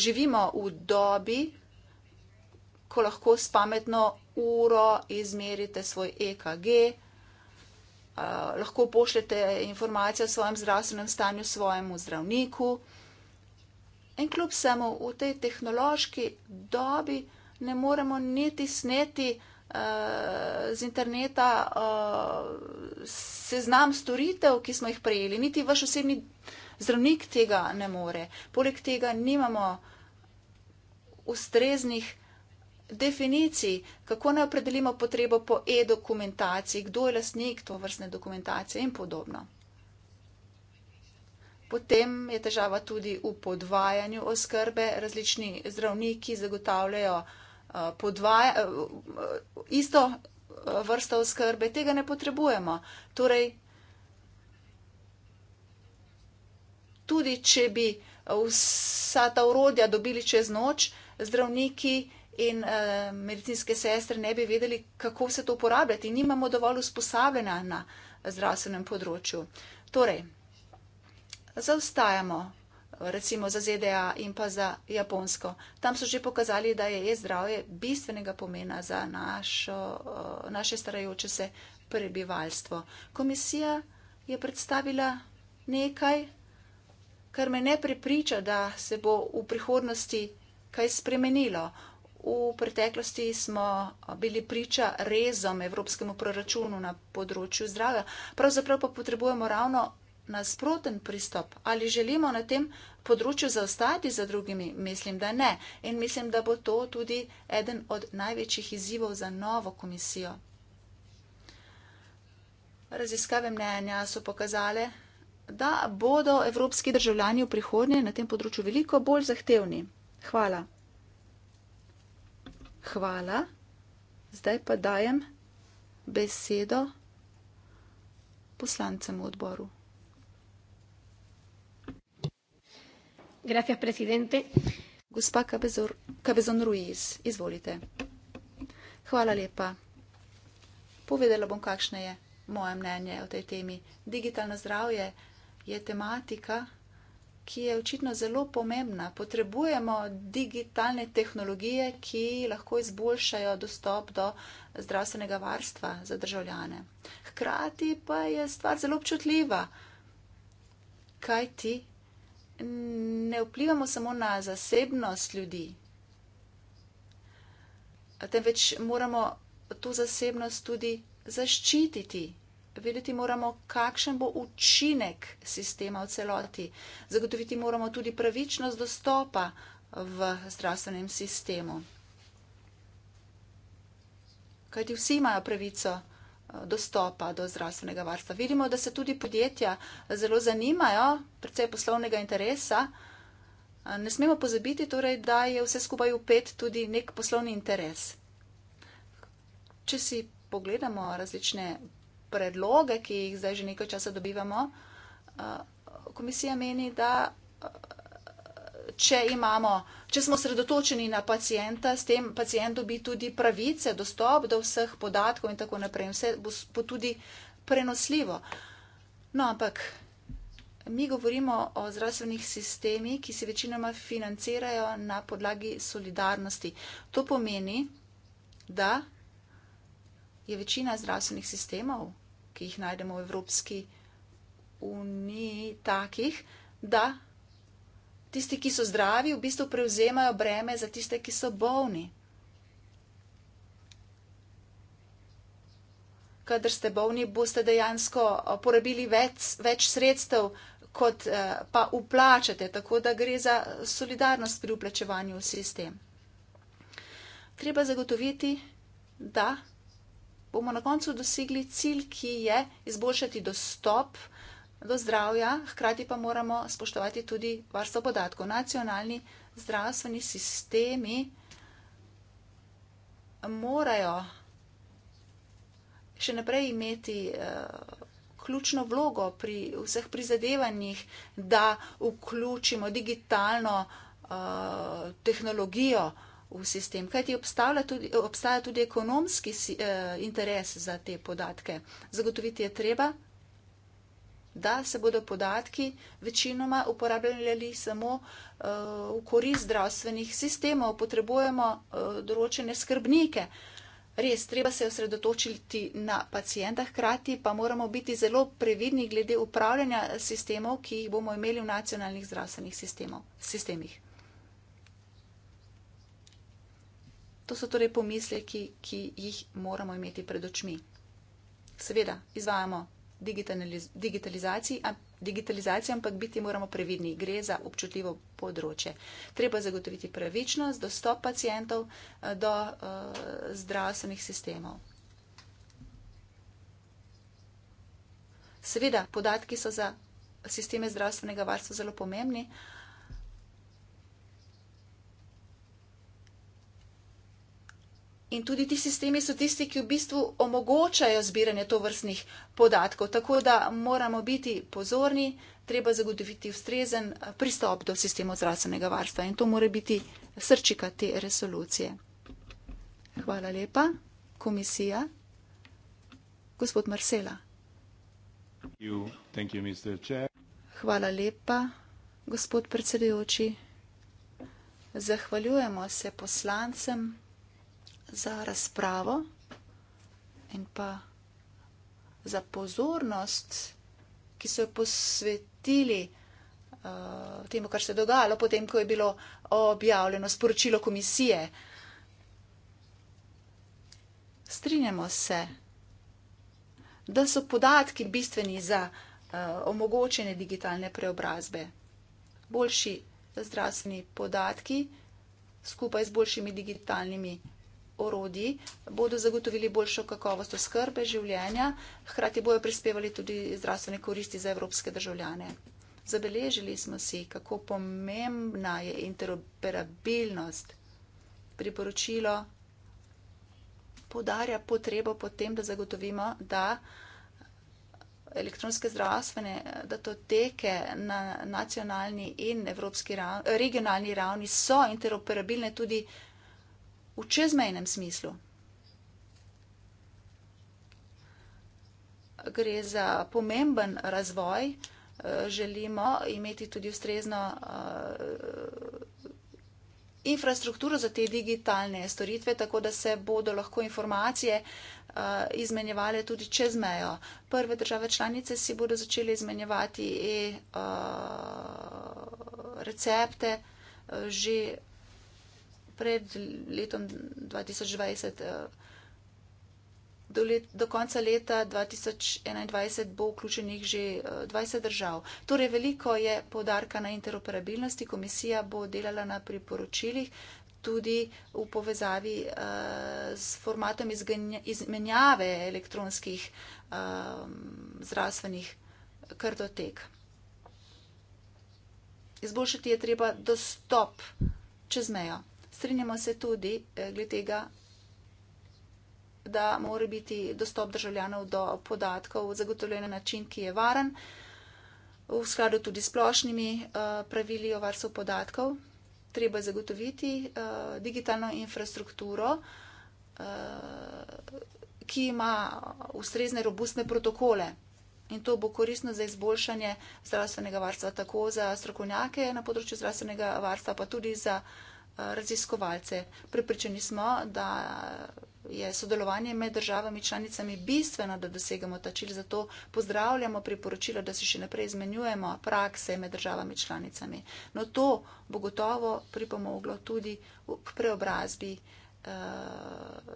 živimo v dobi, ko lahko s pametno uro izmerite svoj EKG, lahko pošljete informacije o svojem zdravstvenem stanju svojemu zdravniku. In kljub samo v tej tehnološki dobi ne moremo niti sneti eh, z interneta eh, seznam storitev, ki smo jih prejeli. Niti vaš osebni zdravnik tega ne more. Poleg tega nimamo ustreznih definicij, kako ne opredelimo potrebo po e-dokumentaciji, kdo je lasnik to vrstne dokumentacije in podobno. Potem je težava tudi v podvajanju oskrbe. Različni zdravniki zagotavljajo eh, podvaja, eh, isto eh, vrsto oskrbe, tega ne potrebujemo. Torej, tudi če bi vsa ta urodja dobili čez noč, zdravniki in medicinske sestre ne bi vedeli, kako se to uporabljati. Nimamo dovolj usposabljanja na zdravstvenem področju. Torej, zaostajamo, recimo za ZDA in pa za Japonsko. Tam so že pokazali, da je e-zdravje bistvenega pomena za našo, eh, naše starajoče se prebivalstvo. Komisija je predstavila nekaj, kar me ne prepriča, da se bo v prihodnosti kaj spremenilo. V preteklosti smo bili priča rezom evropskemu proračunu na področju zdravja. Pravzaprav pa potrebujemo ravno nasproten pristop. Ali želimo na tem področju zaostati za drugimi? Mislim, da ne. In mislim, da bo to tudi eden od največjih izzivov za novo komisijo. Raziskave mnenja so pokazale, da bodo evropski državljani v prihodnje na tem področju veliko bolj zahtevni. Hvala. Hvala. Zdaj pa dajem besedo poslancem v odboru. Gracias, presidente. Gospa Cabezon Ruiz, izvolite. Hvala lepa. Povedala bom, kakšno je moje mnenje o tej temi. Digitalno zdravje je tematika, ki je očitno zelo pomembna. Potrebujemo digitalne tehnologije, ki lahko izboljšajo dostop do zdravstvenega varstva za državljane. Hkrati pa je stvar zelo občutljiva. Kaj ti ne vplivamo samo na zasebnost ljudi, temveč moramo to zasebnost tudi zaščititi. Videti moramo, kakšen bo učinek sistema v celoti. Zagotoviti moramo tudi pravičnost dostopa v zdravstvenem sistemu. Kajti vsi imajo pravico dostopa do zdravstvenega varstva. Vidimo, da se tudi podjetja zelo zanimajo, predvsej poslovnega interesa. Ne smemo pozabiti, torej, da je vse skupaj upet tudi nek poslovni interes. Če si pogledamo različne predloge, ki jih zdaj že nekaj časa dobivamo, eh, komisija meni, da če, imamo, če smo sredotočeni na pacijenta, s tem pacijent dobi tudi pravice, dostop do vseh podatkov in tako naprej. Vse bo, bo tudi prenosljivo. No, ampak mi govorimo o zdravstvenih sistemih, ki se večinoma financirajo na podlagi solidarnosti. To pomeni, da je večina zdravstvenih sistemov, ki jih najdemo v Evropski uniji, takih, da tisti, ki so zdravi, v bistvu prevzemajo breme za tiste, ki so bolni. Kadar ste bolni, boste dejansko eh, porabili več, več sredstev, kot eh, pa uplačate, tako da gre za eh, solidarnost pri uplačevanju v sistem. Treba zagotoviti, da bomo na koncu dosegli cilj, ki je izboljšati dostop do zdravja, hkrati pa moramo spoštovati tudi varstvo podatkov. Nacionalni zdravstveni sistemi morajo še naprej imeti uh, ključno vlogo pri vseh prizadevanjih, da vključimo digitalno uh, tehnologijo v sistem, kajti tudi, obstaja tudi ekonomski uh, interes za te podatke. Zagotoviti je treba da se bodo podatki večinoma uporabljali samo eh, v korist zdravstvenih sistemov. Potrebujemo eh, določene skrbnike. Res, treba se osredotočiti na pacijenta, hkrati pa moramo biti zelo previdni glede upravljanja sistemov, ki jih bomo imeli v nacionalnih zdravstvenih sistemov, sistemih. To so torej pomisleki, ki jih moramo imeti pred očmi. Seveda, izvajamo digitalizaciji, ampak biti moramo previdni. Gre za občutljivo področje. Treba zagotoviti pravičnost, dostop pacijentov eh, do eh, zdravstvenih sistemov. Seveda, podatki so za sisteme zdravstvenega varstva zelo pomembni. In tudi ti sistemi so tisti, ki v bistvu omogočajo zbiranje to vrstnih podatkov. Tako da moramo biti pozorni, treba zagotoviti ustrezen eh, pristop do sistema zdravstvenega varstva in to mora biti srčika te resolucije. Hvala lepa. Komisija. Gospod Marsela. Hvala lepa, gospod predsedujoči. Zahvaljujemo se poslancem za razpravo in pa za pozornost, ki so jo posvetili uh, temu, kar se je dogajalo, potem, ko je bilo objavljeno sporočilo komisije. Strinjamo se, da so podatki bistveni za uh, omogočene digitalne preobrazbe. Boljši zdravstveni podatki skupaj z boljšimi digitalnimi preobrazbami orodji bodo zagotovili boljšo kakovost oskrbe življenja, hkrati bojo prispevali tudi zdravstvene koristi za evropske državljane. Zabeležili smo si, kako pomembna je interoperabilnost. Priporočilo podarja potrebo potem, da zagotovimo, da elektronske zdravstvene datoteke na nacionalni in ravni, regionalni ravni so interoperabilne tudi v v čezmejnem smislu. Gre za pomemben razvoj, eh, želimo imeti tudi ustrezno eh, infrastrukturo za te digitalne storitve, tako da se bodo lahko informacije eh, izmenjevale tudi čez mejo. Prve države članice si bodo začele izmenjevati e recepte že pred letom 2020. Eh, do, let, do konca leta 2021 bo vključenih že 20 eh, držav. Torej, veliko je podarka na interoperabilnosti. Komisija bo delala na priporočilih tudi v povezavi uh, s formatom izgenja, izmenjave elektronskih um, zdravstvenih kartotek. Izboljšati je treba dostop čez mejo. Strinjamo se tudi eh, glede tega, da mora biti dostop državljanov do podatkov zagotovljen na način, ki je varen, v skladu tudi splošnimi eh, pravili o varstvu podatkov. Treba zagotoviti eh, digitalno infrastrukturo, ki ima ustrezne robustne protokole. In to bo koristno za izboljšanje zdravstvenega varstva, tako za strokovnjake na področju zdravstvenega varstva, pa tudi za raziskovalce. Pripričani smo, da je sodelovanje med državami članicami bistveno, da dosegamo ta cilj. Zato pozdravljamo priporočilo, da se še naprej izmenjujemo prakse med državami članicami. No to bo gotovo pripomoglo tudi k preobrazbi, eh,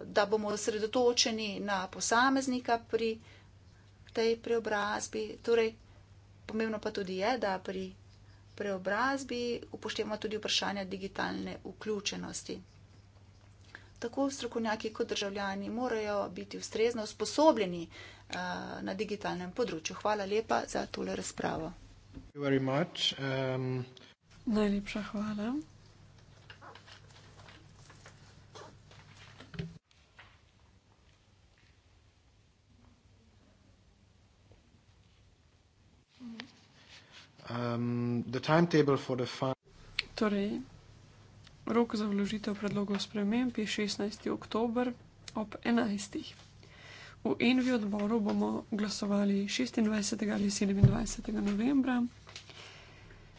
da bomo osredotočeni na posameznika pri tej preobrazbi. Torej, pomembno pa tudi je, da pri preobrazbi upoštevamo tudi vprašanja digitalne vključenosti. Tako strokovnjaki kot državljani morajo biti ustrezno usposobljeni uh, na digitalnem področju. Hvala lepa za tole razpravo. Um... Najlepša hvala. Um, torej, rok za vložitev predlogov sprememb je 16. oktober ob 11. V Envi odboru bomo glasovali 26. ali 27. novembra,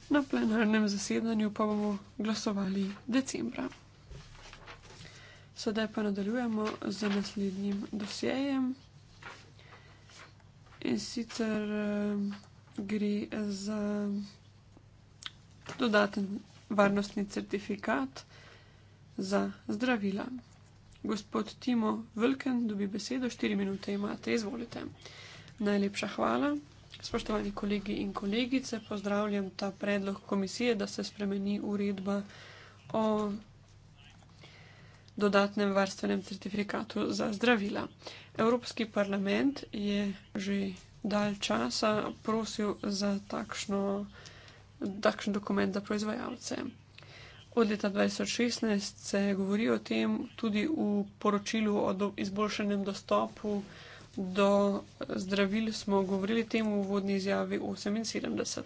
na plenarnem zasedanju pa bomo glasovali decembra. Sedaj pa nadaljujemo z naslednjim dosjejem in sicer. Uh, gre za dodaten varnostni certifikat za zdravila. Gospod Timo Vlken dobi besedo, štiri minute imate, izvolite. Najlepša hvala. Spoštovani kolegi in kolegice, pozdravljam ta predlog komisije, da se spremeni uredba o dodatnem varstvenem certifikatu za zdravila. Evropski parlament je že dalj časa prosil za takšno, takšen dokument za proizvajalce. Od leta 2016 se govori o tem tudi v poročilu o do, izboljšanem dostopu do zdravil, smo govorili temu v vodni izjavi 78.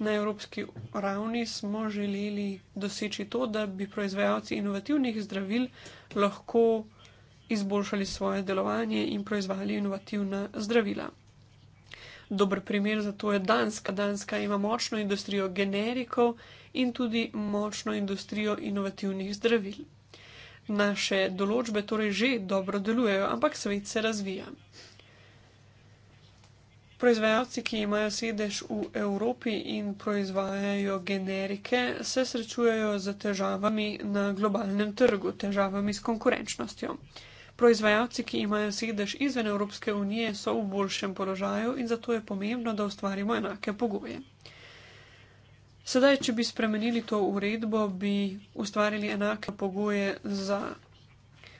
Na evropski ravni smo želeli doseči to, da bi proizvajalci inovativnih zdravil lahko izboljšali svoje delovanje in proizvajali inovativna zdravila. Dober primer za to je Danska. Danska ima močno industrijo generikov in tudi močno industrijo inovativnih zdravil. Naše določbe torej že dobro delujejo, ampak svet se razvija. Proizvajalci, ki imajo sedež v Evropi in proizvajajo generike, se srečujejo z težavami na globalnem trgu, težavami s konkurenčnostjo. Proizvajalci, ki imajo sedež izven Evropske unije, so v boljšem položaju in zato je pomembno, da ustvarimo enake pogoje. Sedaj, če bi spremenili to uredbo, bi ustvarili enake pogoje za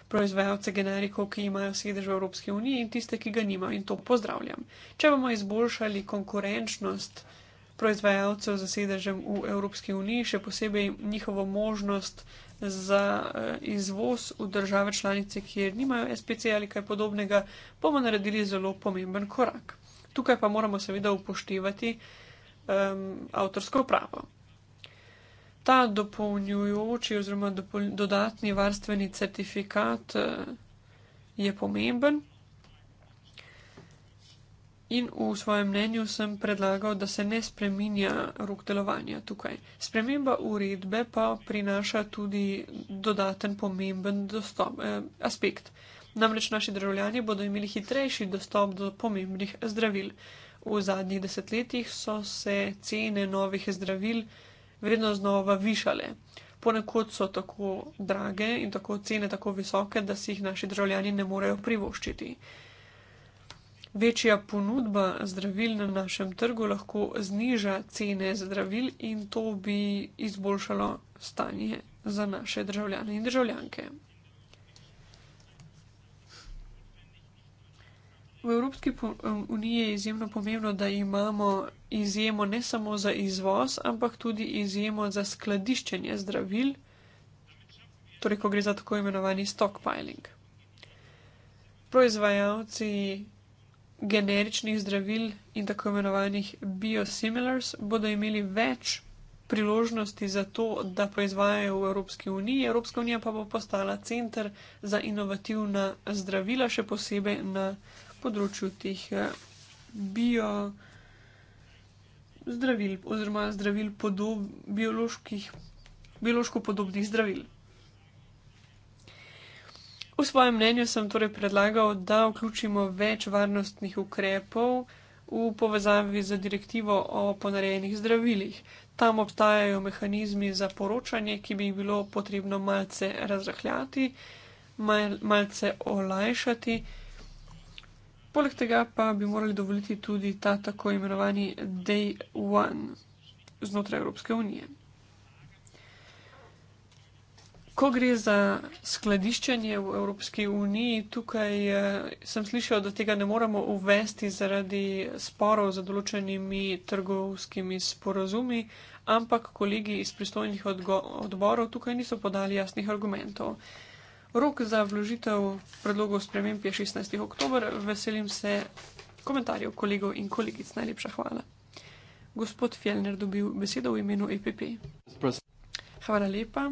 proizvajalce generikov, ki imajo sedež v Evropski uniji in tiste, ki ga nima in to pozdravljam. Če bomo izboljšali konkurenčnost proizvajalcev za sedežem v Evropski uniji, še posebej njihovo možnost za eh, izvoz v države članice, kjer nimajo SPC ali kaj podobnega, bomo naredili zelo pomemben korak. Tukaj pa moramo seveda upoštevati um, avtorsko pravo. Ta dopolnjujoči oziroma dopol dodatni varstveni certifikat uh, je pomemben, in v svojem mnenju sem predlagal, da se ne spreminja rok delovanja tukaj. Sprememba uredbe pa prinaša tudi dodaten pomemben dostop, eh, aspekt. Namreč naši državljani bodo imeli hitrejši dostop do pomembnih zdravil. V zadnjih desetletjih so se cene novih zdravil vredno znova višale. Ponekod so tako drage in tako cene tako visoke, da si jih naši državljani ne morejo privoščiti večja ponudba zdravil na našem trgu lahko zniža cene zdravil in to bi izboljšalo stanje za naše državljane in državljanke. V Evropski uniji je izjemno pomembno, da imamo izjemo ne samo za izvoz, ampak tudi izjemo za skladiščenje zdravil, torej ko gre za tako imenovani stockpiling. Proizvajalci generičnih zdravil in tako imenovanih biosimilars bodo imeli več priložnosti za to, da proizvajajo v Evropski uniji. Evropska unija pa bo postala center za inovativna zdravila, še posebej na področju teh eh, bio. Zdravil, oziroma zdravil podob, bioloških, biološko podobnih zdravil. V svojem mnenju sem torej predlagal, da vključimo več varnostnih ukrepov v povezavi z direktivo o ponarejenih zdravilih. Tam obstajajo mehanizmi za poročanje, ki bi jih bilo potrebno malce razrahljati, mal, malce olajšati. Poleg tega pa bi morali dovoliti tudi ta tako imenovani day one znotraj Evropske unije. Ko gre za skladiščenje v Evropski uniji, tukaj eh, sem slišal, da tega ne moremo uvesti zaradi sporov z določenimi trgovskimi sporozumi, ampak kolegi iz pristojnih odborov tukaj niso podali jasnih argumentov. Rok za vložitev predlogov sprememb je 16. oktober. Veselim se komentarjev kolegov in kolegic. Najlepša hvala. Gospod Fjellner dobil besedo v imenu EPP. Hvala lepa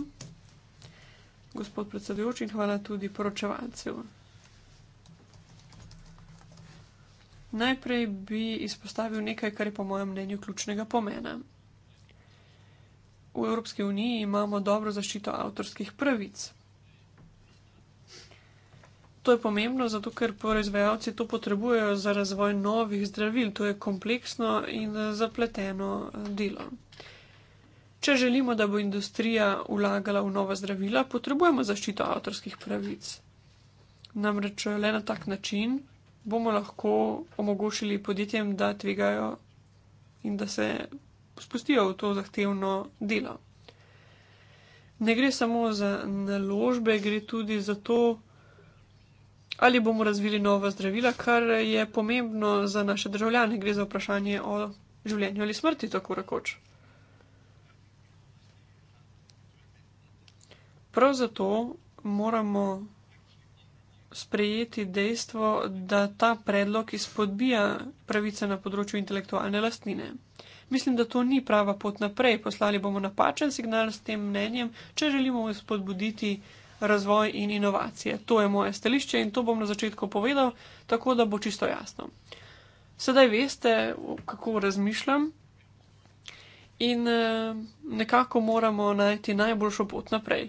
gospod predsedujoči in hvala tudi poročevalcev. Najprej bi izpostavil nekaj, kar je po mojem mnenju ključnega pomena. V Evropski uniji imamo dobro zaščito avtorskih pravic. To je pomembno, zato ker proizvajalci to potrebujejo za razvoj novih zdravil. To je kompleksno in zapleteno delo. Če želimo, da bo industrija vlagala v nova zdravila, potrebujemo zaščito avtorskih pravic. Namreč le na tak način bomo lahko omogočili podjetjem, da tvegajo in da se spustijo v to zahtevno delo. Ne gre samo za naložbe, gre tudi za to, ali bomo razvili nova zdravila, kar je pomembno za naše državljane. Gre za vprašanje o življenju ali smrti, tako rekoč. Prav zato moramo sprejeti dejstvo, da ta predlog izpodbija pravice na področju intelektualne lastnine. Mislim, da to ni prava pot naprej. Poslali bomo napačen signal s tem mnenjem, če želimo spodbuditi razvoj in inovacije. To je moje stališče in to bom na začetku povedal, tako da bo čisto jasno. Sedaj veste, kako razmišljam in eh, nekako moramo najti najboljšo pot naprej.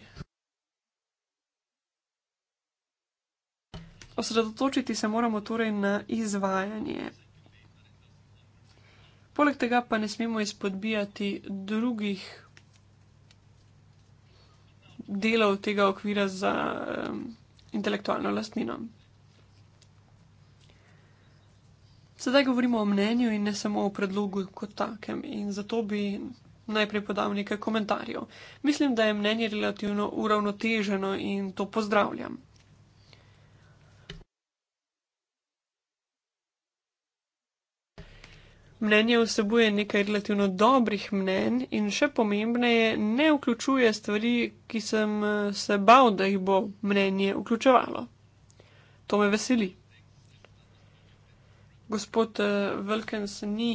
Osredotočiti se moramo torej na izvajanje. Poleg tega pa ne smemo izpodbijati drugih delov tega okvira za um, intelektualno lastnino. Sedaj govorimo o mnenju in ne samo o predlogu kot takem in zato bi najprej podal nekaj komentarjev. Mislim, da je mnenje relativno uravnoteženo in to pozdravljam. Mnenje vsebuje nekaj relativno dobrih mnen in še pomembneje, ne vključuje stvari, ki sem eh, se bal, da jih bo mnenje vključevalo. To me veseli. Gospod eh, Vilkens ni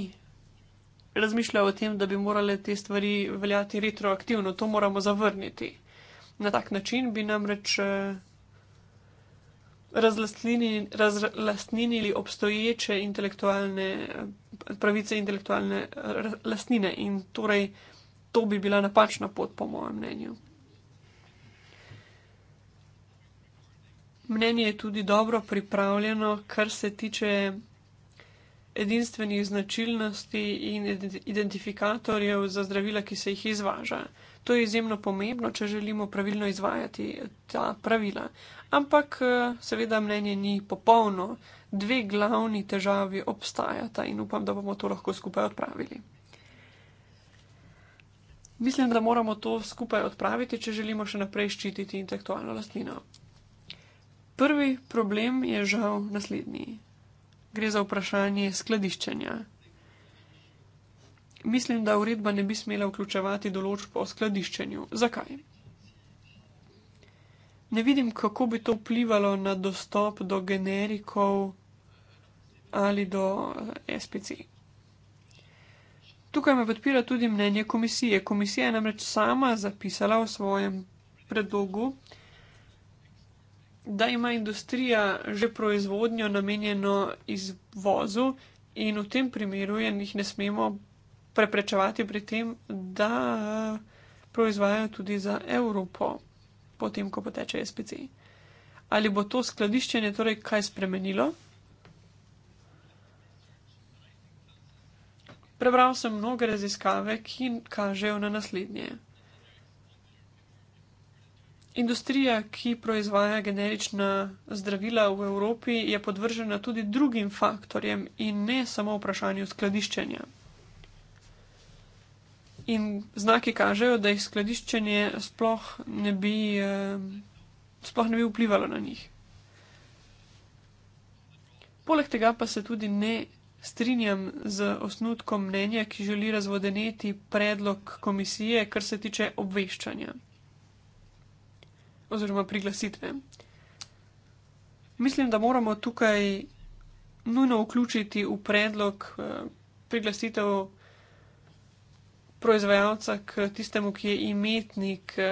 razmišljal o tem, da bi morale te stvari veljati retroaktivno, to moramo zavrniti. Na tak način bi namreč eh, razlastnili obstoječe intelektualne pravice, intelektualne eh, lastnine in torej to bi bila napačna pot, po mojem mnenju. Mnenje je tudi dobro pripravljeno, kar se tiče edinstvenih značilnosti in identifikatorjev za zdravila, ki se jih izvaža. To je izjemno pomembno, če želimo pravilno izvajati ta pravila. Ampak, eh, seveda, mnenje ni popolno. Dve glavni težavi obstajata in upam, da bomo to lahko skupaj odpravili. Mislim, da moramo to skupaj odpraviti, če želimo še naprej ščititi intelektualno lastnino. Prvi problem je žal naslednji. Gre za vprašanje skladiščenja. Mislim, da uredba ne bi smela vključevati določb o skladiščenju. Zakaj? Ne vidim, kako bi to vplivalo na dostop do generikov ali do eh, SPC. Tukaj me podpira tudi mnenje komisije. Komisija je namreč sama zapisala v svojem predlogu, da ima industrija že proizvodnjo namenjeno izvozu in v tem primeru je njih ne smemo preprečevati pri tem, da eh, proizvajajo tudi za Evropo, potem, ko poteče SPC. Ali bo to skladiščenje torej kaj spremenilo? Prebral sem mnoge raziskave, ki kažejo na naslednje. Industrija, ki proizvaja generična zdravila v Evropi, je podvržena tudi drugim faktorjem in ne samo vprašanju skladiščenja in znaki kažejo, da jih skladiščenje sploh ne bi, eh, sploh ne bi vplivalo na njih. Poleg tega pa se tudi ne strinjam z osnutkom mnenja, ki želi razvodeneti predlog komisije, kar se tiče obveščanja oziroma priglasitve. Mislim, da moramo tukaj nujno vključiti v predlog eh, priglasitev proizvajalca k tistemu, ki je imetnik eh,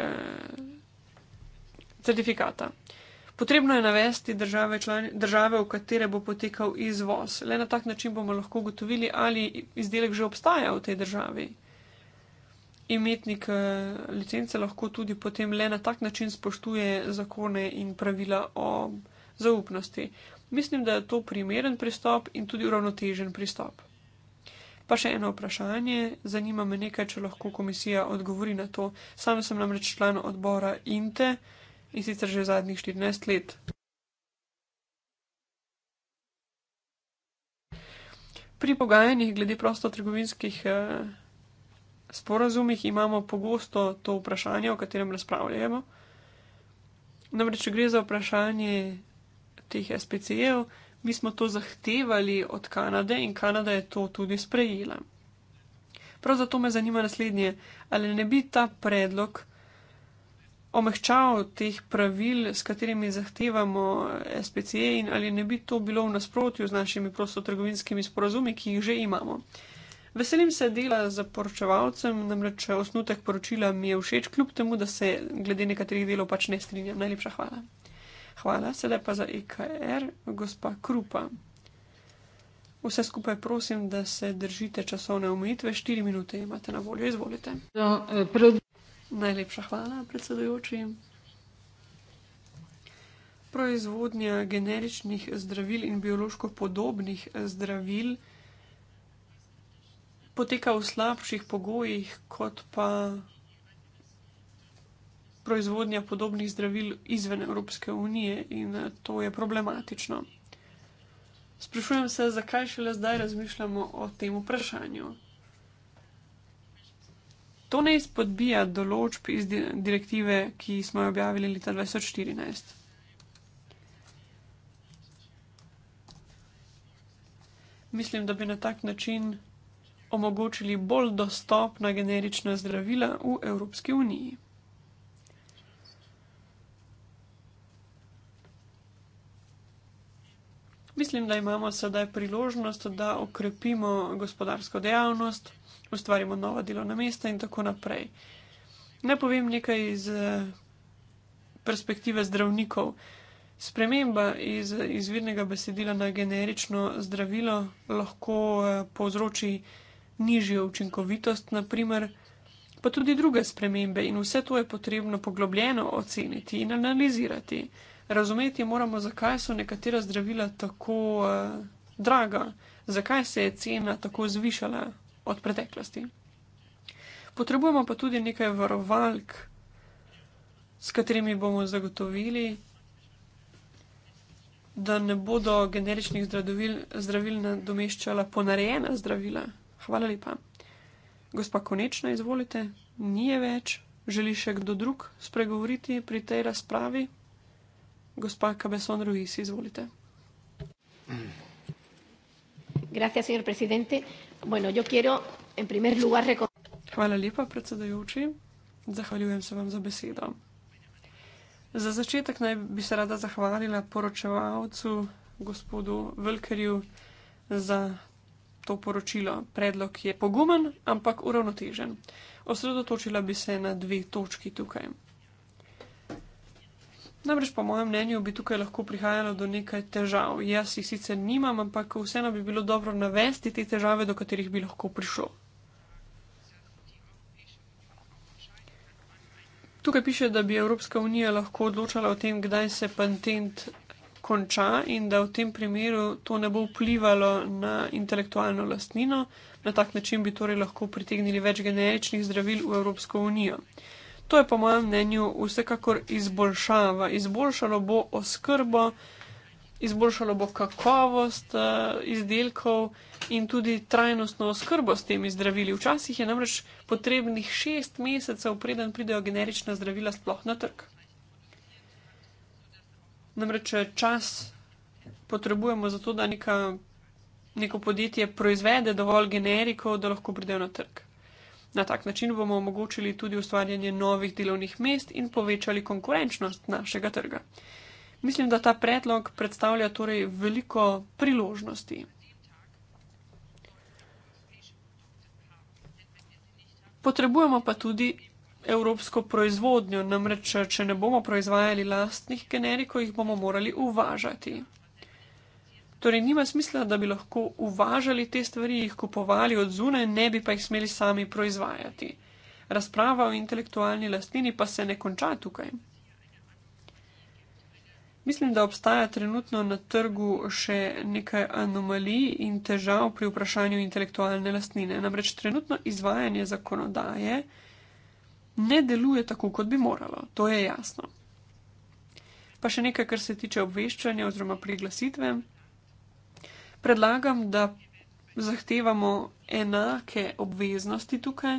certifikata. Potrebno je navesti države, člani, države, v katere bo potekal izvoz. Le na tak način bomo lahko ugotovili, ali izdelek že obstaja v tej državi. Imetnik eh, licence lahko tudi potem le na tak način spoštuje zakone in pravila o zaupnosti. Mislim, da je to primeren pristop in tudi uravnotežen pristop. Pa še eno vprašanje, zanima me nekaj, če lahko komisija odgovori na to. Sam sem namreč član odbora INTE in sicer že zadnjih 14 let. Pri pogajanjih glede prostotrgovinskih eh, sporazumih imamo pogosto to vprašanje, o katerem razpravljamo. Namreč, če gre za vprašanje teh SPC-jev, mi smo to zahtevali od Kanade in Kanada je to tudi sprejela. Prav zato me zanima naslednje, ali ne bi ta predlog omehčal teh pravil, s katerimi zahtevamo SPCE in ali ne bi to bilo v nasprotju z našimi prostotrgovinskimi sporazumi, ki jih že imamo. Veselim se dela za poročevalcem, namreč osnutek poročila mi je všeč, kljub temu, da se glede nekaterih delov pač ne strinjam. Najlepša hvala. Hvala, sedaj pa za EKR, gospa Krupa. Vse skupaj prosim, da se držite časovne omejitve, 4 minute imate na voljo, izvolite. No, eh, prv... Najlepša hvala, predsedujoči. Proizvodnja generičnih zdravil in biološko podobnih zdravil poteka v slabših pogojih, kot pa proizvodnja podobnih zdravil izven Evropske unije in eh, to je problematično. Sprašujem se, zakaj šele zdaj razmišljamo o tem vprašanju. To ne izpodbija določb iz direktive, ki smo jo objavili leta 2014. Mislim, da bi na tak način omogočili bolj dostopna generična zdravila v Evropski uniji. Mislim, da imamo sedaj priložnost, da okrepimo gospodarsko dejavnost, ustvarimo nova delovna mesta in tako naprej. Ne povem nekaj iz eh, perspektive zdravnikov. Sprememba iz izvirnega besedila na generično zdravilo lahko eh, povzroči nižjo učinkovitost, naprimer, pa tudi druge spremembe in vse to je potrebno poglobljeno oceniti in analizirati razumeti moramo, zakaj so nekatera zdravila tako uh, draga, zakaj se je cena tako zvišala od preteklosti. Potrebujemo pa tudi nekaj varovalk, s katerimi bomo zagotovili, da ne bodo generičnih zdravil, zdravil nadomeščala ponarejena zdravila. Hvala lepa. Gospa Konečna, izvolite, ni je več. Želi še kdo drug spregovoriti pri tej razpravi? Gospa Cabezón Ruiz, izvolite. Gracias, señor presidente. Bueno, yo quiero en primer lugar Hvala lepa, predsedajoči. Zahvaljujem se vam za besedo. Za začetek naj bi se rada zahvalila poročevalcu, gospodu Vlkerju, za to poročilo. Predlog je pogumen, ampak uravnotežen. Osredotočila bi se na dve točki tukaj. Namreč po mojem mnenju bi tukaj lahko prihajalo do nekaj težav. Jaz jih sicer nimam, ampak vseeno bi bilo dobro navesti te težave, do katerih bi lahko prišlo. Tukaj piše, da bi Evropska unija lahko odločala o tem, kdaj se patent konča in da v tem primeru to ne bo vplivalo na intelektualno lastnino. Na tak način bi torej lahko pritegnili več generičnih zdravil v Evropsko unijo. To je po mojem mnenju vsekakor izboljšava. Izboljšalo bo oskrbo, izboljšalo bo kakovost uh, izdelkov in tudi trajnostno oskrbo s temi zdravili. Včasih je namreč potrebnih šest mesecev, preden pridejo generična zdravila sploh na trg. Namreč eh, čas potrebujemo za to, da neka, neko podjetje proizvede dovolj generikov, da lahko pridejo na trg. Na tak način bomo omogočili tudi ustvarjanje novih delovnih mest in povečali konkurenčnost našega trga. Mislim, da ta predlog predstavlja torej veliko priložnosti. Potrebujemo pa tudi evropsko proizvodnjo, namreč, če ne bomo proizvajali lastnih generikov, jih bomo morali uvažati. Torej, nima smisla, da bi lahko uvažali te stvari, jih kupovali od zune, ne bi pa jih smeli sami proizvajati. Razprava o intelektualni lastnini pa se ne konča tukaj. Mislim, da obstaja trenutno na trgu še nekaj anomalij in težav pri vprašanju intelektualne lastnine. Namreč trenutno izvajanje zakonodaje ne deluje tako, kot bi moralo, to je jasno. Pa še nekaj, kar se tiče obveščanja oziroma priglasitve predlagam, da zahtevamo enake obveznosti tukaj,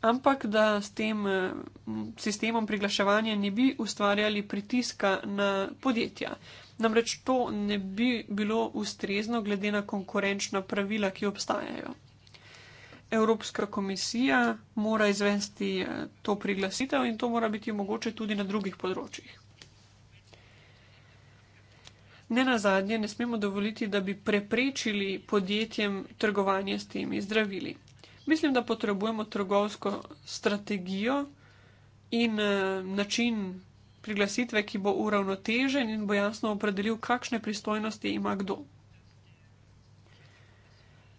ampak da s tem mm, sistemom priglaševanja ne bi ustvarjali pritiska na podjetja. Namreč to ne bi bilo ustrezno glede na konkurenčna pravila, ki obstajajo. Evropska komisija mora izvesti eh, to priglasitev in to mora biti mogoče tudi na drugih področjih. Ne na zadnje, ne smemo dovoliti, da bi preprečili podjetjem trgovanje s temi zdravili. Mislim, da potrebujemo trgovsko strategijo in eh, način priglasitve, ki bo uravnotežen in bo jasno opredelil, kakšne pristojnosti ima kdo.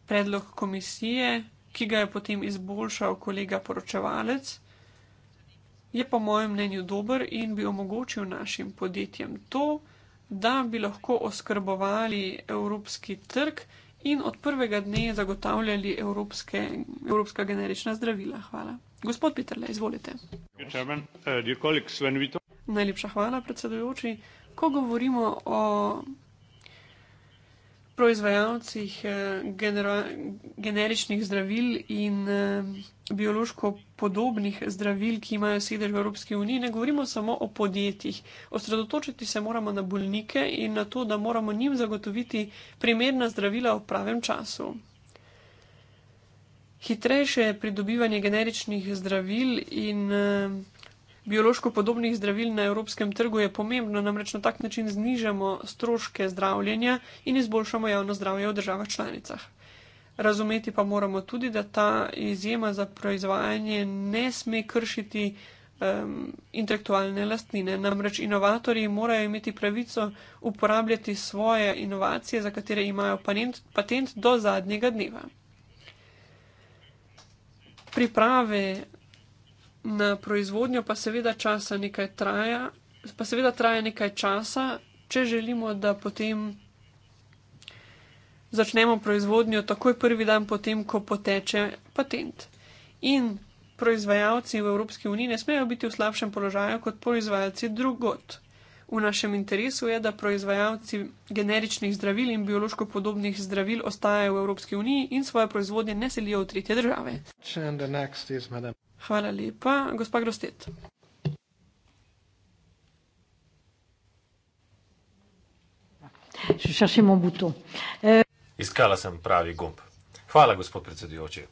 Predlog komisije, ki ga je potem izboljšal kolega poročevalec, je po mojem mnenju dober in bi omogočil našim podjetjem to, da da bi lahko oskrbovali evropski trg in od prvega dne zagotavljali evropske, evropska generična zdravila. Hvala. Gospod Peterle, izvolite. Uh, Najlepša hvala, predsedujoči. Ko govorimo o proizvajalcih eh, generičnih zdravil in eh, biološko podobnih zdravil, ki imajo sedež v Evropski uniji, ne govorimo samo o podjetjih. Osredotočiti se moramo na bolnike in na to, da moramo njim zagotoviti primerna zdravila v pravem času. Hitrejše pridobivanje generičnih zdravil in eh, biološko podobnih zdravil na evropskem trgu je pomembno, namreč na tak način znižamo stroške zdravljenja in izboljšamo javno zdravje v državah članicah. Razumeti pa moramo tudi, da ta izjema za proizvajanje ne sme kršiti um, intelektualne lastnine. Namreč inovatorji morajo imeti pravico uporabljati svoje inovacije, za katere imajo patent, patent do zadnjega dneva. Priprave na proizvodnjo, pa seveda časa nekaj traja, pa seveda traja nekaj časa, če želimo, da potem začnemo proizvodnjo takoj prvi dan potem, ko poteče patent. In proizvajalci v Evropski uniji ne smejo biti v slabšem položaju kot proizvajalci drugot. V našem interesu je, da proizvajalci generičnih zdravil in biološko podobnih zdravil ostajajo v Evropski uniji in svoje proizvodnje ne selijo v tretje države. Madame... Hvala lepa, gospa Grostet. E, Iskala sem pravi gumb. Hvala, gospod predsedujoči.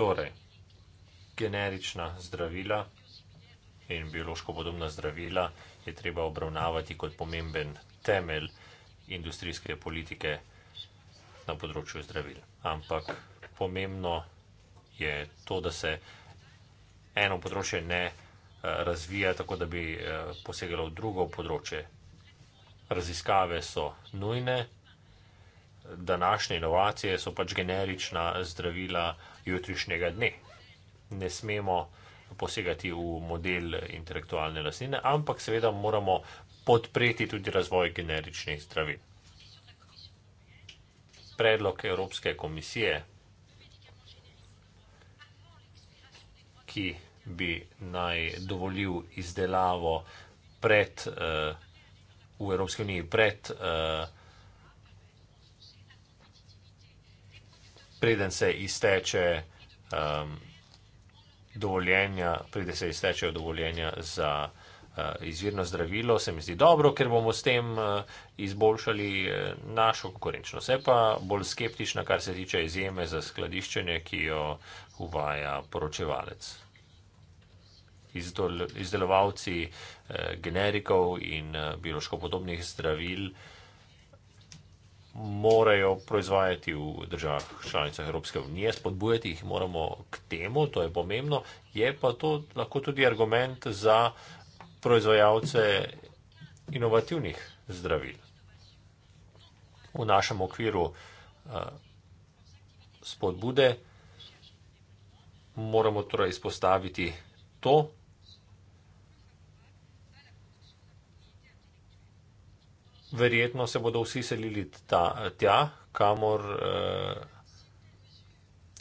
Torej, generična zdravila in biološko podobna zdravila je treba obravnavati kot pomemben temelj industrijske politike na področju zdravil. Ampak pomembno je to, da se eno področje ne eh, razvija tako, da bi eh, posegalo v drugo področje. Raziskave so nujne, današnje inovacije so pač generična zdravila jutrišnjega dne. Ne smemo posegati v model intelektualne lasnine, ampak seveda moramo podpreti tudi razvoj generičnih zdravil predlog Evropske komisije, ki bi naj dovolil izdelavo pred, eh, v Evropske unije pred, eh, preden se izteče eh, dovoljenja, preden se iztečejo dovoljenja za izdelavo. Eh, izvirno zdravilo, se mi zdi dobro, ker bomo s tem eh, izboljšali eh, našo konkurenčnost. Se pa bolj skeptična, kar se tiče izjeme za skladiščenje, ki jo uvaja poročevalec. Izdelovalci generikov in biološko podobnih zdravil morajo proizvajati v državah članicah Evropske unije, spodbujati jih moramo k temu, to je pomembno, je pa to lahko tudi argument za uh, proizvajalce inovativnih zdravil. V našem okviru eh, spodbude moramo torej izpostaviti to, verjetno se bodo vsi selili tja, kamor eh,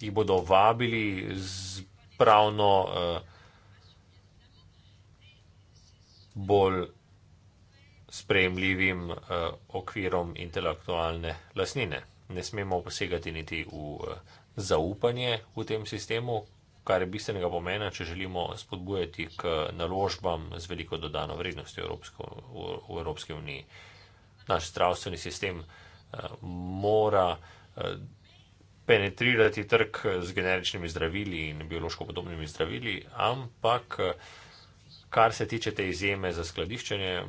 jih bodo vabili z pravno vsega, eh, bolj sprejemljivim uh, okvirom intelektualne lasnine. Ne smemo posegati niti v uh, zaupanje v tem sistemu, kar je bistvenega pomena, če želimo spodbujati k naložbam z veliko dodano vrednostjo v, Evropsko, v, v Evropski uniji. Naš zdravstveni sistem uh, mora uh, penetrirati trg z generičnimi zdravili in biološko podobnimi zdravili, ampak uh, kar se tiče te izjeme za skladiščenje,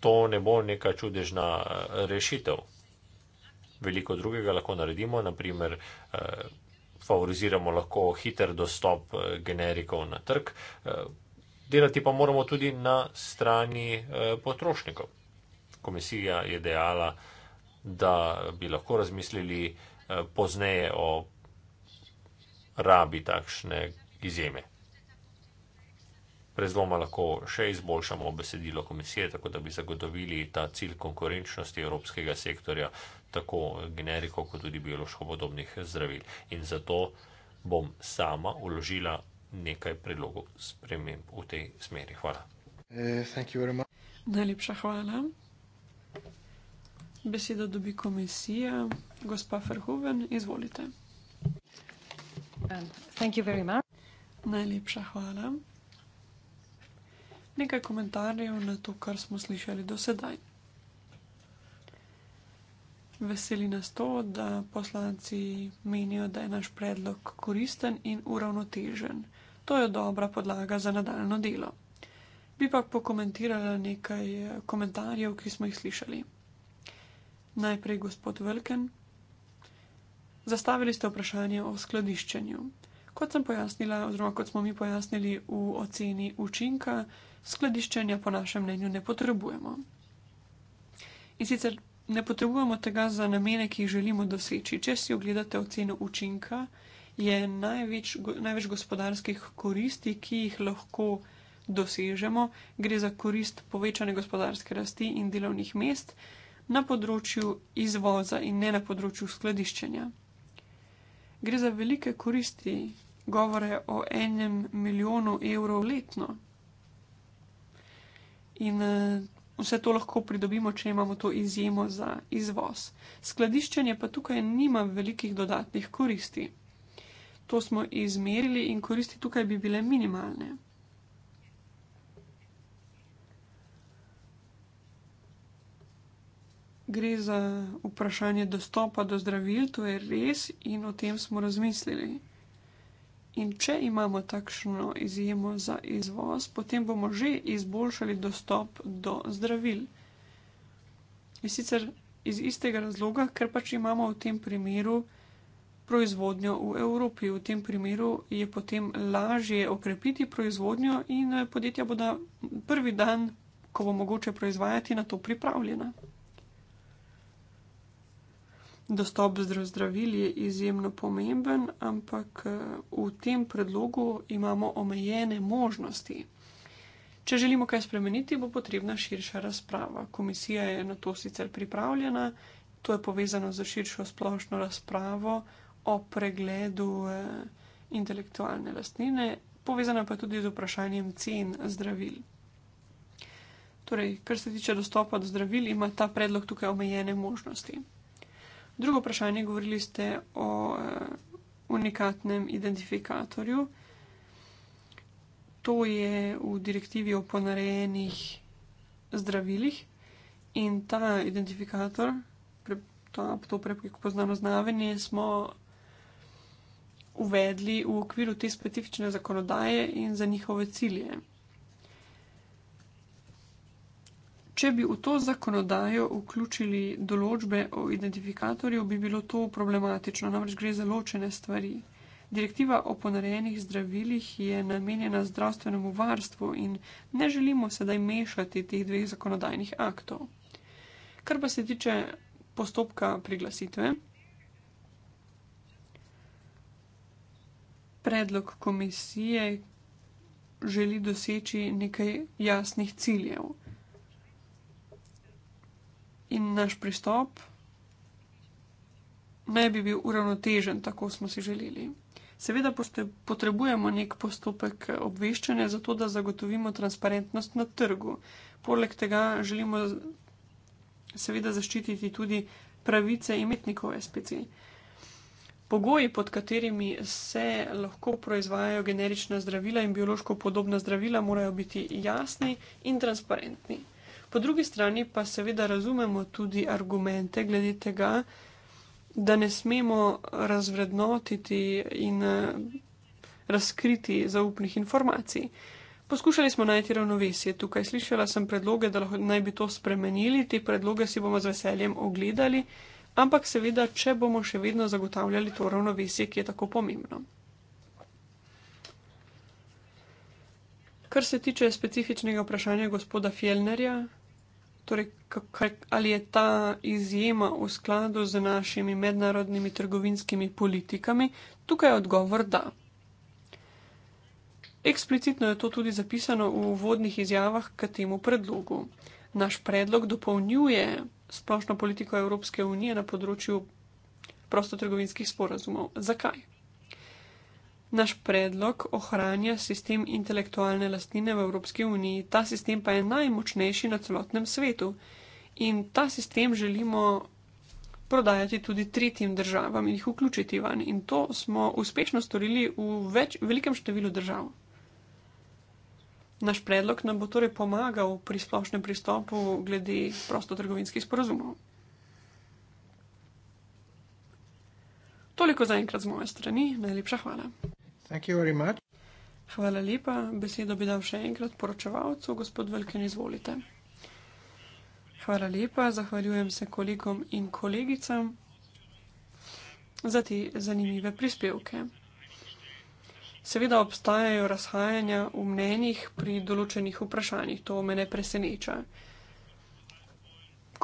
to ne bo neka čudežna eh, rešitev. Veliko drugega lahko naredimo, naprimer eh, favoriziramo lahko hiter dostop eh, generikov na trg, delati pa moramo tudi na strani potrošnikov. Komisija je dejala, da bi lahko razmislili pozneje o rabi takšne izjeme brez dvoma lahko še izboljšamo besedilo komisije, tako da bi zagotovili ta cilj konkurenčnosti evropskega sektorja, tako generiko kot tudi biološko podobnih zdravil. In zato bom sama uložila nekaj predlogov sprememb v tej smeri. Hvala. Eh, Najlepša hvala. Besedo dobi komisija. Gospa Ferhuven, izvolite. Um, Najlepša hvala nekaj komentarjev na to, kar smo slišali do sedaj. Veseli nas to, da poslanci menijo, da je naš predlog koristen in uravnotežen. To je dobra podlaga za nadaljno delo. Bi pa pokomentirala nekaj eh, komentarjev, ki smo jih slišali. Najprej gospod Velken. Zastavili ste vprašanje o skladiščenju. Kot sem pojasnila, oziroma kot smo mi pojasnili v oceni učinka, skladiščenja po našem mnenju ne potrebujemo. In sicer ne potrebujemo tega za namene, ki jih želimo doseči. Če si ogledate oceno učinka, je največ, največ gospodarskih koristi, ki jih lahko dosežemo, gre za korist povečane gospodarske rasti in delovnih mest na področju izvoza in ne na področju skladiščenja. Gre za velike koristi, govore o enem milijonu evrov letno in eh, vse to lahko pridobimo, če imamo to izjemo za izvoz. Skladiščenje pa tukaj nima velikih dodatnih koristi. To smo izmerili in koristi tukaj bi bile minimalne. Gre za vprašanje dostopa do zdravil, to je res in o tem smo razmislili. In če imamo takšno izjemo za izvoz, potem bomo že izboljšali dostop do zdravil. In sicer iz istega razloga, ker pač imamo v tem primeru proizvodnjo v Evropi. V tem primeru je potem lažje okrepiti proizvodnjo in eh, podjetja bodo prvi dan, ko bo mogoče proizvajati, na to pripravljena dostop do zdravil je izjemno pomemben, ampak eh, v tem predlogu imamo omejene možnosti. Če želimo kaj spremeniti, bo potrebna širša razprava. Komisija je na to sicer pripravljena, to je povezano z širšo splošno razpravo o pregledu eh, intelektualne lastnine, povezano pa tudi z vprašanjem cen zdravil. Torej, kar se tiče dostopa do zdravil, ima ta predlog tukaj omejene možnosti. Drugo vprašanje, govorili ste o eh, unikatnem identifikatorju. To je v direktivi o ponarejenih zdravilih in ta identifikator, to, to prepoznavno prepo, znavenje, smo uvedli v okviru te specifične zakonodaje in za njihove cilje. Če bi v to zakonodajo vključili določbe o identifikatorju, bi bilo to problematično, namreč gre za ločene stvari. Direktiva o ponarejenih zdravilih je namenjena zdravstvenemu varstvu in ne želimo sedaj mešati teh dveh zakonodajnih aktov. Kar pa se tiče postopka priglasitve, predlog komisije želi doseči nekaj jasnih ciljev in naš pristop ne bi bil uravnotežen, tako smo si želeli. Seveda potrebujemo nek postopek obveščanja, zato da zagotovimo transparentnost na trgu. Poleg tega želimo seveda zaščititi tudi pravice imetnikov SPC. Pogoji, pod katerimi se lahko proizvajajo generična zdravila in biološko podobna zdravila, morajo biti jasni in transparentni. Po drugi strani pa seveda razumemo tudi argumente glede tega, da ne smemo razvrednotiti in eh, razkriti zaupnih informacij. Poskušali smo najti ravnovesje. Tukaj slišala sem predloge, da lahko naj bi to spremenili, te predloge si bomo z veseljem ogledali, ampak seveda, če bomo še vedno zagotavljali to ravnovesje, ki je tako pomembno. Kar se tiče specifičnega vprašanja gospoda Fjellnerja, Torej, kaj, ali je ta izjema v skladu z našimi mednarodnimi trgovinskimi politikami? Tukaj je odgovor da. Eksplicitno je to tudi zapisano v vodnih izjavah k temu predlogu. Naš predlog dopolnjuje splošno politiko Evropske unije na področju prostotrgovinskih sporazumov. Zakaj? Naš predlog ohranja sistem intelektualne lastnine v Evropski uniji, ta sistem pa je najmočnejši na celotnem svetu. In ta sistem želimo prodajati tudi tretjim državam in jih vključiti van. In to smo uspešno storili v več, velikem številu držav. Naš predlog nam bo torej pomagal pri splošnem pristopu glede prostotrgovinskih sporozumov. Toliko za enkrat z moje strani. Najlepša hvala. Hvala lepa. Besedo bi dal še enkrat poročevalcu, gospod Velken, izvolite. Hvala lepa. Zahvaljujem se kolegom in kolegicam za te zanimive prispevke. Seveda obstajajo razhajanja v mnenjih pri določenih vprašanjih. To me ne preseneča.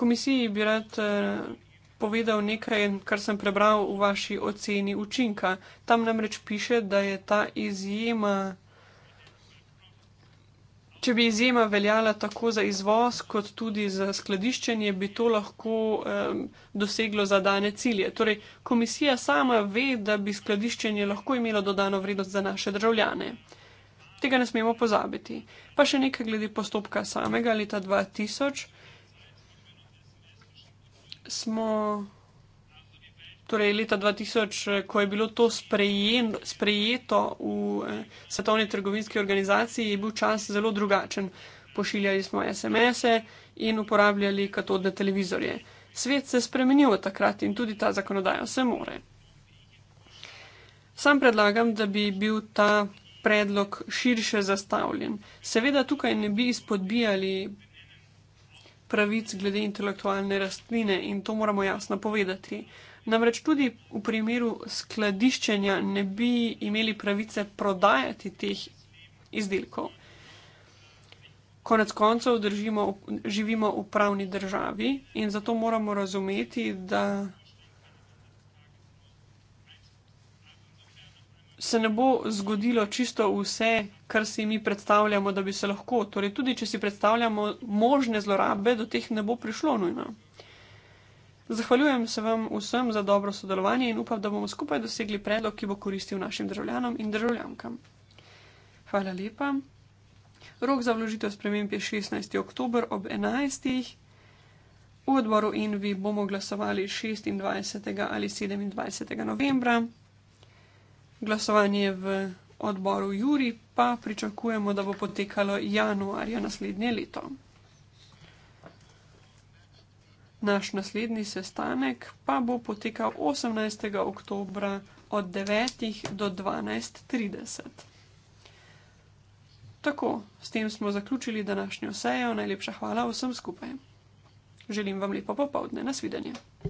Komisiji bi rad. Eh, povedal nekaj, kar sem prebral v vaši oceni učinka. Tam namreč piše, da je ta izjema, če bi izjema veljala tako za izvoz, kot tudi za skladiščenje, bi to lahko um, doseglo zadane cilje. Torej, komisija sama ve, da bi skladiščenje lahko imelo dodano vrednost za naše državljane. Tega ne smemo pozabiti. Pa še nekaj glede postopka samega leta 2000 smo. Torej, leta 2000, ko je bilo to sprejen, sprejeto v eh, Svetovni trgovinski organizaciji, je bil čas zelo drugačen. Pošiljali smo SMS-e in uporabljali katodne televizorje. Svet se je spremenil takrat in tudi ta zakonodaja se more. Sam predlagam, da bi bil ta predlog širše zastavljen. Seveda tukaj ne bi izpodbijali pravic glede intelektualne rastline in to moramo jasno povedati. Namreč tudi v primeru skladiščenja ne bi imeli pravice prodajati teh izdelkov. Konec koncev držimo, živimo v pravni državi in zato moramo razumeti, da. se ne bo zgodilo čisto vse, kar si mi predstavljamo, da bi se lahko. Torej, tudi če si predstavljamo možne zlorabe, do teh ne bo prišlo nujno. Zahvaljujem se vam vsem za dobro sodelovanje in upam, da bomo skupaj dosegli predlog, ki bo koristil našim državljanom in državljankam. Hvala lepa. Rok za vložitev sprememb je 16. oktober ob 11. V odboru in vi bomo glasovali 26. ali 27. novembra. Glasovanje v odboru Juri pa pričakujemo, da bo potekalo januarja naslednje leto. Naš naslednji sestanek pa bo potekal 18. oktobra od 9. do 12.30. Tako, s tem smo zaključili današnjo sejo. Najlepša hvala vsem skupaj. Želim vam lepo popovdne. Nasvidenje.